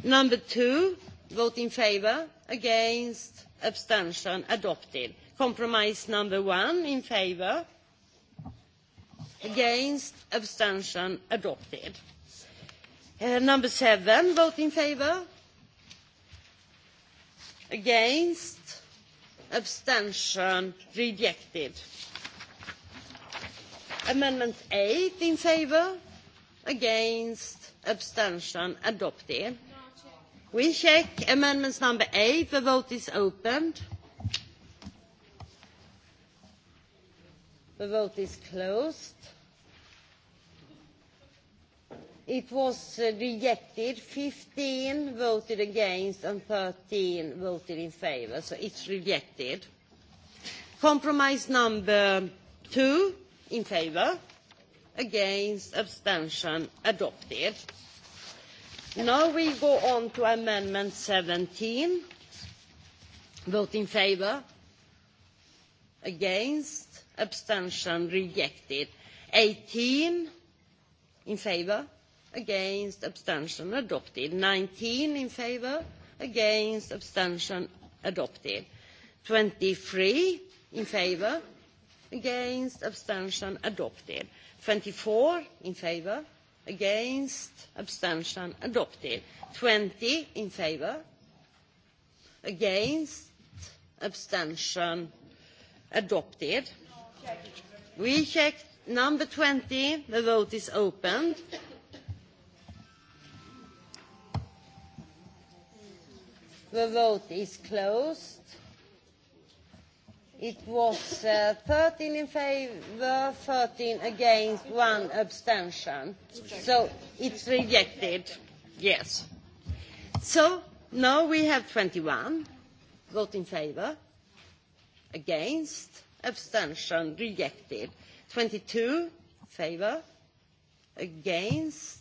Number two, vote in favour against abstention adopted compromise number one in favour against abstention adopted uh, number seven vote in favour against abstention rejected amendment eight in favour against abstention adopted We check amendments number eight. The vote is opened. The vote is closed. It was rejected. Fifteen voted against and thirteen voted in favour, so it's rejected. Compromise number two in favour, against, abstention, adopted. Now we go on to Amendment seventeen. Vote in favour? Against. Abstention. Rejected. Eighteen in favour? Against. Abstention. Adopted. Nineteen in favour? Against. Abstention. Adopted. Twenty three in favour? Against. Abstention. Adopted. Twenty four in favour? against, abstention adopted. 20 in favor, against, abstention adopted. We check number 20. The vote is opened. The vote is closed It was uh, 13 in favour, 13 against, one abstention. So it's rejected. Yes. So now we have 21 vote in favour? against, abstention, rejected. 22 favour? against,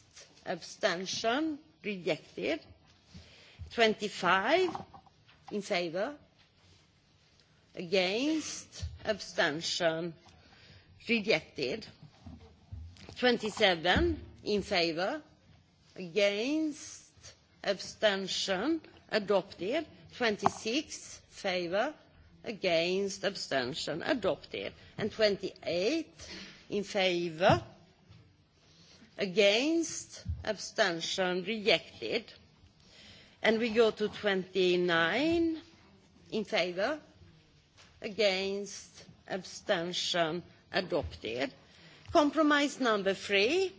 abstention, rejected. 25 in favour? against abstention rejected Twenty seven in favour. against abstention adopted Twenty six favour. against abstention adopted and twenty eight in favour? against abstention rejected and we go to twenty nine in favour? against abstention adopted compromise number three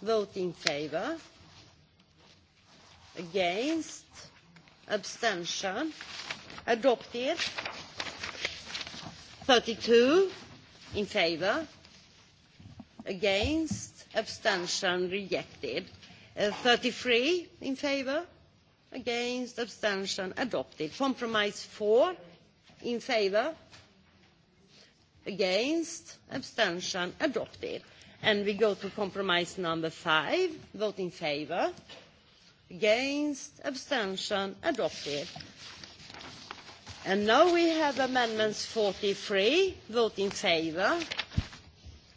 vote in favour against abstention adopted thirty two in favour against abstention rejected uh, thirty three in favour against abstention adopted compromise four in favour against abstention adopted and we go to compromise number five vote in favour against abstention adopted and now we have amendments forty three vote in favour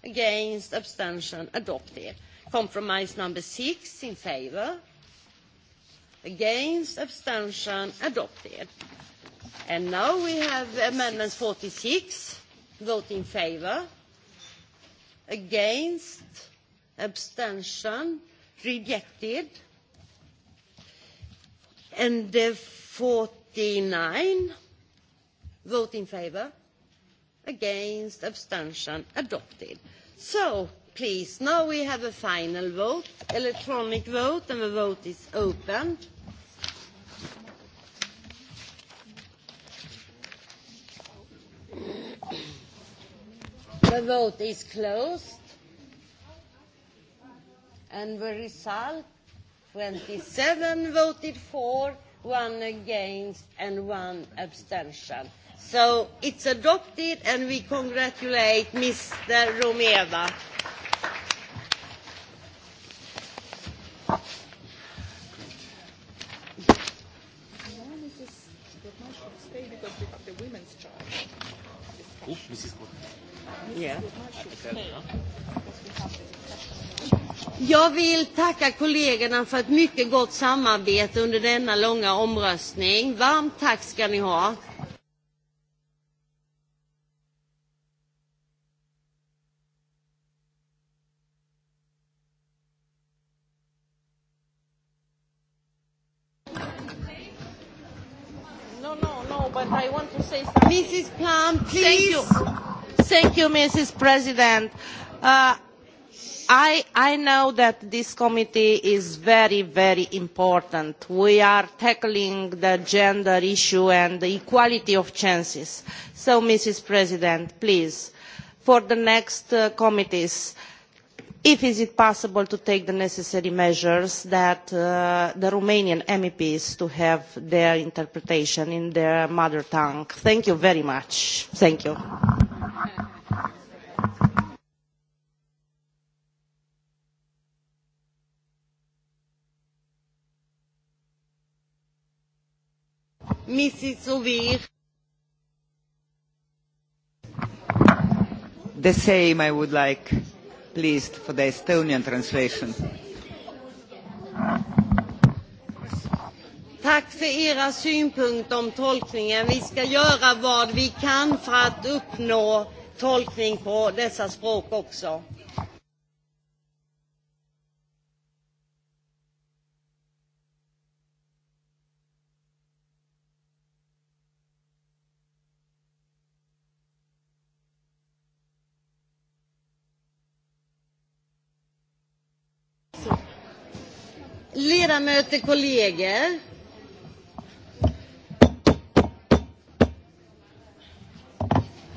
against abstention adopted compromise number six in favour against abstention adopted And now we have Amendment 46, vote in favour, against, abstention, rejected. And the 49, vote in favour, against, abstention, adopted. So, please, now we have a final vote, electronic vote, and the vote is opened. The vote is closed. And the result, 27 voted for, one against, and one abstention. So it's adopted, and we congratulate Mr. Romeva. Stay because we have the women's Mrs. Yeah. Jag vill tacka kollegorna för ett mycket gott samarbete under denna långa omröstning. Varmt tack ska ni ha. you, Mrs. President. Uh, I, I know that this committee is very, very important. We are tackling the gender issue and the equality of chances. So, Mrs. President, please, for the next uh, committees, if is it possible to take the necessary measures that uh, the Romanian MEPs to have their interpretation in their mother tongue. Thank you very much. Thank you. Mrs. The same I would like, please, for the Estonian translation. Tack för era synpunkter om tolkningen. Vi ska göra vad vi kan för att uppnå tolkning på dessa språk också. ledamöter, kollegor.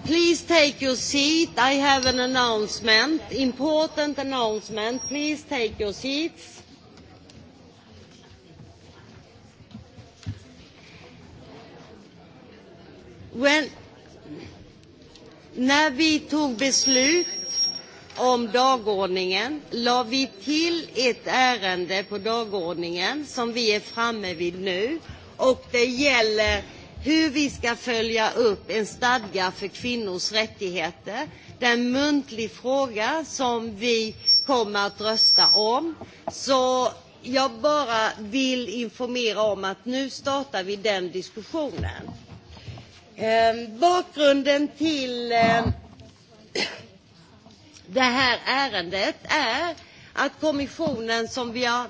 Please take your seat. I have an announcement, important announcement. Please take your seats. When, när vi tog beslut om dagordningen la vi till ett ärende på dagordningen som vi är er framme vid nu och det gäller hur vi ska följa upp en stadga för kvinnors rättigheter. Det är er en muntlig fråga som vi kommer att rösta om. Så jag bara vill informera om att nu startar vi den diskussionen. Eh, bakgrunden till eh, det här ärendet är att kommissionen som vi har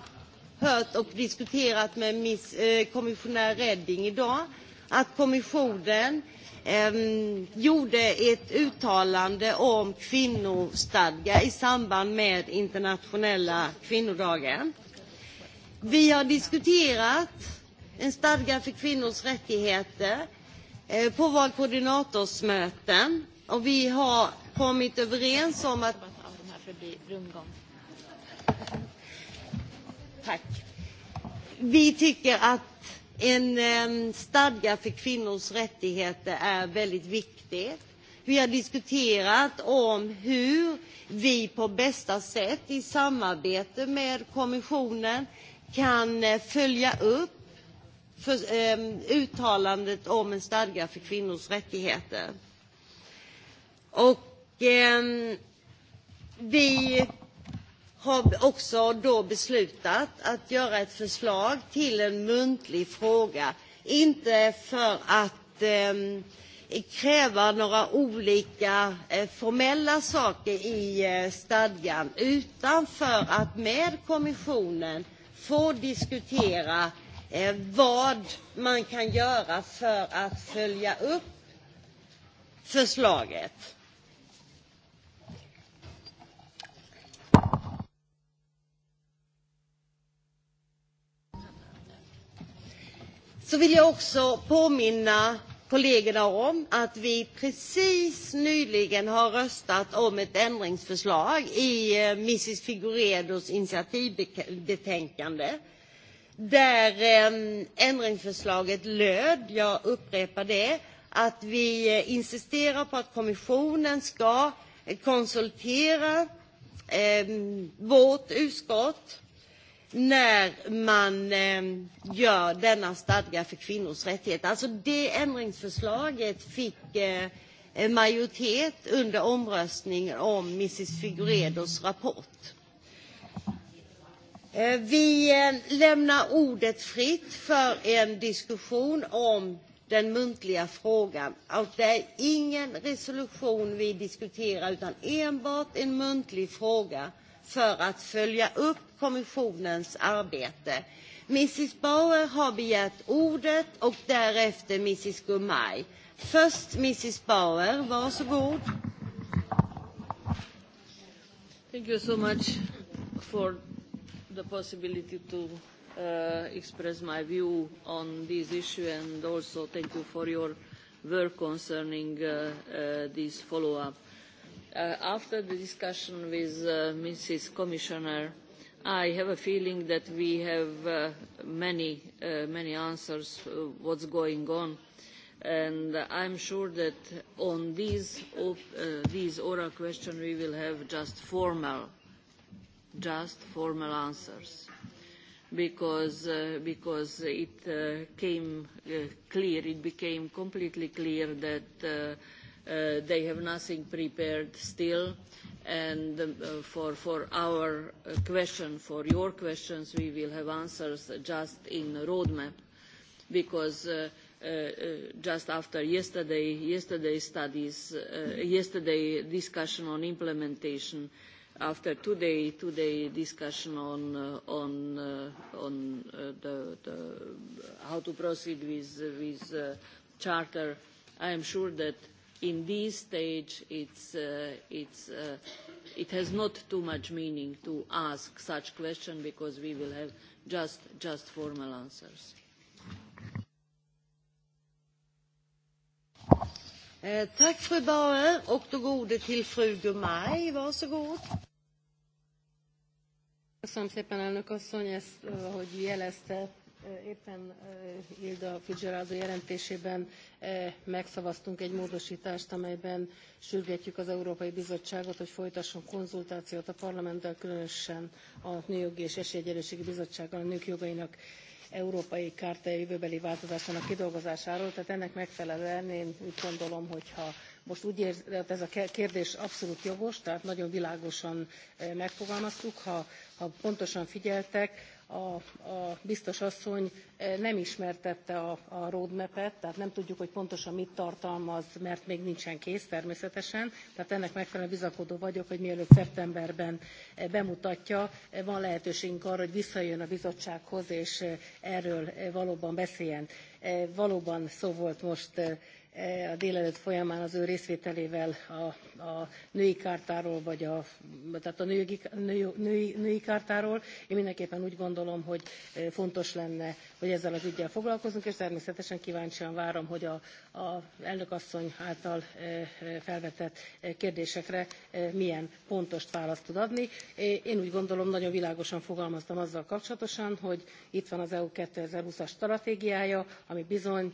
hört och diskuterat med miss, eh, kommissionär Redding idag, att kommissionen eh, gjorde ett uttalande om kvinnostadga i samband med internationella kvinnodagen. Vi har diskuterat en stadga för kvinnors rättigheter eh, på våra koordinatorsmöten och vi har kommit överens om att... Tack. Vi tycker att en stadga för kvinnors rättigheter är väldigt viktig. Vi har diskuterat om hur vi på bästa sätt i samarbete med kommissionen kan eh, följa upp för, um, uttalandet om en stadga för kvinnors rättigheter. Och Ehm, vi har också då beslutat att göra ett förslag till en muntlig fråga. Inte för att eh, kräva några olika eh, formella saker i eh, stadgan utan för att med kommissionen få diskutera eh, vad man kan göra för att följa upp förslaget. Jag vill jag också påminna kollegorna om att vi precis nyligen har röstat om ett ändringsförslag i eh, Mrs Figuredos initiativbetänkande där eh, ändringsförslaget löd, jag upprepar det, att vi eh, insisterar på att kommissionen ska konsultera vårt utskott när man eh, gör denna stadga för kvinnors rättigheter. Alltså det ändringsförslaget fick eh, en majoritet under omröstningen om Mrs Figuredos rapport. Eh, vi eh, lämnar ordet fritt för en diskussion om den muntliga frågan. Och det är ingen resolution vi diskuterar utan enbart en muntlig fråga för att följa upp kommissionens arbete. Mrs Bauer har begärt ordet och därefter Mrs Gumay. Först Mrs Bauer, varsågod. Thank you so much for the possibility to uh, express my view on this issue and also thank you for your work concerning uh, uh, this follow-up Uh, after the discussion with uh, Mrs. Commissioner, I have a feeling that we have uh, many, uh, many answers uh, what's going on. And I'm sure that on these, uh, these oral questions we will have just formal, just formal answers because, uh, because it uh, came uh, clear, it became completely clear that uh, Uh, they have nothing prepared still and uh, for, for our uh, question, for your questions, we will have answers just in the roadmap because uh, just after yesterday, yesterday's studies, yesterday discussion on implementation, after today, today discussion on, on, on the, the how to proceed with, with charter, I am sure that in this stage it's, uh, it's, uh, it has not too much meaning to ask such questions because we will have just, just formal answers. Eh, tack fru Bauer och då går ordet till fru Gumay. Varsågod. Köszönöm szépen, elnök asszony, ezt, ahogy eh, jelezte, éppen Ilda Fitzgeraldo jelentésében megszavaztunk egy módosítást, amelyben sürgetjük az Európai Bizottságot, hogy folytasson konzultációt a parlamenttel, különösen a Nőjogi és Esélyegyenlőségi Bizottsággal a nők jogainak európai kártya jövőbeli változásának kidolgozásáról. Tehát ennek megfelelően én úgy gondolom, hogyha most úgy érzem, ez a kérdés abszolút jogos, tehát nagyon világosan megfogalmaztuk, ha, ha pontosan figyeltek, a, a biztos asszony e, nem ismertette a, a roadmap-et, tehát nem tudjuk, hogy pontosan mit tartalmaz, mert még nincsen kész természetesen, tehát ennek megfelelően bizakodó vagyok, hogy mielőtt szeptemberben e, bemutatja, e, van lehetőségünk arra, hogy visszajön a bizottsághoz, és erről valóban beszéljen. Valóban szó volt most E, a délelőtt folyamán az ő részvételével a, a női kártáról, vagy a, tehát a női, női, női kártáról. Én mindenképpen úgy gondolom, hogy e, fontos lenne, hogy ezzel az ügyel foglalkozunk, és természetesen kíváncsian várom, hogy a, a elnökasszony által e, felvetett kérdésekre milyen pontos választ tud adni. Én úgy gondolom, nagyon világosan fogalmaztam azzal kapcsolatosan, hogy itt van az EU 2020-as stratégiája, ami bizony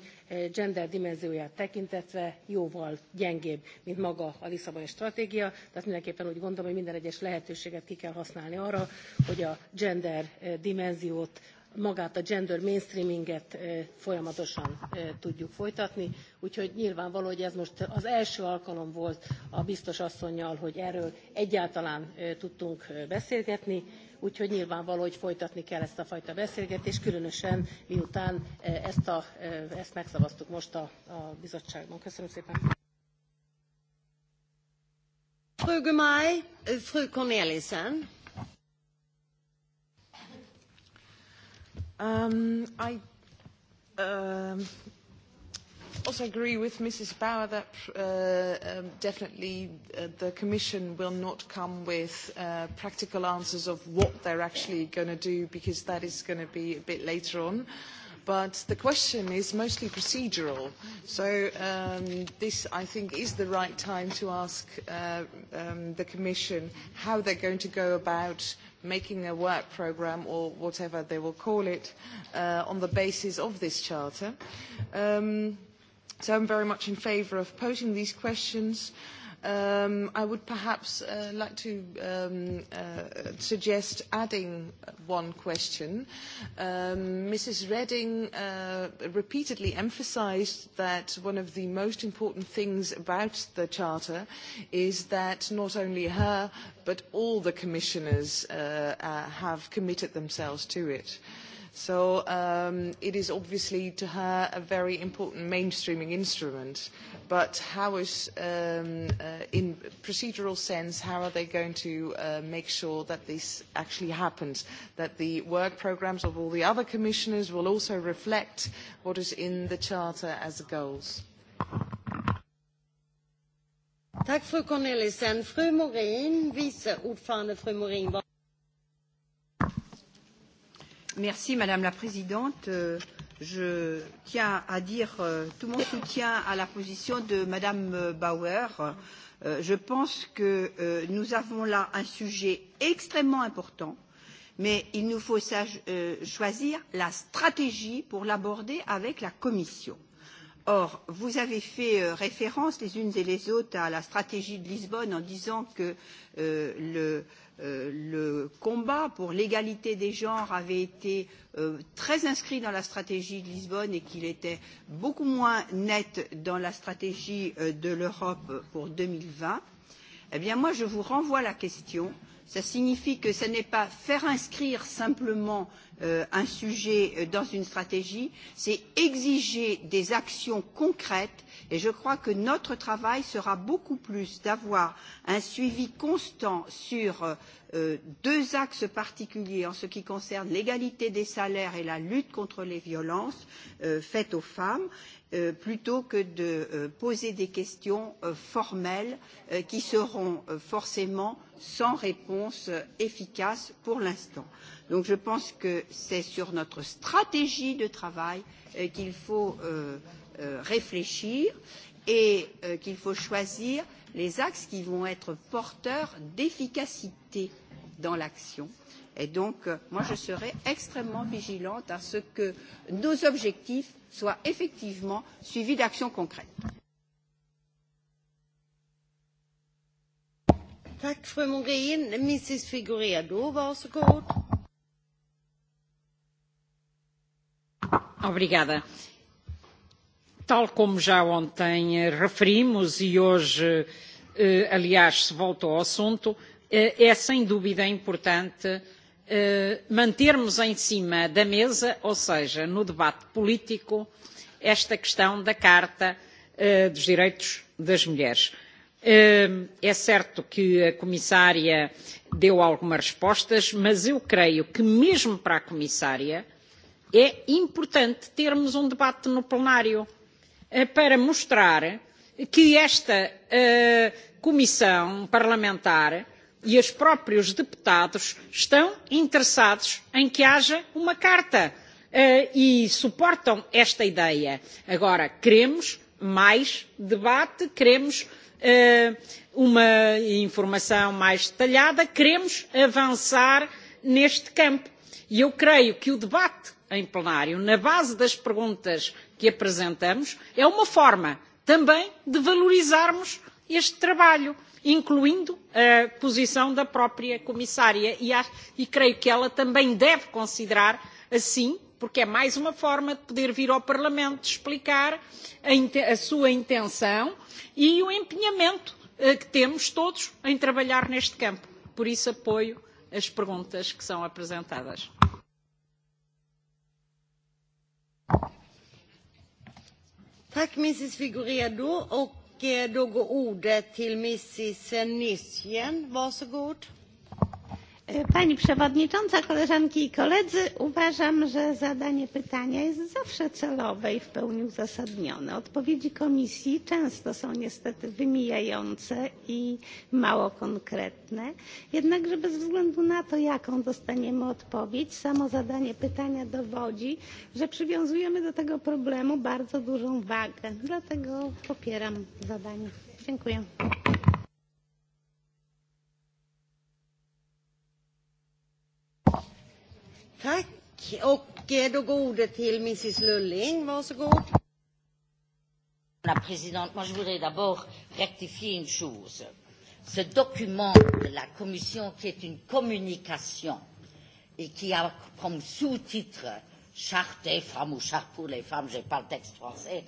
gender dimenzióját tekintve, tekintetve jóval gyengébb, mint maga a Lisszaboni stratégia, tehát mindenképpen úgy gondolom, hogy minden egyes lehetőséget ki kell használni arra, hogy a gender eh, dimenziót magát a gender mainstreaminget eh, folyamatosan eh, tudjuk folytatni úgyhogy nyilvánvaló hogy ez most az első alkalom volt a biztos asszonnyal hogy erről egyáltalán tudtunk beszélgetni Úgyhogy nyilvánvaló, hogy folytatni kell ezt a fajta beszélgetést, különösen miután e, ezt, a, e, ezt megszavaztuk most a, a bizottságban. Köszönöm szépen. Frågor mig, Cornelissen. Um, I, um, also agree with Mrs. Bauer that uh, um, definitely uh, the Commission will not come with uh, practical answers of what they're actually going to do because that is going to be a bit later on. But the question is mostly procedural. So um, this, I think, is the right time to ask uh, um, the Commission how they're going to go about making a work programme or whatever they will call it uh, on the basis of this charter. Um, so I'm very much in favour of posing these questions. Um, I would perhaps uh, like to um, uh, suggest adding one question. Um, Mrs. Reding uh, repeatedly emphasised that one of the most important things about the Charter is that not only her but all the commissioners uh, uh, have committed themselves to it. Uh, so um, it is obviously to her a very important mainstreaming instrument. But how is, um, uh, in procedural sense, how are they going to uh, make sure that this actually happens? That the work programmes of all the other commissioners will also reflect what is in the Charter as goals? vice Merci, Madame la Présidente. Euh, je tiens à dire euh, tout mon soutien à la position de Madame euh, Bauer. Je pense que nous avons là un sujet extrêmement important, mais il nous faut choisir la stratégie pour l'aborder avec la Commission. Or, vous avez fait référence les unes et les autres à la stratégie de Lisbonne en disant que le Euh, le combat pour l'égalité des genres avait été euh, très inscrit dans la stratégie de Lisbonne et qu'il était beaucoup moins net dans la stratégie euh, de l'Europe pour deux mille vingt, eh bien moi je vous renvoie la question. Cela signifie que ce n'est pas faire inscrire simplement euh, un sujet euh, dans une stratégie, c'est exiger des actions concrètes Et je crois que notre travail sera beaucoup plus d'avoir un suivi constant sur euh, deux axes particuliers en ce qui concerne l'égalité des salaires et la lutte contre les violences euh, faites aux femmes euh, plutôt que de poser des questions formelles qui seront forcément sans réponse efficace pour l'instant. Donc je pense que c'est sur notre stratégie de travail qu'il faut Euh, réfléchir et euh, qu'il faut choisir les axes qui vont être porteurs d'efficacité dans l'action. Et donc, euh, moi, je serai extrêmement vigilante à ce que nos objectifs soient effectivement suivis d'actions concrètes. Tack fru Morin. Mrs Figueredo, varsågod. Obrigada tal como já ontem referimos e hoje, eh, aliás, se voltou ao assunto, eh, é sem dúvida importante eh, mantermos em cima da mesa, ou seja, no debate político, esta questão da Carta dos Direitos das Mulheres. É certo que a comissária deu algumas respostas, mas eu creio que mesmo para a comissária é importante termos um debate no plenário para mostrar que esta eh, comissão parlamentar e os próprios deputados estão interessados em que haja uma carta eh, e suportam esta ideia. Agora, queremos mais debate, queremos eh, uma informação mais detalhada, queremos avançar neste campo. E eu creio que o debate em plenário, na base das perguntas que apresentamos é uma forma também de valorizarmos este trabalho, incluindo a posição da própria comissária. E, acho, e creio que ela também deve considerar assim, porque é mais uma forma de poder vir ao Parlamento explicar a, a sua intenção e o empenhamento eh, que temos todos em trabalhar neste campo. Por isso, apoio as perguntas que são apresentadas. Tack Mrs Figueredo, och eh, då går ordet till Mrs Nysgen. Varsågod. E, pani przewodnicząca, koleżanki i koledzy, uważam, że zadanie pytania jest zawsze celowe i w pełni uzasadnione. Odpowiedzi komisji często są niestety wymijające i mało konkretne. Jednakże bez względu na to, jaką dostaniemy odpowiedź, samo zadanie pytania dowodzi, że przywiązujemy do tego problemu bardzo dużą wagę. Dlatego popieram zadanie. Dziękuję. Tack. Och då går ordet till Mrs Lulling. Varsågod. Madame la Présidente, moi je voudrais d'abord rectifier une chose. Ce document de la Commission qui est une communication et qui a comme sous-titre Charte des femmes ou Charte pour les femmes, je n'ai pas le texte français,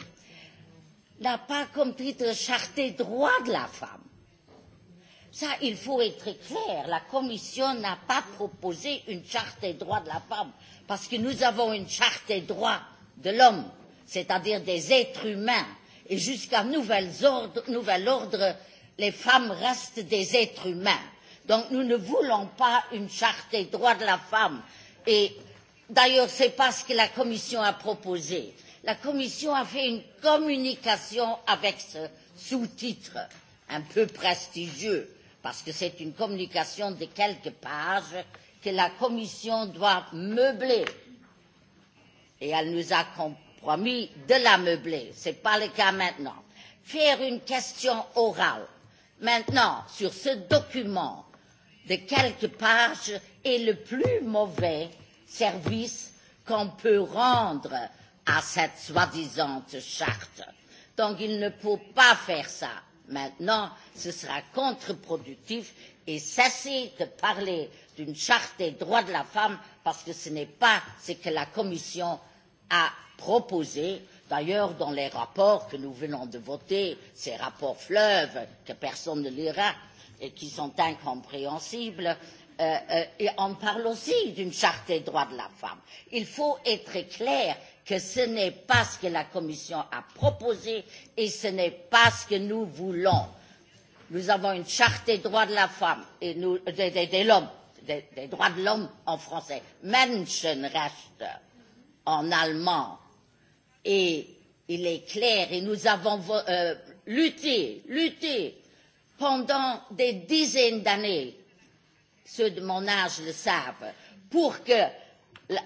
n'a pas comme titre Charte des droits de la femme Ça, il faut être très clair. La Commission n'a pas proposé une charte des droits de la femme, parce que nous avons une charte des droits de l'homme, c'est-à-dire des êtres humains. Et jusqu'à nouvel ordre, les femmes restent des êtres humains. Donc nous ne voulons pas une charte des droits de la femme. Et d'ailleurs, ce n'est pas ce que la Commission a proposé. La Commission a fait une communication avec ce sous-titre un peu prestigieux parce que c'est une communication de quelques pages que la Commission doit meubler. Et elle nous a compromis de la meubler. Ce n'est pas le cas maintenant. Faire une question orale maintenant sur ce document de quelques pages est le plus mauvais service qu'on peut rendre à cette soi-disant charte. Donc il ne faut pas faire ça. Maintenant, ce sera contre-productif et cessez de parler d'une charte des droits de la femme parce que ce n'est pas ce que la Commission a proposé. D'ailleurs, dans les rapports que nous venons de voter, ces rapports fleuves que personne ne lira et qui sont incompréhensibles, euh, euh, et on parle aussi d'une charte des droits de la femme. Il faut être clair que ce n'est pas ce que la Commission a proposé et ce n'est pas ce que nous voulons. Nous avons une charte des droits de la femme et nous, de, l'homme, des, des droits de l'homme en français, Menschenrechte en allemand. Et il est clair, et nous avons euh, lutté, lutté pendant des dizaines d'années, ceux de mon âge le savent, pour que la,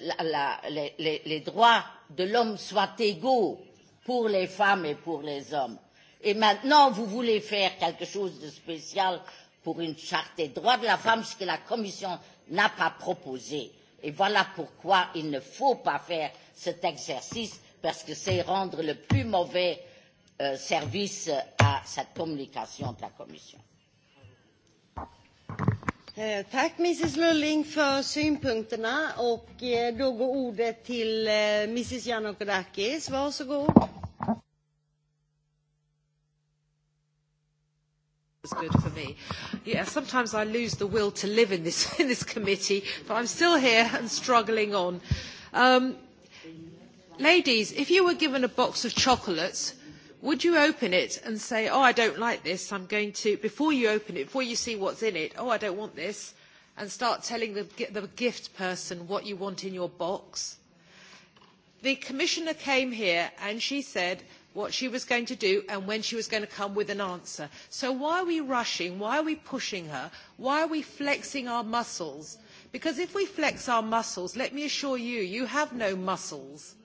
la, la, les, les, les droits de l'homme soient égaux pour les femmes et pour les hommes. Et maintenant, vous voulez faire quelque chose de spécial pour une charte des droits de la femme, ce que la Commission n'a pas proposé. Et voilà pourquoi il ne faut pas faire cet exercice, parce que c'est rendre le plus mauvais euh, service à cette communication de la Commission. Eh, tack Mrs Lulling för synpunkterna och eh, då går ordet till eh, Mrs Janokodakis. Varsågod. was good for me. Yeah, sometimes I lose the will to live in this, *laughs* in this committee, but I'm still here and struggling on. Um, ladies, if you were given a box of chocolates, would you open it and say, oh, I don't like this, I'm going to, before you open it, before you see what's in it, oh, I don't want this, and start telling the, the gift person what you want in your box? The commissioner came here and she said what she was going to do and when she was going to come with an answer. So why are we rushing? Why are we pushing her? Why are we flexing our muscles? Because if we flex our muscles, let me assure you, you have no muscles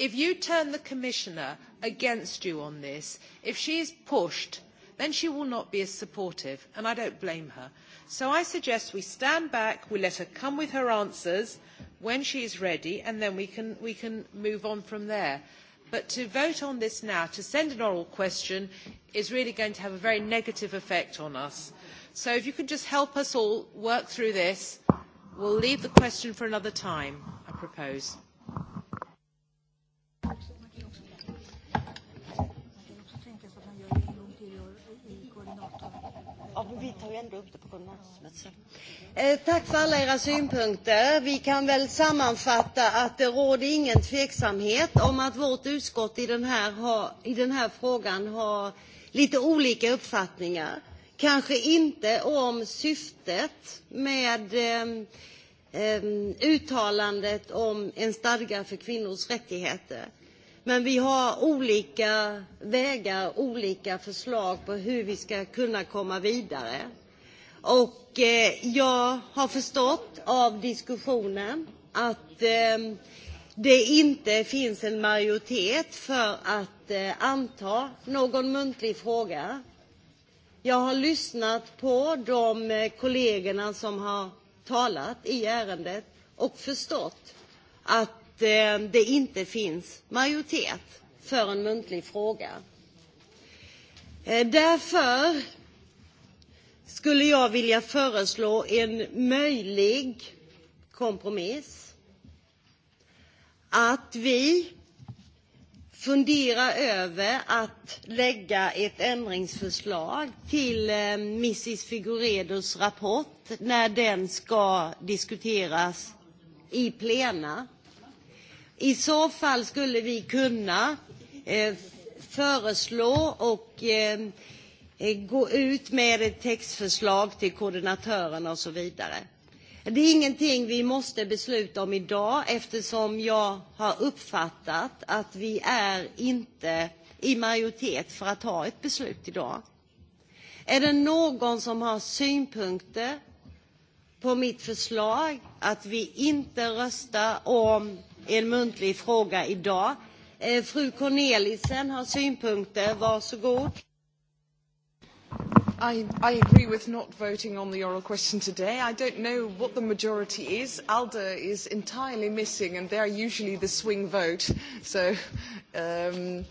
if you turn the commissioner against you on this if she is pushed then she will not be as supportive and i do not blame her. so i suggest we stand back we let her come with her answers when she is ready and then we can, we can move on from there but to vote on this now to send an oral question is really going to have a very negative effect on us so if you could just help us all work through this we will leave the question for another time i propose. Ja, vi tar ju ändå upp det på eh, tack för alla era synpunkter. Vi kan väl sammanfatta att det råder ingen tveksamhet om att vårt utskott i den här, har, i den här frågan har lite olika uppfattningar. Kanske inte om syftet med eh, eh uttalandet om en stadga för kvinnors rättigheter. Men vi har olika vägar, olika förslag på hur vi ska kunna komma vidare. Och eh, jag har förstått av diskussionen att eh, det inte finns en majoritet för att eh, anta någon muntlig fråga. Jag har lyssnat på de eh, kollegorna som har talat i ärendet och förstått att Eh, det inte finns majoritet för en muntlig fråga. Eh, därför skulle jag vilja föreslå en möjlig kompromiss. Att vi funderar över att lägga ett ändringsförslag till eh, Mrs Figuredos rapport när den ska diskuteras i plena. I så fall skulle vi kunna eh, föreslå och eh, eh, gå ut med ett textförslag till koordinatörerna och så vidare. Det är ingenting vi måste besluta om idag eftersom jag har uppfattat att vi är inte i majoritet för att ha ett beslut idag. Är det någon som har synpunkter på mitt förslag att vi inte röstar om i en muntlig fråga idag. Eh, fru Cornelissen har synpunkter. Varsågod. I, I agree with not voting on the oral question today. I don't know what the majority is. ALDE is entirely missing, and they are usually the swing vote. So, um,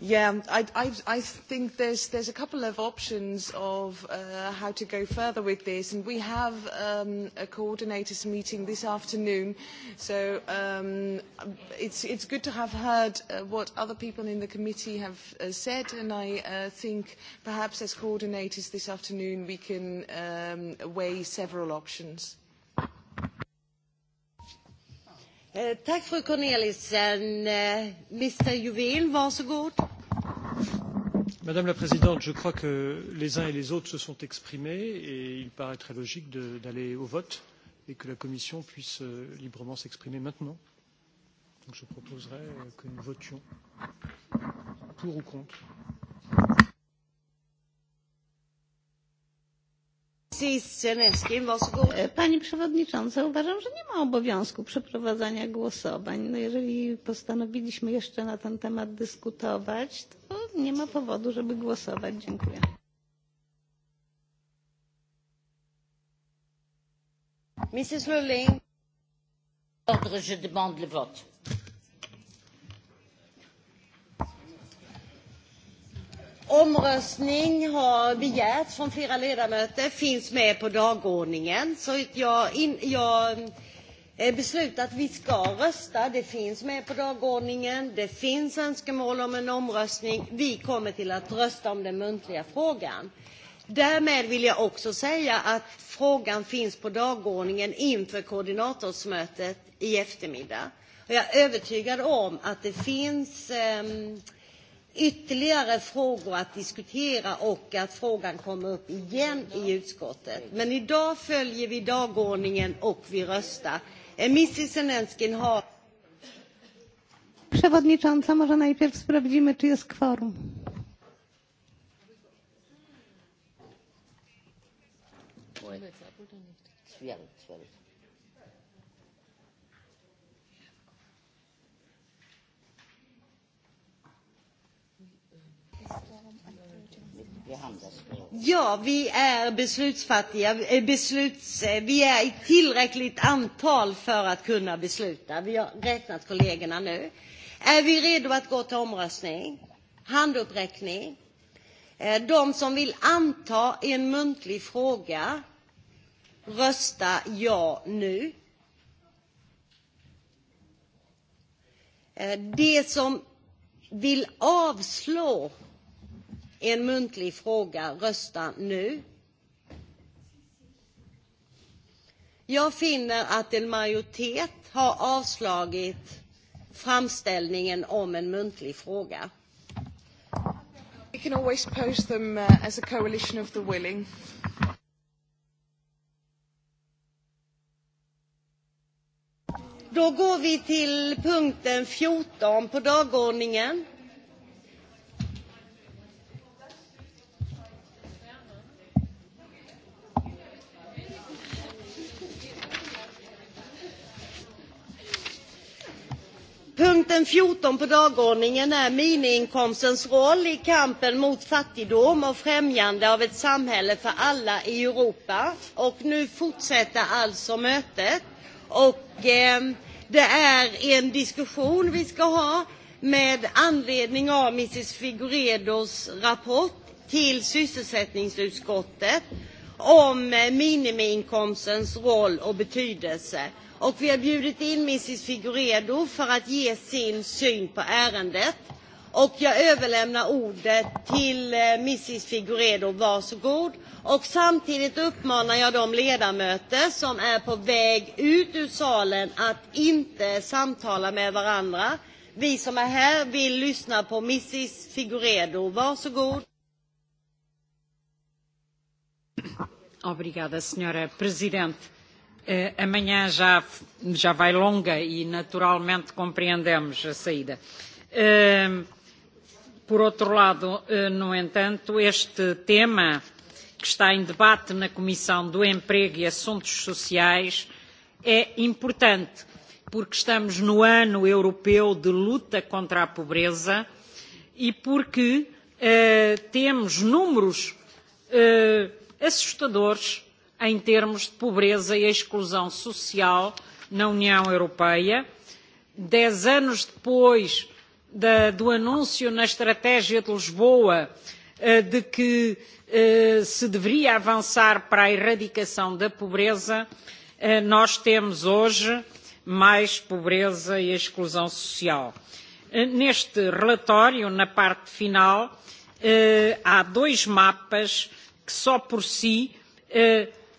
Yeah, um, I, I, I think there's, there's a couple of options of uh, how to go further with this, and we have um, a coordinators meeting this afternoon, so um, it's, it's good to have heard uh, what other people in the committee have uh, said, and I uh, think perhaps as coordinators this afternoon we can um, weigh several options. Eh, tack fru eh, Mr Juvin, varsågod. Madame la Présidente, je crois que les uns et les autres se sont exprimés et il paraît très logique d'aller au vote et que la Commission puisse euh, librement s'exprimer maintenant. Donc je proposerai euh, que nous votions pour ou contre. E, Pani Przewodnicząca, uważam, że nie ma obowiązku przeprowadzania głosowań. No jeżeli postanowiliśmy jeszcze na ten temat dyskutować, to nie ma powodu, żeby głosować. Dziękuję. Mrs. Ordre, je demande le vote. Omröstning har begärts från flera ledamöter, finns med på dagordningen. Så jag, in, jag eh, beslutar att vi ska rösta. Det finns med på dagordningen. Det finns önskemål om en omröstning. Vi kommer till att rösta om den muntliga frågan. Därmed vill jag också säga att frågan finns på dagordningen inför koordinatorsmötet i eftermiddag. Jag är övertygad om att det finns eh, ytterligare frågor att diskutera och att frågan kommer upp igen i utskottet. Men idag följer vi dagordningen och vi röstar. Eh, Mrs Zelenskin har... Przewodnicząca, może najpierw sprawdzimy, czy jest kworum. Schwierig. Ja, vi är er beslutsfattiga. Er besluts, vi är er i tillräckligt antal för att kunna besluta. Vi har räknat kollegorna nu. Är vi redo att gå till omröstning? Handuppräckning. Eh, de som vill anta en muntlig fråga, rösta ja nu. Eh, det som vill avslå en muntlig fråga. Rösta nu. Jag finner att en majoritet har avslagit framställningen om en muntlig fråga. Vi kan always pose dem uh, as a coalition of the willing. Då går vi till punkten 14 på dagordningen. Punkten 14 på dagordningen är miniinkomstens roll i kampen mot fattigdom och främjande av ett samhälle för alla i Europa. Och nu fortsätter alltså mötet. Och eh, det är en diskussion vi ska ha med anledning av Mrs Figuredos rapport till sysselsättningsutskottet om eh, minimiinkomstens roll och betydelse. Och vi har bjudit in Mrs Figuredo för att ge sin syn på ärendet. Och jag överlämnar ordet till eh, Mrs Figuredo. Varsågod. Och samtidigt uppmanar jag de ledamöter som är på väg ut ur salen att inte samtala med varandra. Vi som är här vill lyssna på Mrs Figuredo. Varsågod. Obrigada, senhora presidente amanhã já, já vai longa e naturalmente compreendemos a saída. Por outro lado, no entanto, este tema que está em debate na Comissão do Emprego e Assuntos Sociais é importante, porque estamos no ano europeu de luta contra a pobreza e porque eh, temos números eh, assustadores em termos de pobreza e exclusão social na União Europeia. Dez anos depois da, do anúncio na Estratégia de Lisboa eh, de que eh, se deveria avançar para a erradicação da pobreza, eh, nós temos hoje mais pobreza e exclusão social. Neste relatório, na parte final, há dois mapas que só por si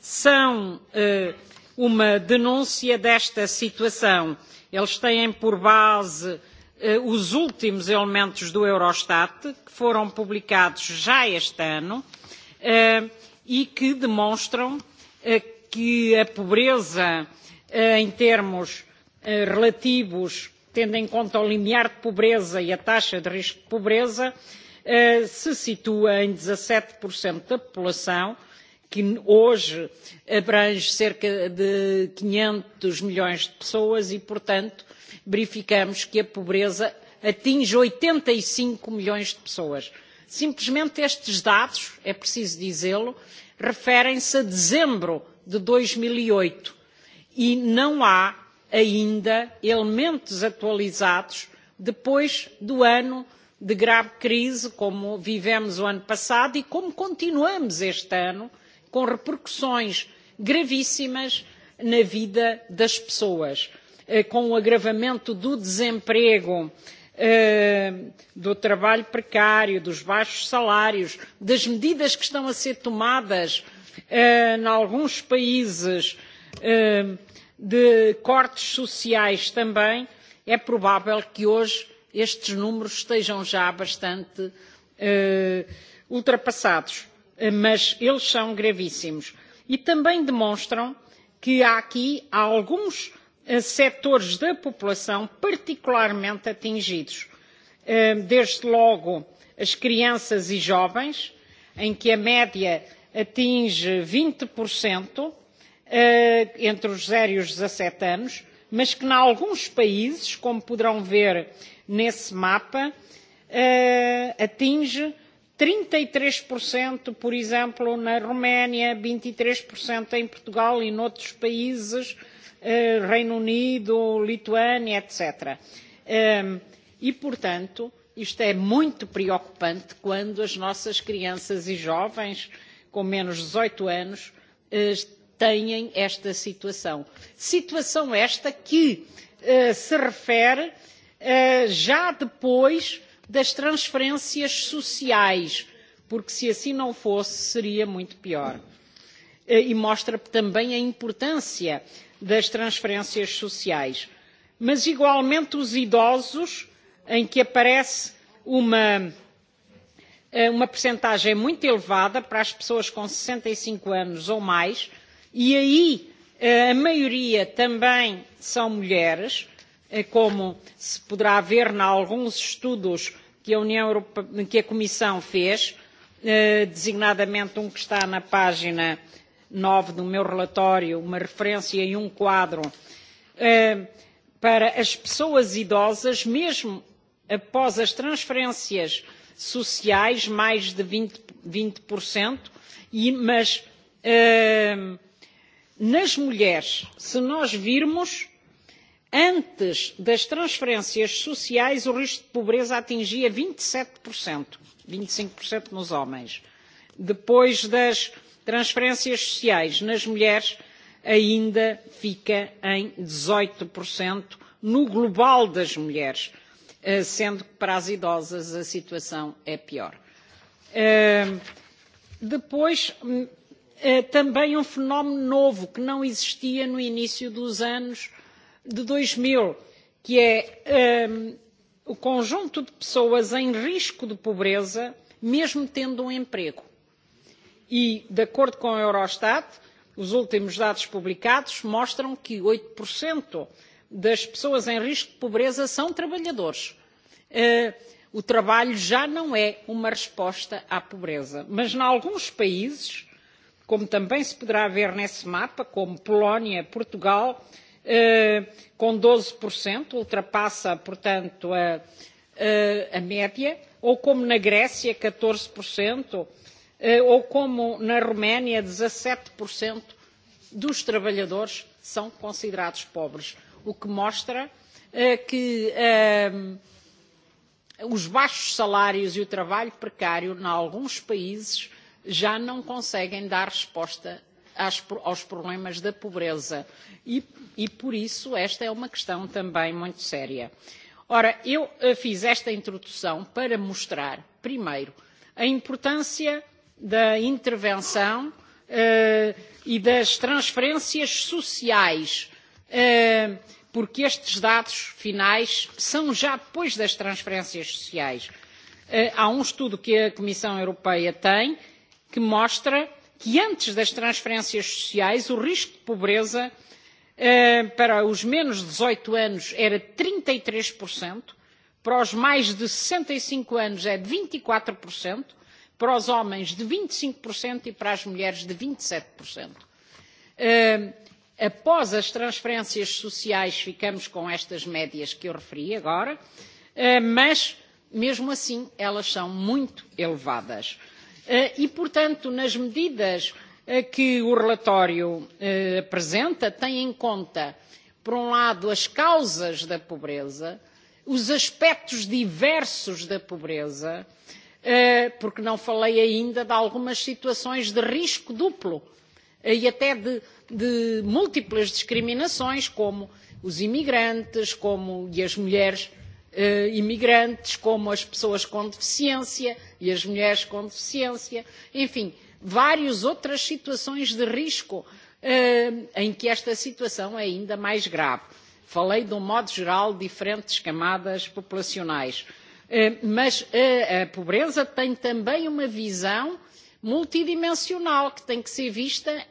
são eh, uma denúncia desta situação. Eles têm por base eh, os últimos elementos do Eurostat, que foram publicados já este ano, eh, e que demonstram que a pobreza em termos relativos, tendo em conta o limiar de pobreza e a taxa de risco de pobreza, se situa em 17% da população, que hoje abrange cerca de quinhentos milhões de pessoas e, portanto, verificamos que a pobreza atinge oitenta e cinco milhões de pessoas. Simplesmente estes dados, é preciso dizê-lo, referem-se a dezembro de dois mil e oito e não há ainda elementos atualizados depois do ano de grave crise como vivemos o ano passado e como continuamos este ano com repercussões gravíssimas na vida das pessoas, eh, com o agravamento do desemprego, eh, do trabalho precário, dos baixos salários, das medidas que estão a ser tomadas eh, em alguns países de cortes sociais também, é provável que hoje estes números estejam já bastante ultrapassados mas eles são gravíssimos. E também demonstram que há aqui alguns eh, setores da população particularmente atingidos. Eh, desde logo as crianças e jovens, em que a média atinge 20% eh, entre os 0 e os 17 anos, mas que, em alguns países, como poderão ver nesse mapa, atinge trinta e três por exemplo, na Roménia, vinte e três em Portugal e noutros países, eh, Reino Unido, Lituânia, etc. Ehm, e, portanto, isto é muito preocupante quando as nossas crianças e jovens com menos de dezoito anos eh, têm esta situação. Situação esta que eh, se refere já depois das transferências sociais, porque se assim não fosse, seria muito pior. Eh, e mostra também a importância das transferências sociais. Mas, igualmente, os idosos, em que aparece uma, eh, uma percentagem muito elevada para as pessoas com sessenta e cinco anos ou mais, e aí eh, a maioria também são mulheres, é como se poderá ver em alguns estudos que a, Europe... que a Comissão fez, eh, designadamente um que está na página nove do meu relatório, uma referência e um quadro, eh, para as pessoas idosas, mesmo após as transferências sociais, mais de vinte 20%, 20% e, mas eh, nas mulheres, se nós virmos, antes das transferências sociais, o risco de pobreza atingia vinte e sete, vinte e cinco nos homens. Depois das transferências sociais, nas mulheres ainda fica em dezoito no global das mulheres, eh, sendo que para as idosas a situação é pior. Ehm, depois, eh, também um fenómeno novo que não existia no início dos anos de dois mil que é um, o conjunto de pessoas em risco de pobreza mesmo tendo um emprego e de acordo com a eurostat os últimos dados publicados mostram que oito das pessoas em risco de pobreza são trabalhadores. Uh, o trabalho já não é uma resposta à pobreza mas em alguns países como também se poderá ver nesse mapa como polónia portugal Eh, com 12%, ultrapassa, portanto, a, eh, a média, ou como na Grécia, 14%, eh, ou como na Roménia, 17% dos trabalhadores são considerados pobres, o que mostra que os baixos salários e o trabalho precário, em alguns países, já não conseguem dar resposta aos problemas da pobreza e, e, por isso, esta é uma questão também muito séria. Ora, eu eh, fiz esta introdução para mostrar, primeiro, a importância da intervenção eh, e das transferências sociais, eh, porque estes dados finais são já depois das transferências sociais. há um estudo que a Comissão Europeia tem que mostra que antes das transferências sociais o risco de pobreza eh, para os menos de dezoito anos era trinta e três para os mais de sessenta e cinco anos é de vinte e quatro para os homens de vinte e cinco e para as mulheres de vinte e sete eh, após as transferências sociais ficamos com estas médias que eu referi agora eh, mas mesmo assim elas são muito elevadas. Eh, e portanto nas medidas eh, que o relatório eh, apresenta tem em conta por um lado as causas da pobreza os aspectos diversos da pobreza porque não falei ainda de algumas situações de risco duplo e até de, de múltiplas discriminações como os imigrantes como e as mulheres Eh, imigrantes, como as pessoas com deficiência e as mulheres com deficiência, enfim, várias outras situações de risco eh, em que esta situação é ainda mais grave. Falei, de um modo geral, diferentes camadas populacionais. Eh, mas a pobreza tem também uma visão multidimensional que tem que ser vista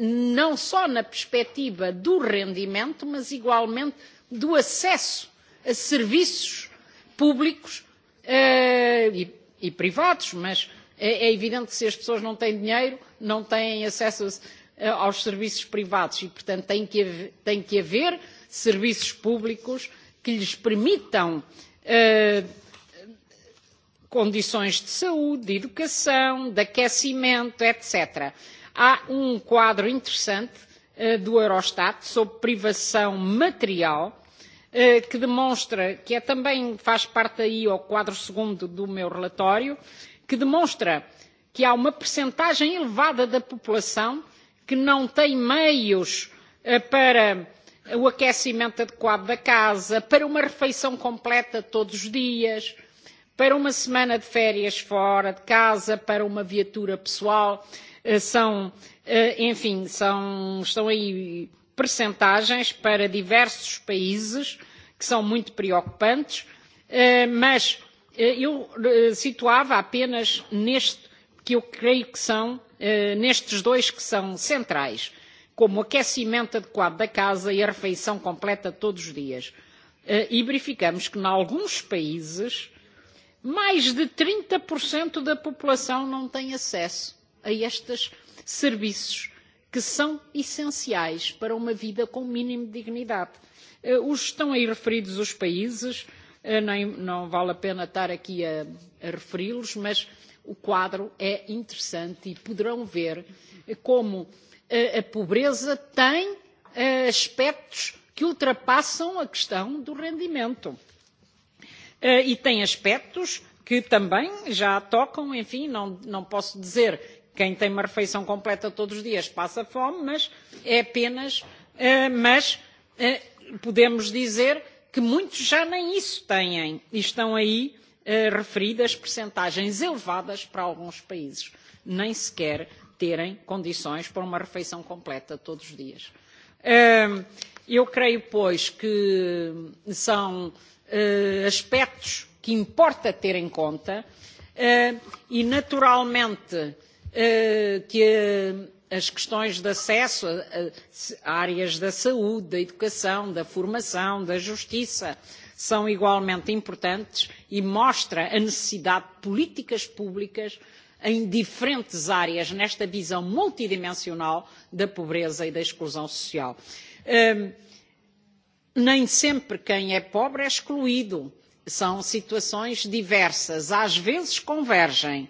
não só na perspectiva do rendimento, mas igualmente do acesso a serviços públicos uh, e, e privados, mas é, é evidente que se as pessoas não têm dinheiro, não têm acesso a, eh, aos serviços privados e, portanto, tem que haver, tem que haver serviços públicos que lhes permitam uh, condições de saúde, de educação, de aquecimento, etc. Há um quadro interessante uh, do Eurostat sobre privação material Eh, que demonstra, que é também faz parte aí ao quadro segundo do meu relatório, que demonstra que há uma percentagem elevada da população que não tem meios eh, para o aquecimento adequado da casa, para uma refeição completa todos os dias, para uma semana de férias fora de casa, para uma viatura pessoal, eh, são, enfim, são, estão aí percentagens para diversos países que são muito preocupantes, eh, mas eh, eu eh, situava apenas neste que eu creio que são nestes dois que são centrais, como o aquecimento adequado da casa e a refeição completa todos os dias. E verificamos que, em alguns países, mais de 30% da população não tem acesso a estes serviços que são essenciais para uma vida com o mínimo de dignidade. Eh, os estão aí referidos os países, eh, nem, não vale a pena estar aqui a, a referi-los, mas o quadro é interessante e poderão ver eh, como a, a pobreza tem a, aspectos que ultrapassam a questão do rendimento. E tem aspectos que também já tocam, enfim, não, não posso dizer quem tem uma refeição completa todos os dias passa fome, mas é apenas. Eh, mas eh, podemos dizer que muitos já nem isso têm e estão aí eh, referidas percentagens elevadas para alguns países, nem sequer terem condições para uma refeição completa todos os dias. Eu creio, pois, que são aspectos que importa ter em conta e, naturalmente, Eh, que as questões de acesso a áreas da saúde, da educação, da formação, da justiça são igualmente importantes e mostra a necessidade de políticas públicas em diferentes áreas nesta visão multidimensional da pobreza e da exclusão social. Ehm, nem sempre quem é pobre é excluído. São situações diversas, às vezes convergem. Uh,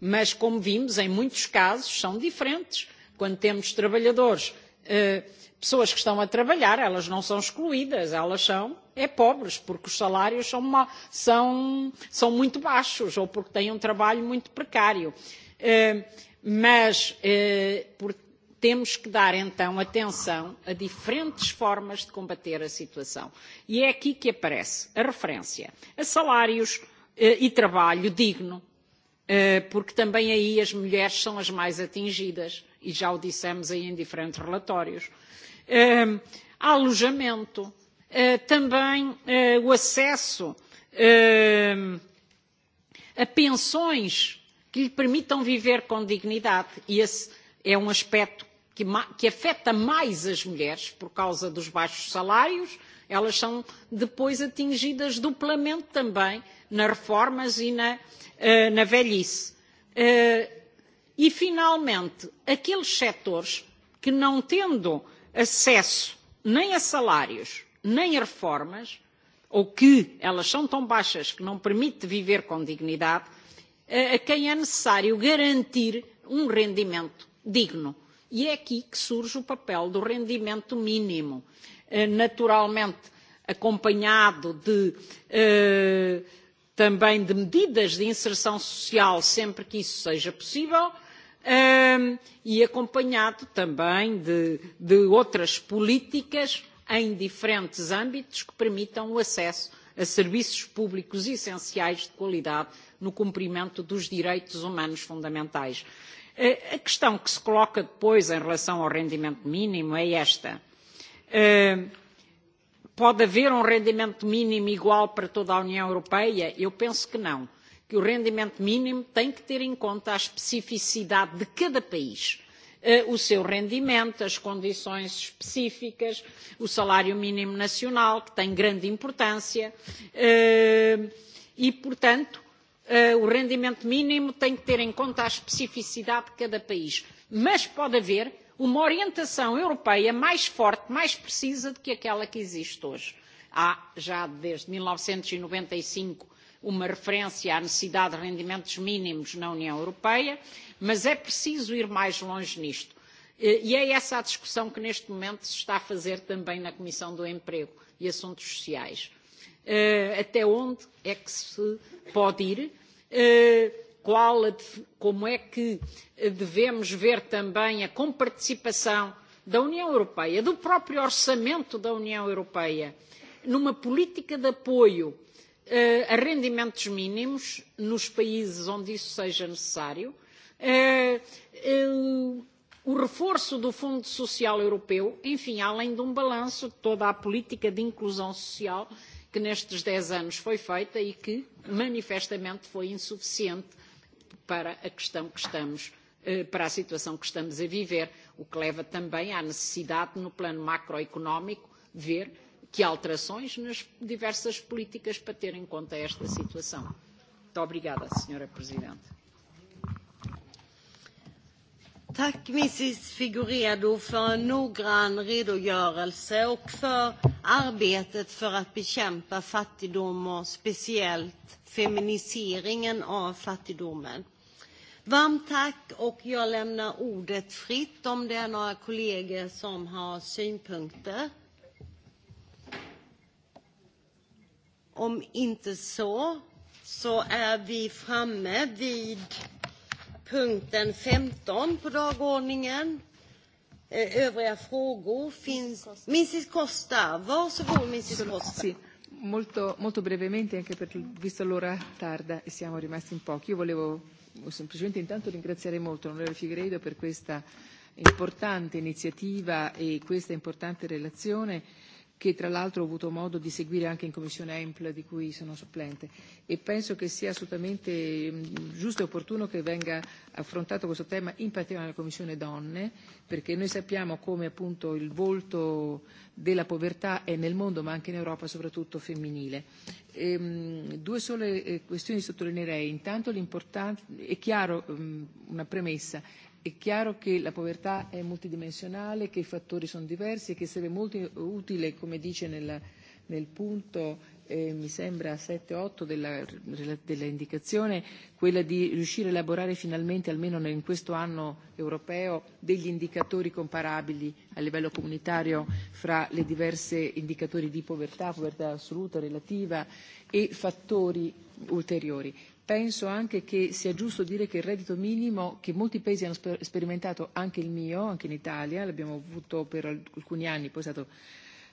mas como vimos em muitos casos são diferentes quando temos trabalhadores eh, pessoas que estão a trabalhar elas não são excluídas elas são é pobres porque os salários são, são, são muito baixos ou porque têm um trabalho muito precário eh, mas eh, por, temos que dar então atenção a diferentes formas de combater a situação e é aqui que aparece a referência a salários e trabalho digno Eh, porque também aí as mulheres são as mais atingidas, e já o dissemos aí em diferentes relatórios. Há ehm, alojamento, eh, também eh, o acesso ehm, a pensões que lhe permitam viver com dignidade, e esse é um aspecto que, que afeta mais as mulheres por causa dos baixos salários, elas são depois atingidas duplamente também na reformas e na, eh, na velhice. Eh, e, finalmente, aqueles setores que, não tendo acesso nem a salários, nem a reformas, ou que elas são tão baixas que não permite viver com dignidade, eh, a quem é necessário garantir um rendimento digno. E é aqui que surge o papel do rendimento mínimo, naturalmente acompanhado de também de medidas de inserção social sempre que isso seja possível e acompanhado também de, de outras políticas em diferentes âmbitos que permitam o acesso a serviços públicos essenciais de qualidade no cumprimento dos direitos humanos fundamentais. Eh, a questão que se coloca depois em relação ao rendimento mínimo é esta pode haver um rendimento mínimo igual para toda a União Europeia? Eu penso que não. Que o rendimento mínimo tem que ter em conta a especificidade de cada país eh, o seu rendimento, as condições específicas, o salário mínimo nacional, que tem grande importância, eh, e, portanto, eh, o rendimento mínimo tem que ter em conta a especificidade de cada país. Mas pode haver uma orientação europeia mais forte, mais precisa do que aquela que existe hoje. Há já desde mil novecentos e noventa e cinco uma referência à necessidade de rendimentos mínimos na União Europeia, mas é preciso ir mais longe nisto. E, e é essa a discussão que neste momento se está a fazer também na Comissão do Emprego e Assuntos Sociais. Eh, até onde é que se pode ir? Eh, qual, como é que eh, devemos ver também a comparticipação da União Europeia, do próprio orçamento da União Europeia, numa política de apoio eh, a rendimentos mínimos nos países onde isso seja necessário, eh, o reforço do Fundo Social Europeu, enfim, além de um balanço de toda a política de inclusão social que nestes dez anos foi feita e que manifestamente foi insuficiente para a questão que estamos eh, para a situação que estamos a viver, o que leva também à necessidade, no plano macroeconómico, ver que alterações nas diversas políticas para ter em conta esta situação. Muito obrigada, Senhora Presidente. Tack Mrs för en noggrann redogörelse och för arbetet för att bekämpa fattigdom och speciellt feminiseringen av fattigdomen. Varmt tack och jag lämnar ordet fritt om det är några kollegor som har synpunkter. Om inte så, så är vi framme vid punkten 15 på dagordningen. Eh, övriga frågor finns... Mrs Costa, varsågod Mrs Costa. molto, molto brevemente, anche per, visto l'ora tarda e siamo rimasti in pochi, io volevo semplicemente intanto ringraziare molto l'onorevole Figueiredo per questa importante iniziativa e questa importante relazione che tra l'altro ho avuto modo di seguire anche in Commissione EMPL di cui sono supplente e penso che sia assolutamente mm, giusto e opportuno che venga affrontato questo tema in particolare nella Commissione Donne perché noi sappiamo come appunto il volto della povertà è nel mondo ma anche in Europa soprattutto femminile. Ehm, due sole eh, questioni sottolineerei. Intanto l'importanza è chiaro mm, una premessa È chiaro che la povertà è multidimensionale, che i fattori sono diversi e che sarebbe molto utile, come dice nel, nel punto eh, mi sembra 7-8 della, della indicazione, quella di riuscire a elaborare finalmente, almeno in questo anno europeo, degli indicatori comparabili a livello comunitario fra le diverse indicatori di povertà, povertà assoluta, relativa e fattori ulteriori penso anche che sia giusto dire che il reddito minimo che molti paesi hanno sperimentato anche il mio anche in Italia l'abbiamo avuto per alcuni anni poi è stato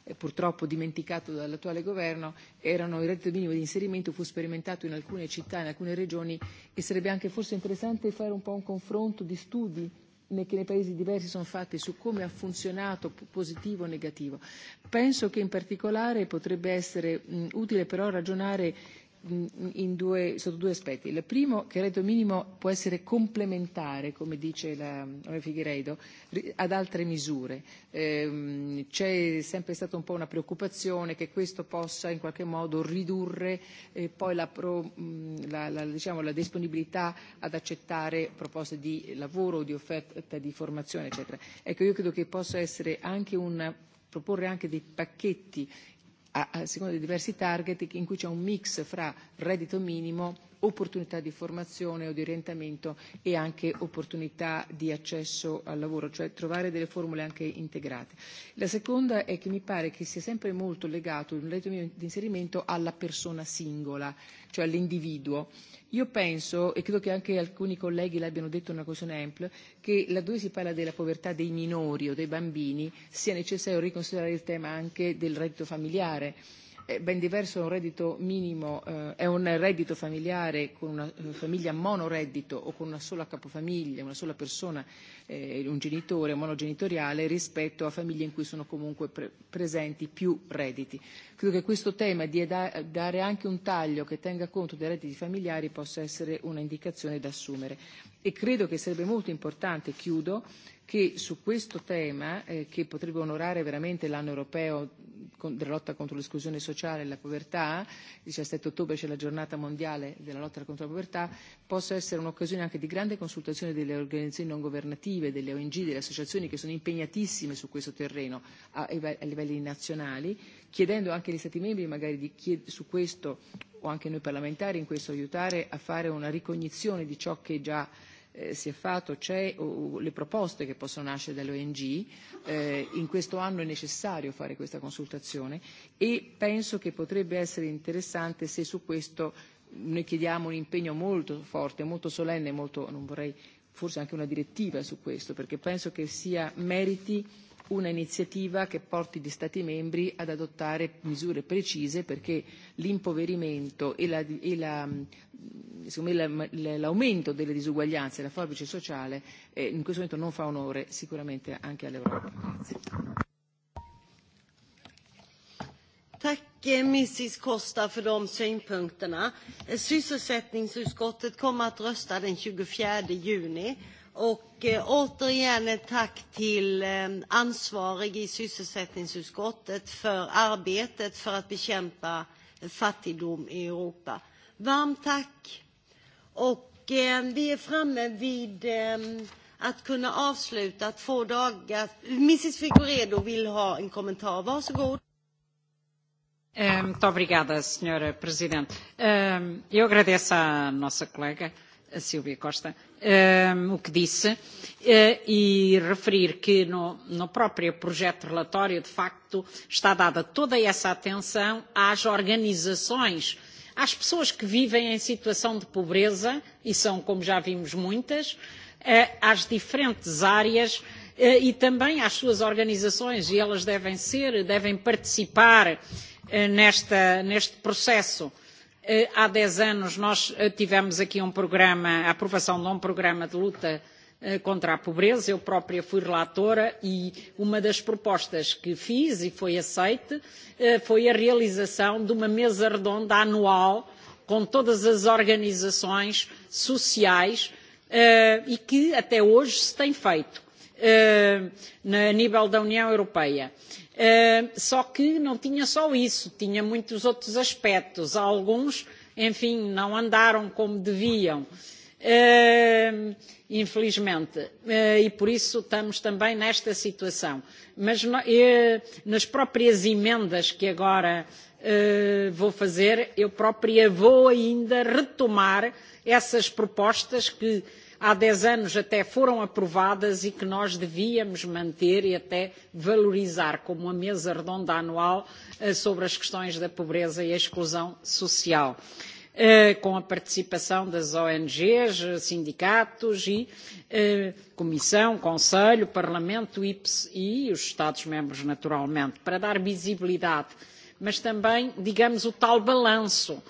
eh, purtroppo dimenticato dall'attuale governo erano il reddito minimo di inserimento fu sperimentato in alcune città in alcune regioni e sarebbe anche forse interessante fare un po' un confronto di studi che nei paesi diversi sono fatti su come ha funzionato positivo o negativo. Penso che in particolare potrebbe essere utile però ragionare due, sotto due aspetti. Il primo, che il reddito minimo può essere complementare, come dice la Figueiredo, ad altre misure. Ehm, C'è sempre stata un po' una preoccupazione che questo possa in qualche modo ridurre eh, poi la, pro, la, la, diciamo, la disponibilità ad accettare proposte di lavoro o di offerta di formazione, eccetera. Ecco, io credo che possa essere anche un proporre anche dei pacchetti a, a seconda dei diversi target in cui c'è un mix fra reddito minimo opportunità di formazione o di orientamento e anche opportunità di accesso al lavoro, cioè trovare delle formule anche integrate. La seconda è che mi pare che sia sempre molto legato il reddito di inserimento alla persona singola, cioè all'individuo. Io penso, e credo che anche alcuni colleghi l'abbiano detto una questione ampia, che laddove si parla della povertà dei minori o dei bambini sia necessario riconsiderare il tema anche del reddito familiare ben diverso un reddito minimo, eh, è un reddito familiare con una eh, famiglia monoreddito o con una sola capofamiglia, una sola persona, eh, un genitore monogenitoriale rispetto a famiglie in cui sono comunque pre- presenti più redditi. Credo che questo tema di dare anche un taglio che tenga conto dei redditi familiari possa essere un'indicazione da assumere e credo che sarebbe molto importante, chiudo, che su questo tema, eh, che potrebbe onorare veramente l'anno europeo con, della lotta contro l'esclusione sociale e la povertà, il 17 ottobre c'è la giornata mondiale della lotta contro la povertà, possa essere un'occasione anche di grande consultazione delle organizzazioni non governative, delle ONG, delle associazioni che sono impegnatissime su questo terreno a, a livelli nazionali, chiedendo anche agli Stati membri magari di chied- su questo o anche noi parlamentari in questo aiutare a fare una ricognizione di ciò che già Eh, si è fatto, c'è le proposte che possono nascere dalle ONG, eh, in questo anno è necessario fare questa consultazione e penso che potrebbe essere interessante se su questo noi chiediamo un impegno molto forte, molto solenne, molto, non vorrei forse anche una direttiva su questo, perché penso che sia meriti un'iniziativa che porti gli Stati membri ad adottare misure precise perché l'impoverimento e, la, e la, me, mm, mm, l'aumento delle disuguaglianze e la forbice sociale eh, in questo momento non fa onore sicuramente anche all'Europa. Grazie. Tack eh, Mrs Costa för de synpunkterna. Eh, sysselsättningsutskottet kommer att rösta den 24 juni Och eh, återigen ett tack till eh, ansvarig i sysselsättningsutskottet för arbetet för att bekämpa fattigdom i Europa. Varmt tack! Och eh, vi är framme vid att kunna avsluta två dagar. Mrs Figueredo vill ha en kommentar. Varsågod. Muito ehm, obrigada, Sra. Presidente. Eu ehm, agradeço à nossa colega a Silvia Costa, um, o que disse, uh, e referir que no, no próprio projeto de relatório, de facto, está dada toda essa atenção às organizações, às pessoas que vivem em situação de pobreza, e são, como já vimos, muitas, uh, às diferentes áreas eh, e também às suas organizações, e elas devem ser, devem participar nesta, neste processo Eh, há dez anos nós eh, tivemos aqui um programa, a aprovação de um programa de luta eh, contra a pobreza. Eu própria fui relatora e uma das propostas que fiz e foi aceite foi a realização de uma mesa redonda anual com todas as organizações sociais e que até hoje se tem feito a nível da União Europeia. Eh, só que não tinha só isso, tinha muitos outros aspectos. Alguns, enfim, não andaram como deviam, eh, infelizmente. Eh, e por isso estamos também nesta situação. Mas no, nas próprias emendas que agora vou fazer, eu própria vou ainda retomar essas propostas que há dez anos até foram aprovadas e que nós devíamos manter e até valorizar como uma mesa redonda anual eh, sobre as questões da pobreza e a exclusão social eh, com a participação das ONGs, sindicatos e eh, Comissão, Conselho, Parlamento, IPS e, e os Estados-membros, naturalmente, para dar visibilidade, mas também, digamos, o tal balanço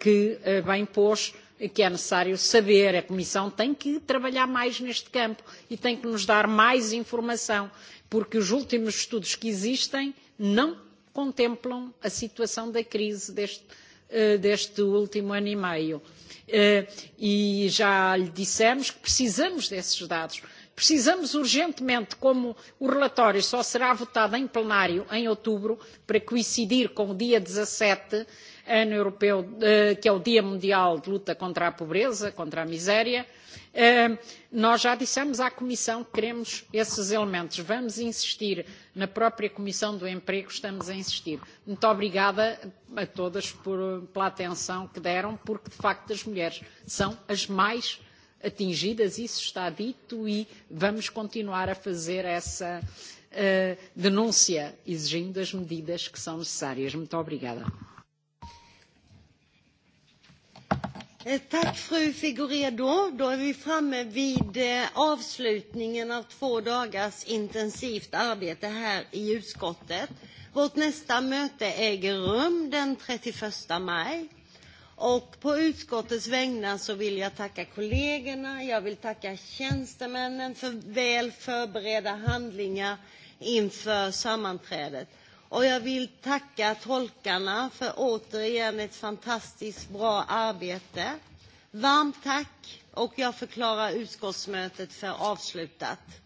que bem pôs que é necessário saber. A Comissão tem que trabalhar mais neste campo e tem que nos dar mais informação, porque os últimos estudos que existem não contemplam a situação da crise deste, eh, deste último ano e meio. Eh, e já lhe dissemos que precisamos desses dados. Precisamos urgentemente, como o relatório só será votado em plenário em outubro, para coincidir com o dia 17, ano europeu, eh, que é o Dia Mundial de Luta contra a Pobreza, contra a Miséria, eh, nós já dissemos à Comissão que queremos esses elementos. Vamos insistir na própria Comissão do Emprego, estamos a insistir. Muito obrigada a todas por, pela atenção que deram, porque de facto as mulheres são as mais atingidas, isso está dito e vamos continuar a fazer essa uh, denúncia, exigindo as medidas que são necessárias. Muito obrigada. Eh, tack fru Figuredo. Då är vi framme vid eh, avslutningen av två dagars intensivt arbete här i utskottet. Vårt nästa möte äger rum den 31 maj. Och på utskottets vägnar så vill jag tacka kollegorna, jag vill tacka tjänstemännen för väl förberedda handlingar inför sammanträdet. Och jag vill tacka tolkarna för återigen ett fantastiskt bra arbete. Varmt tack och jag förklarar utskottsmötet för avslutat.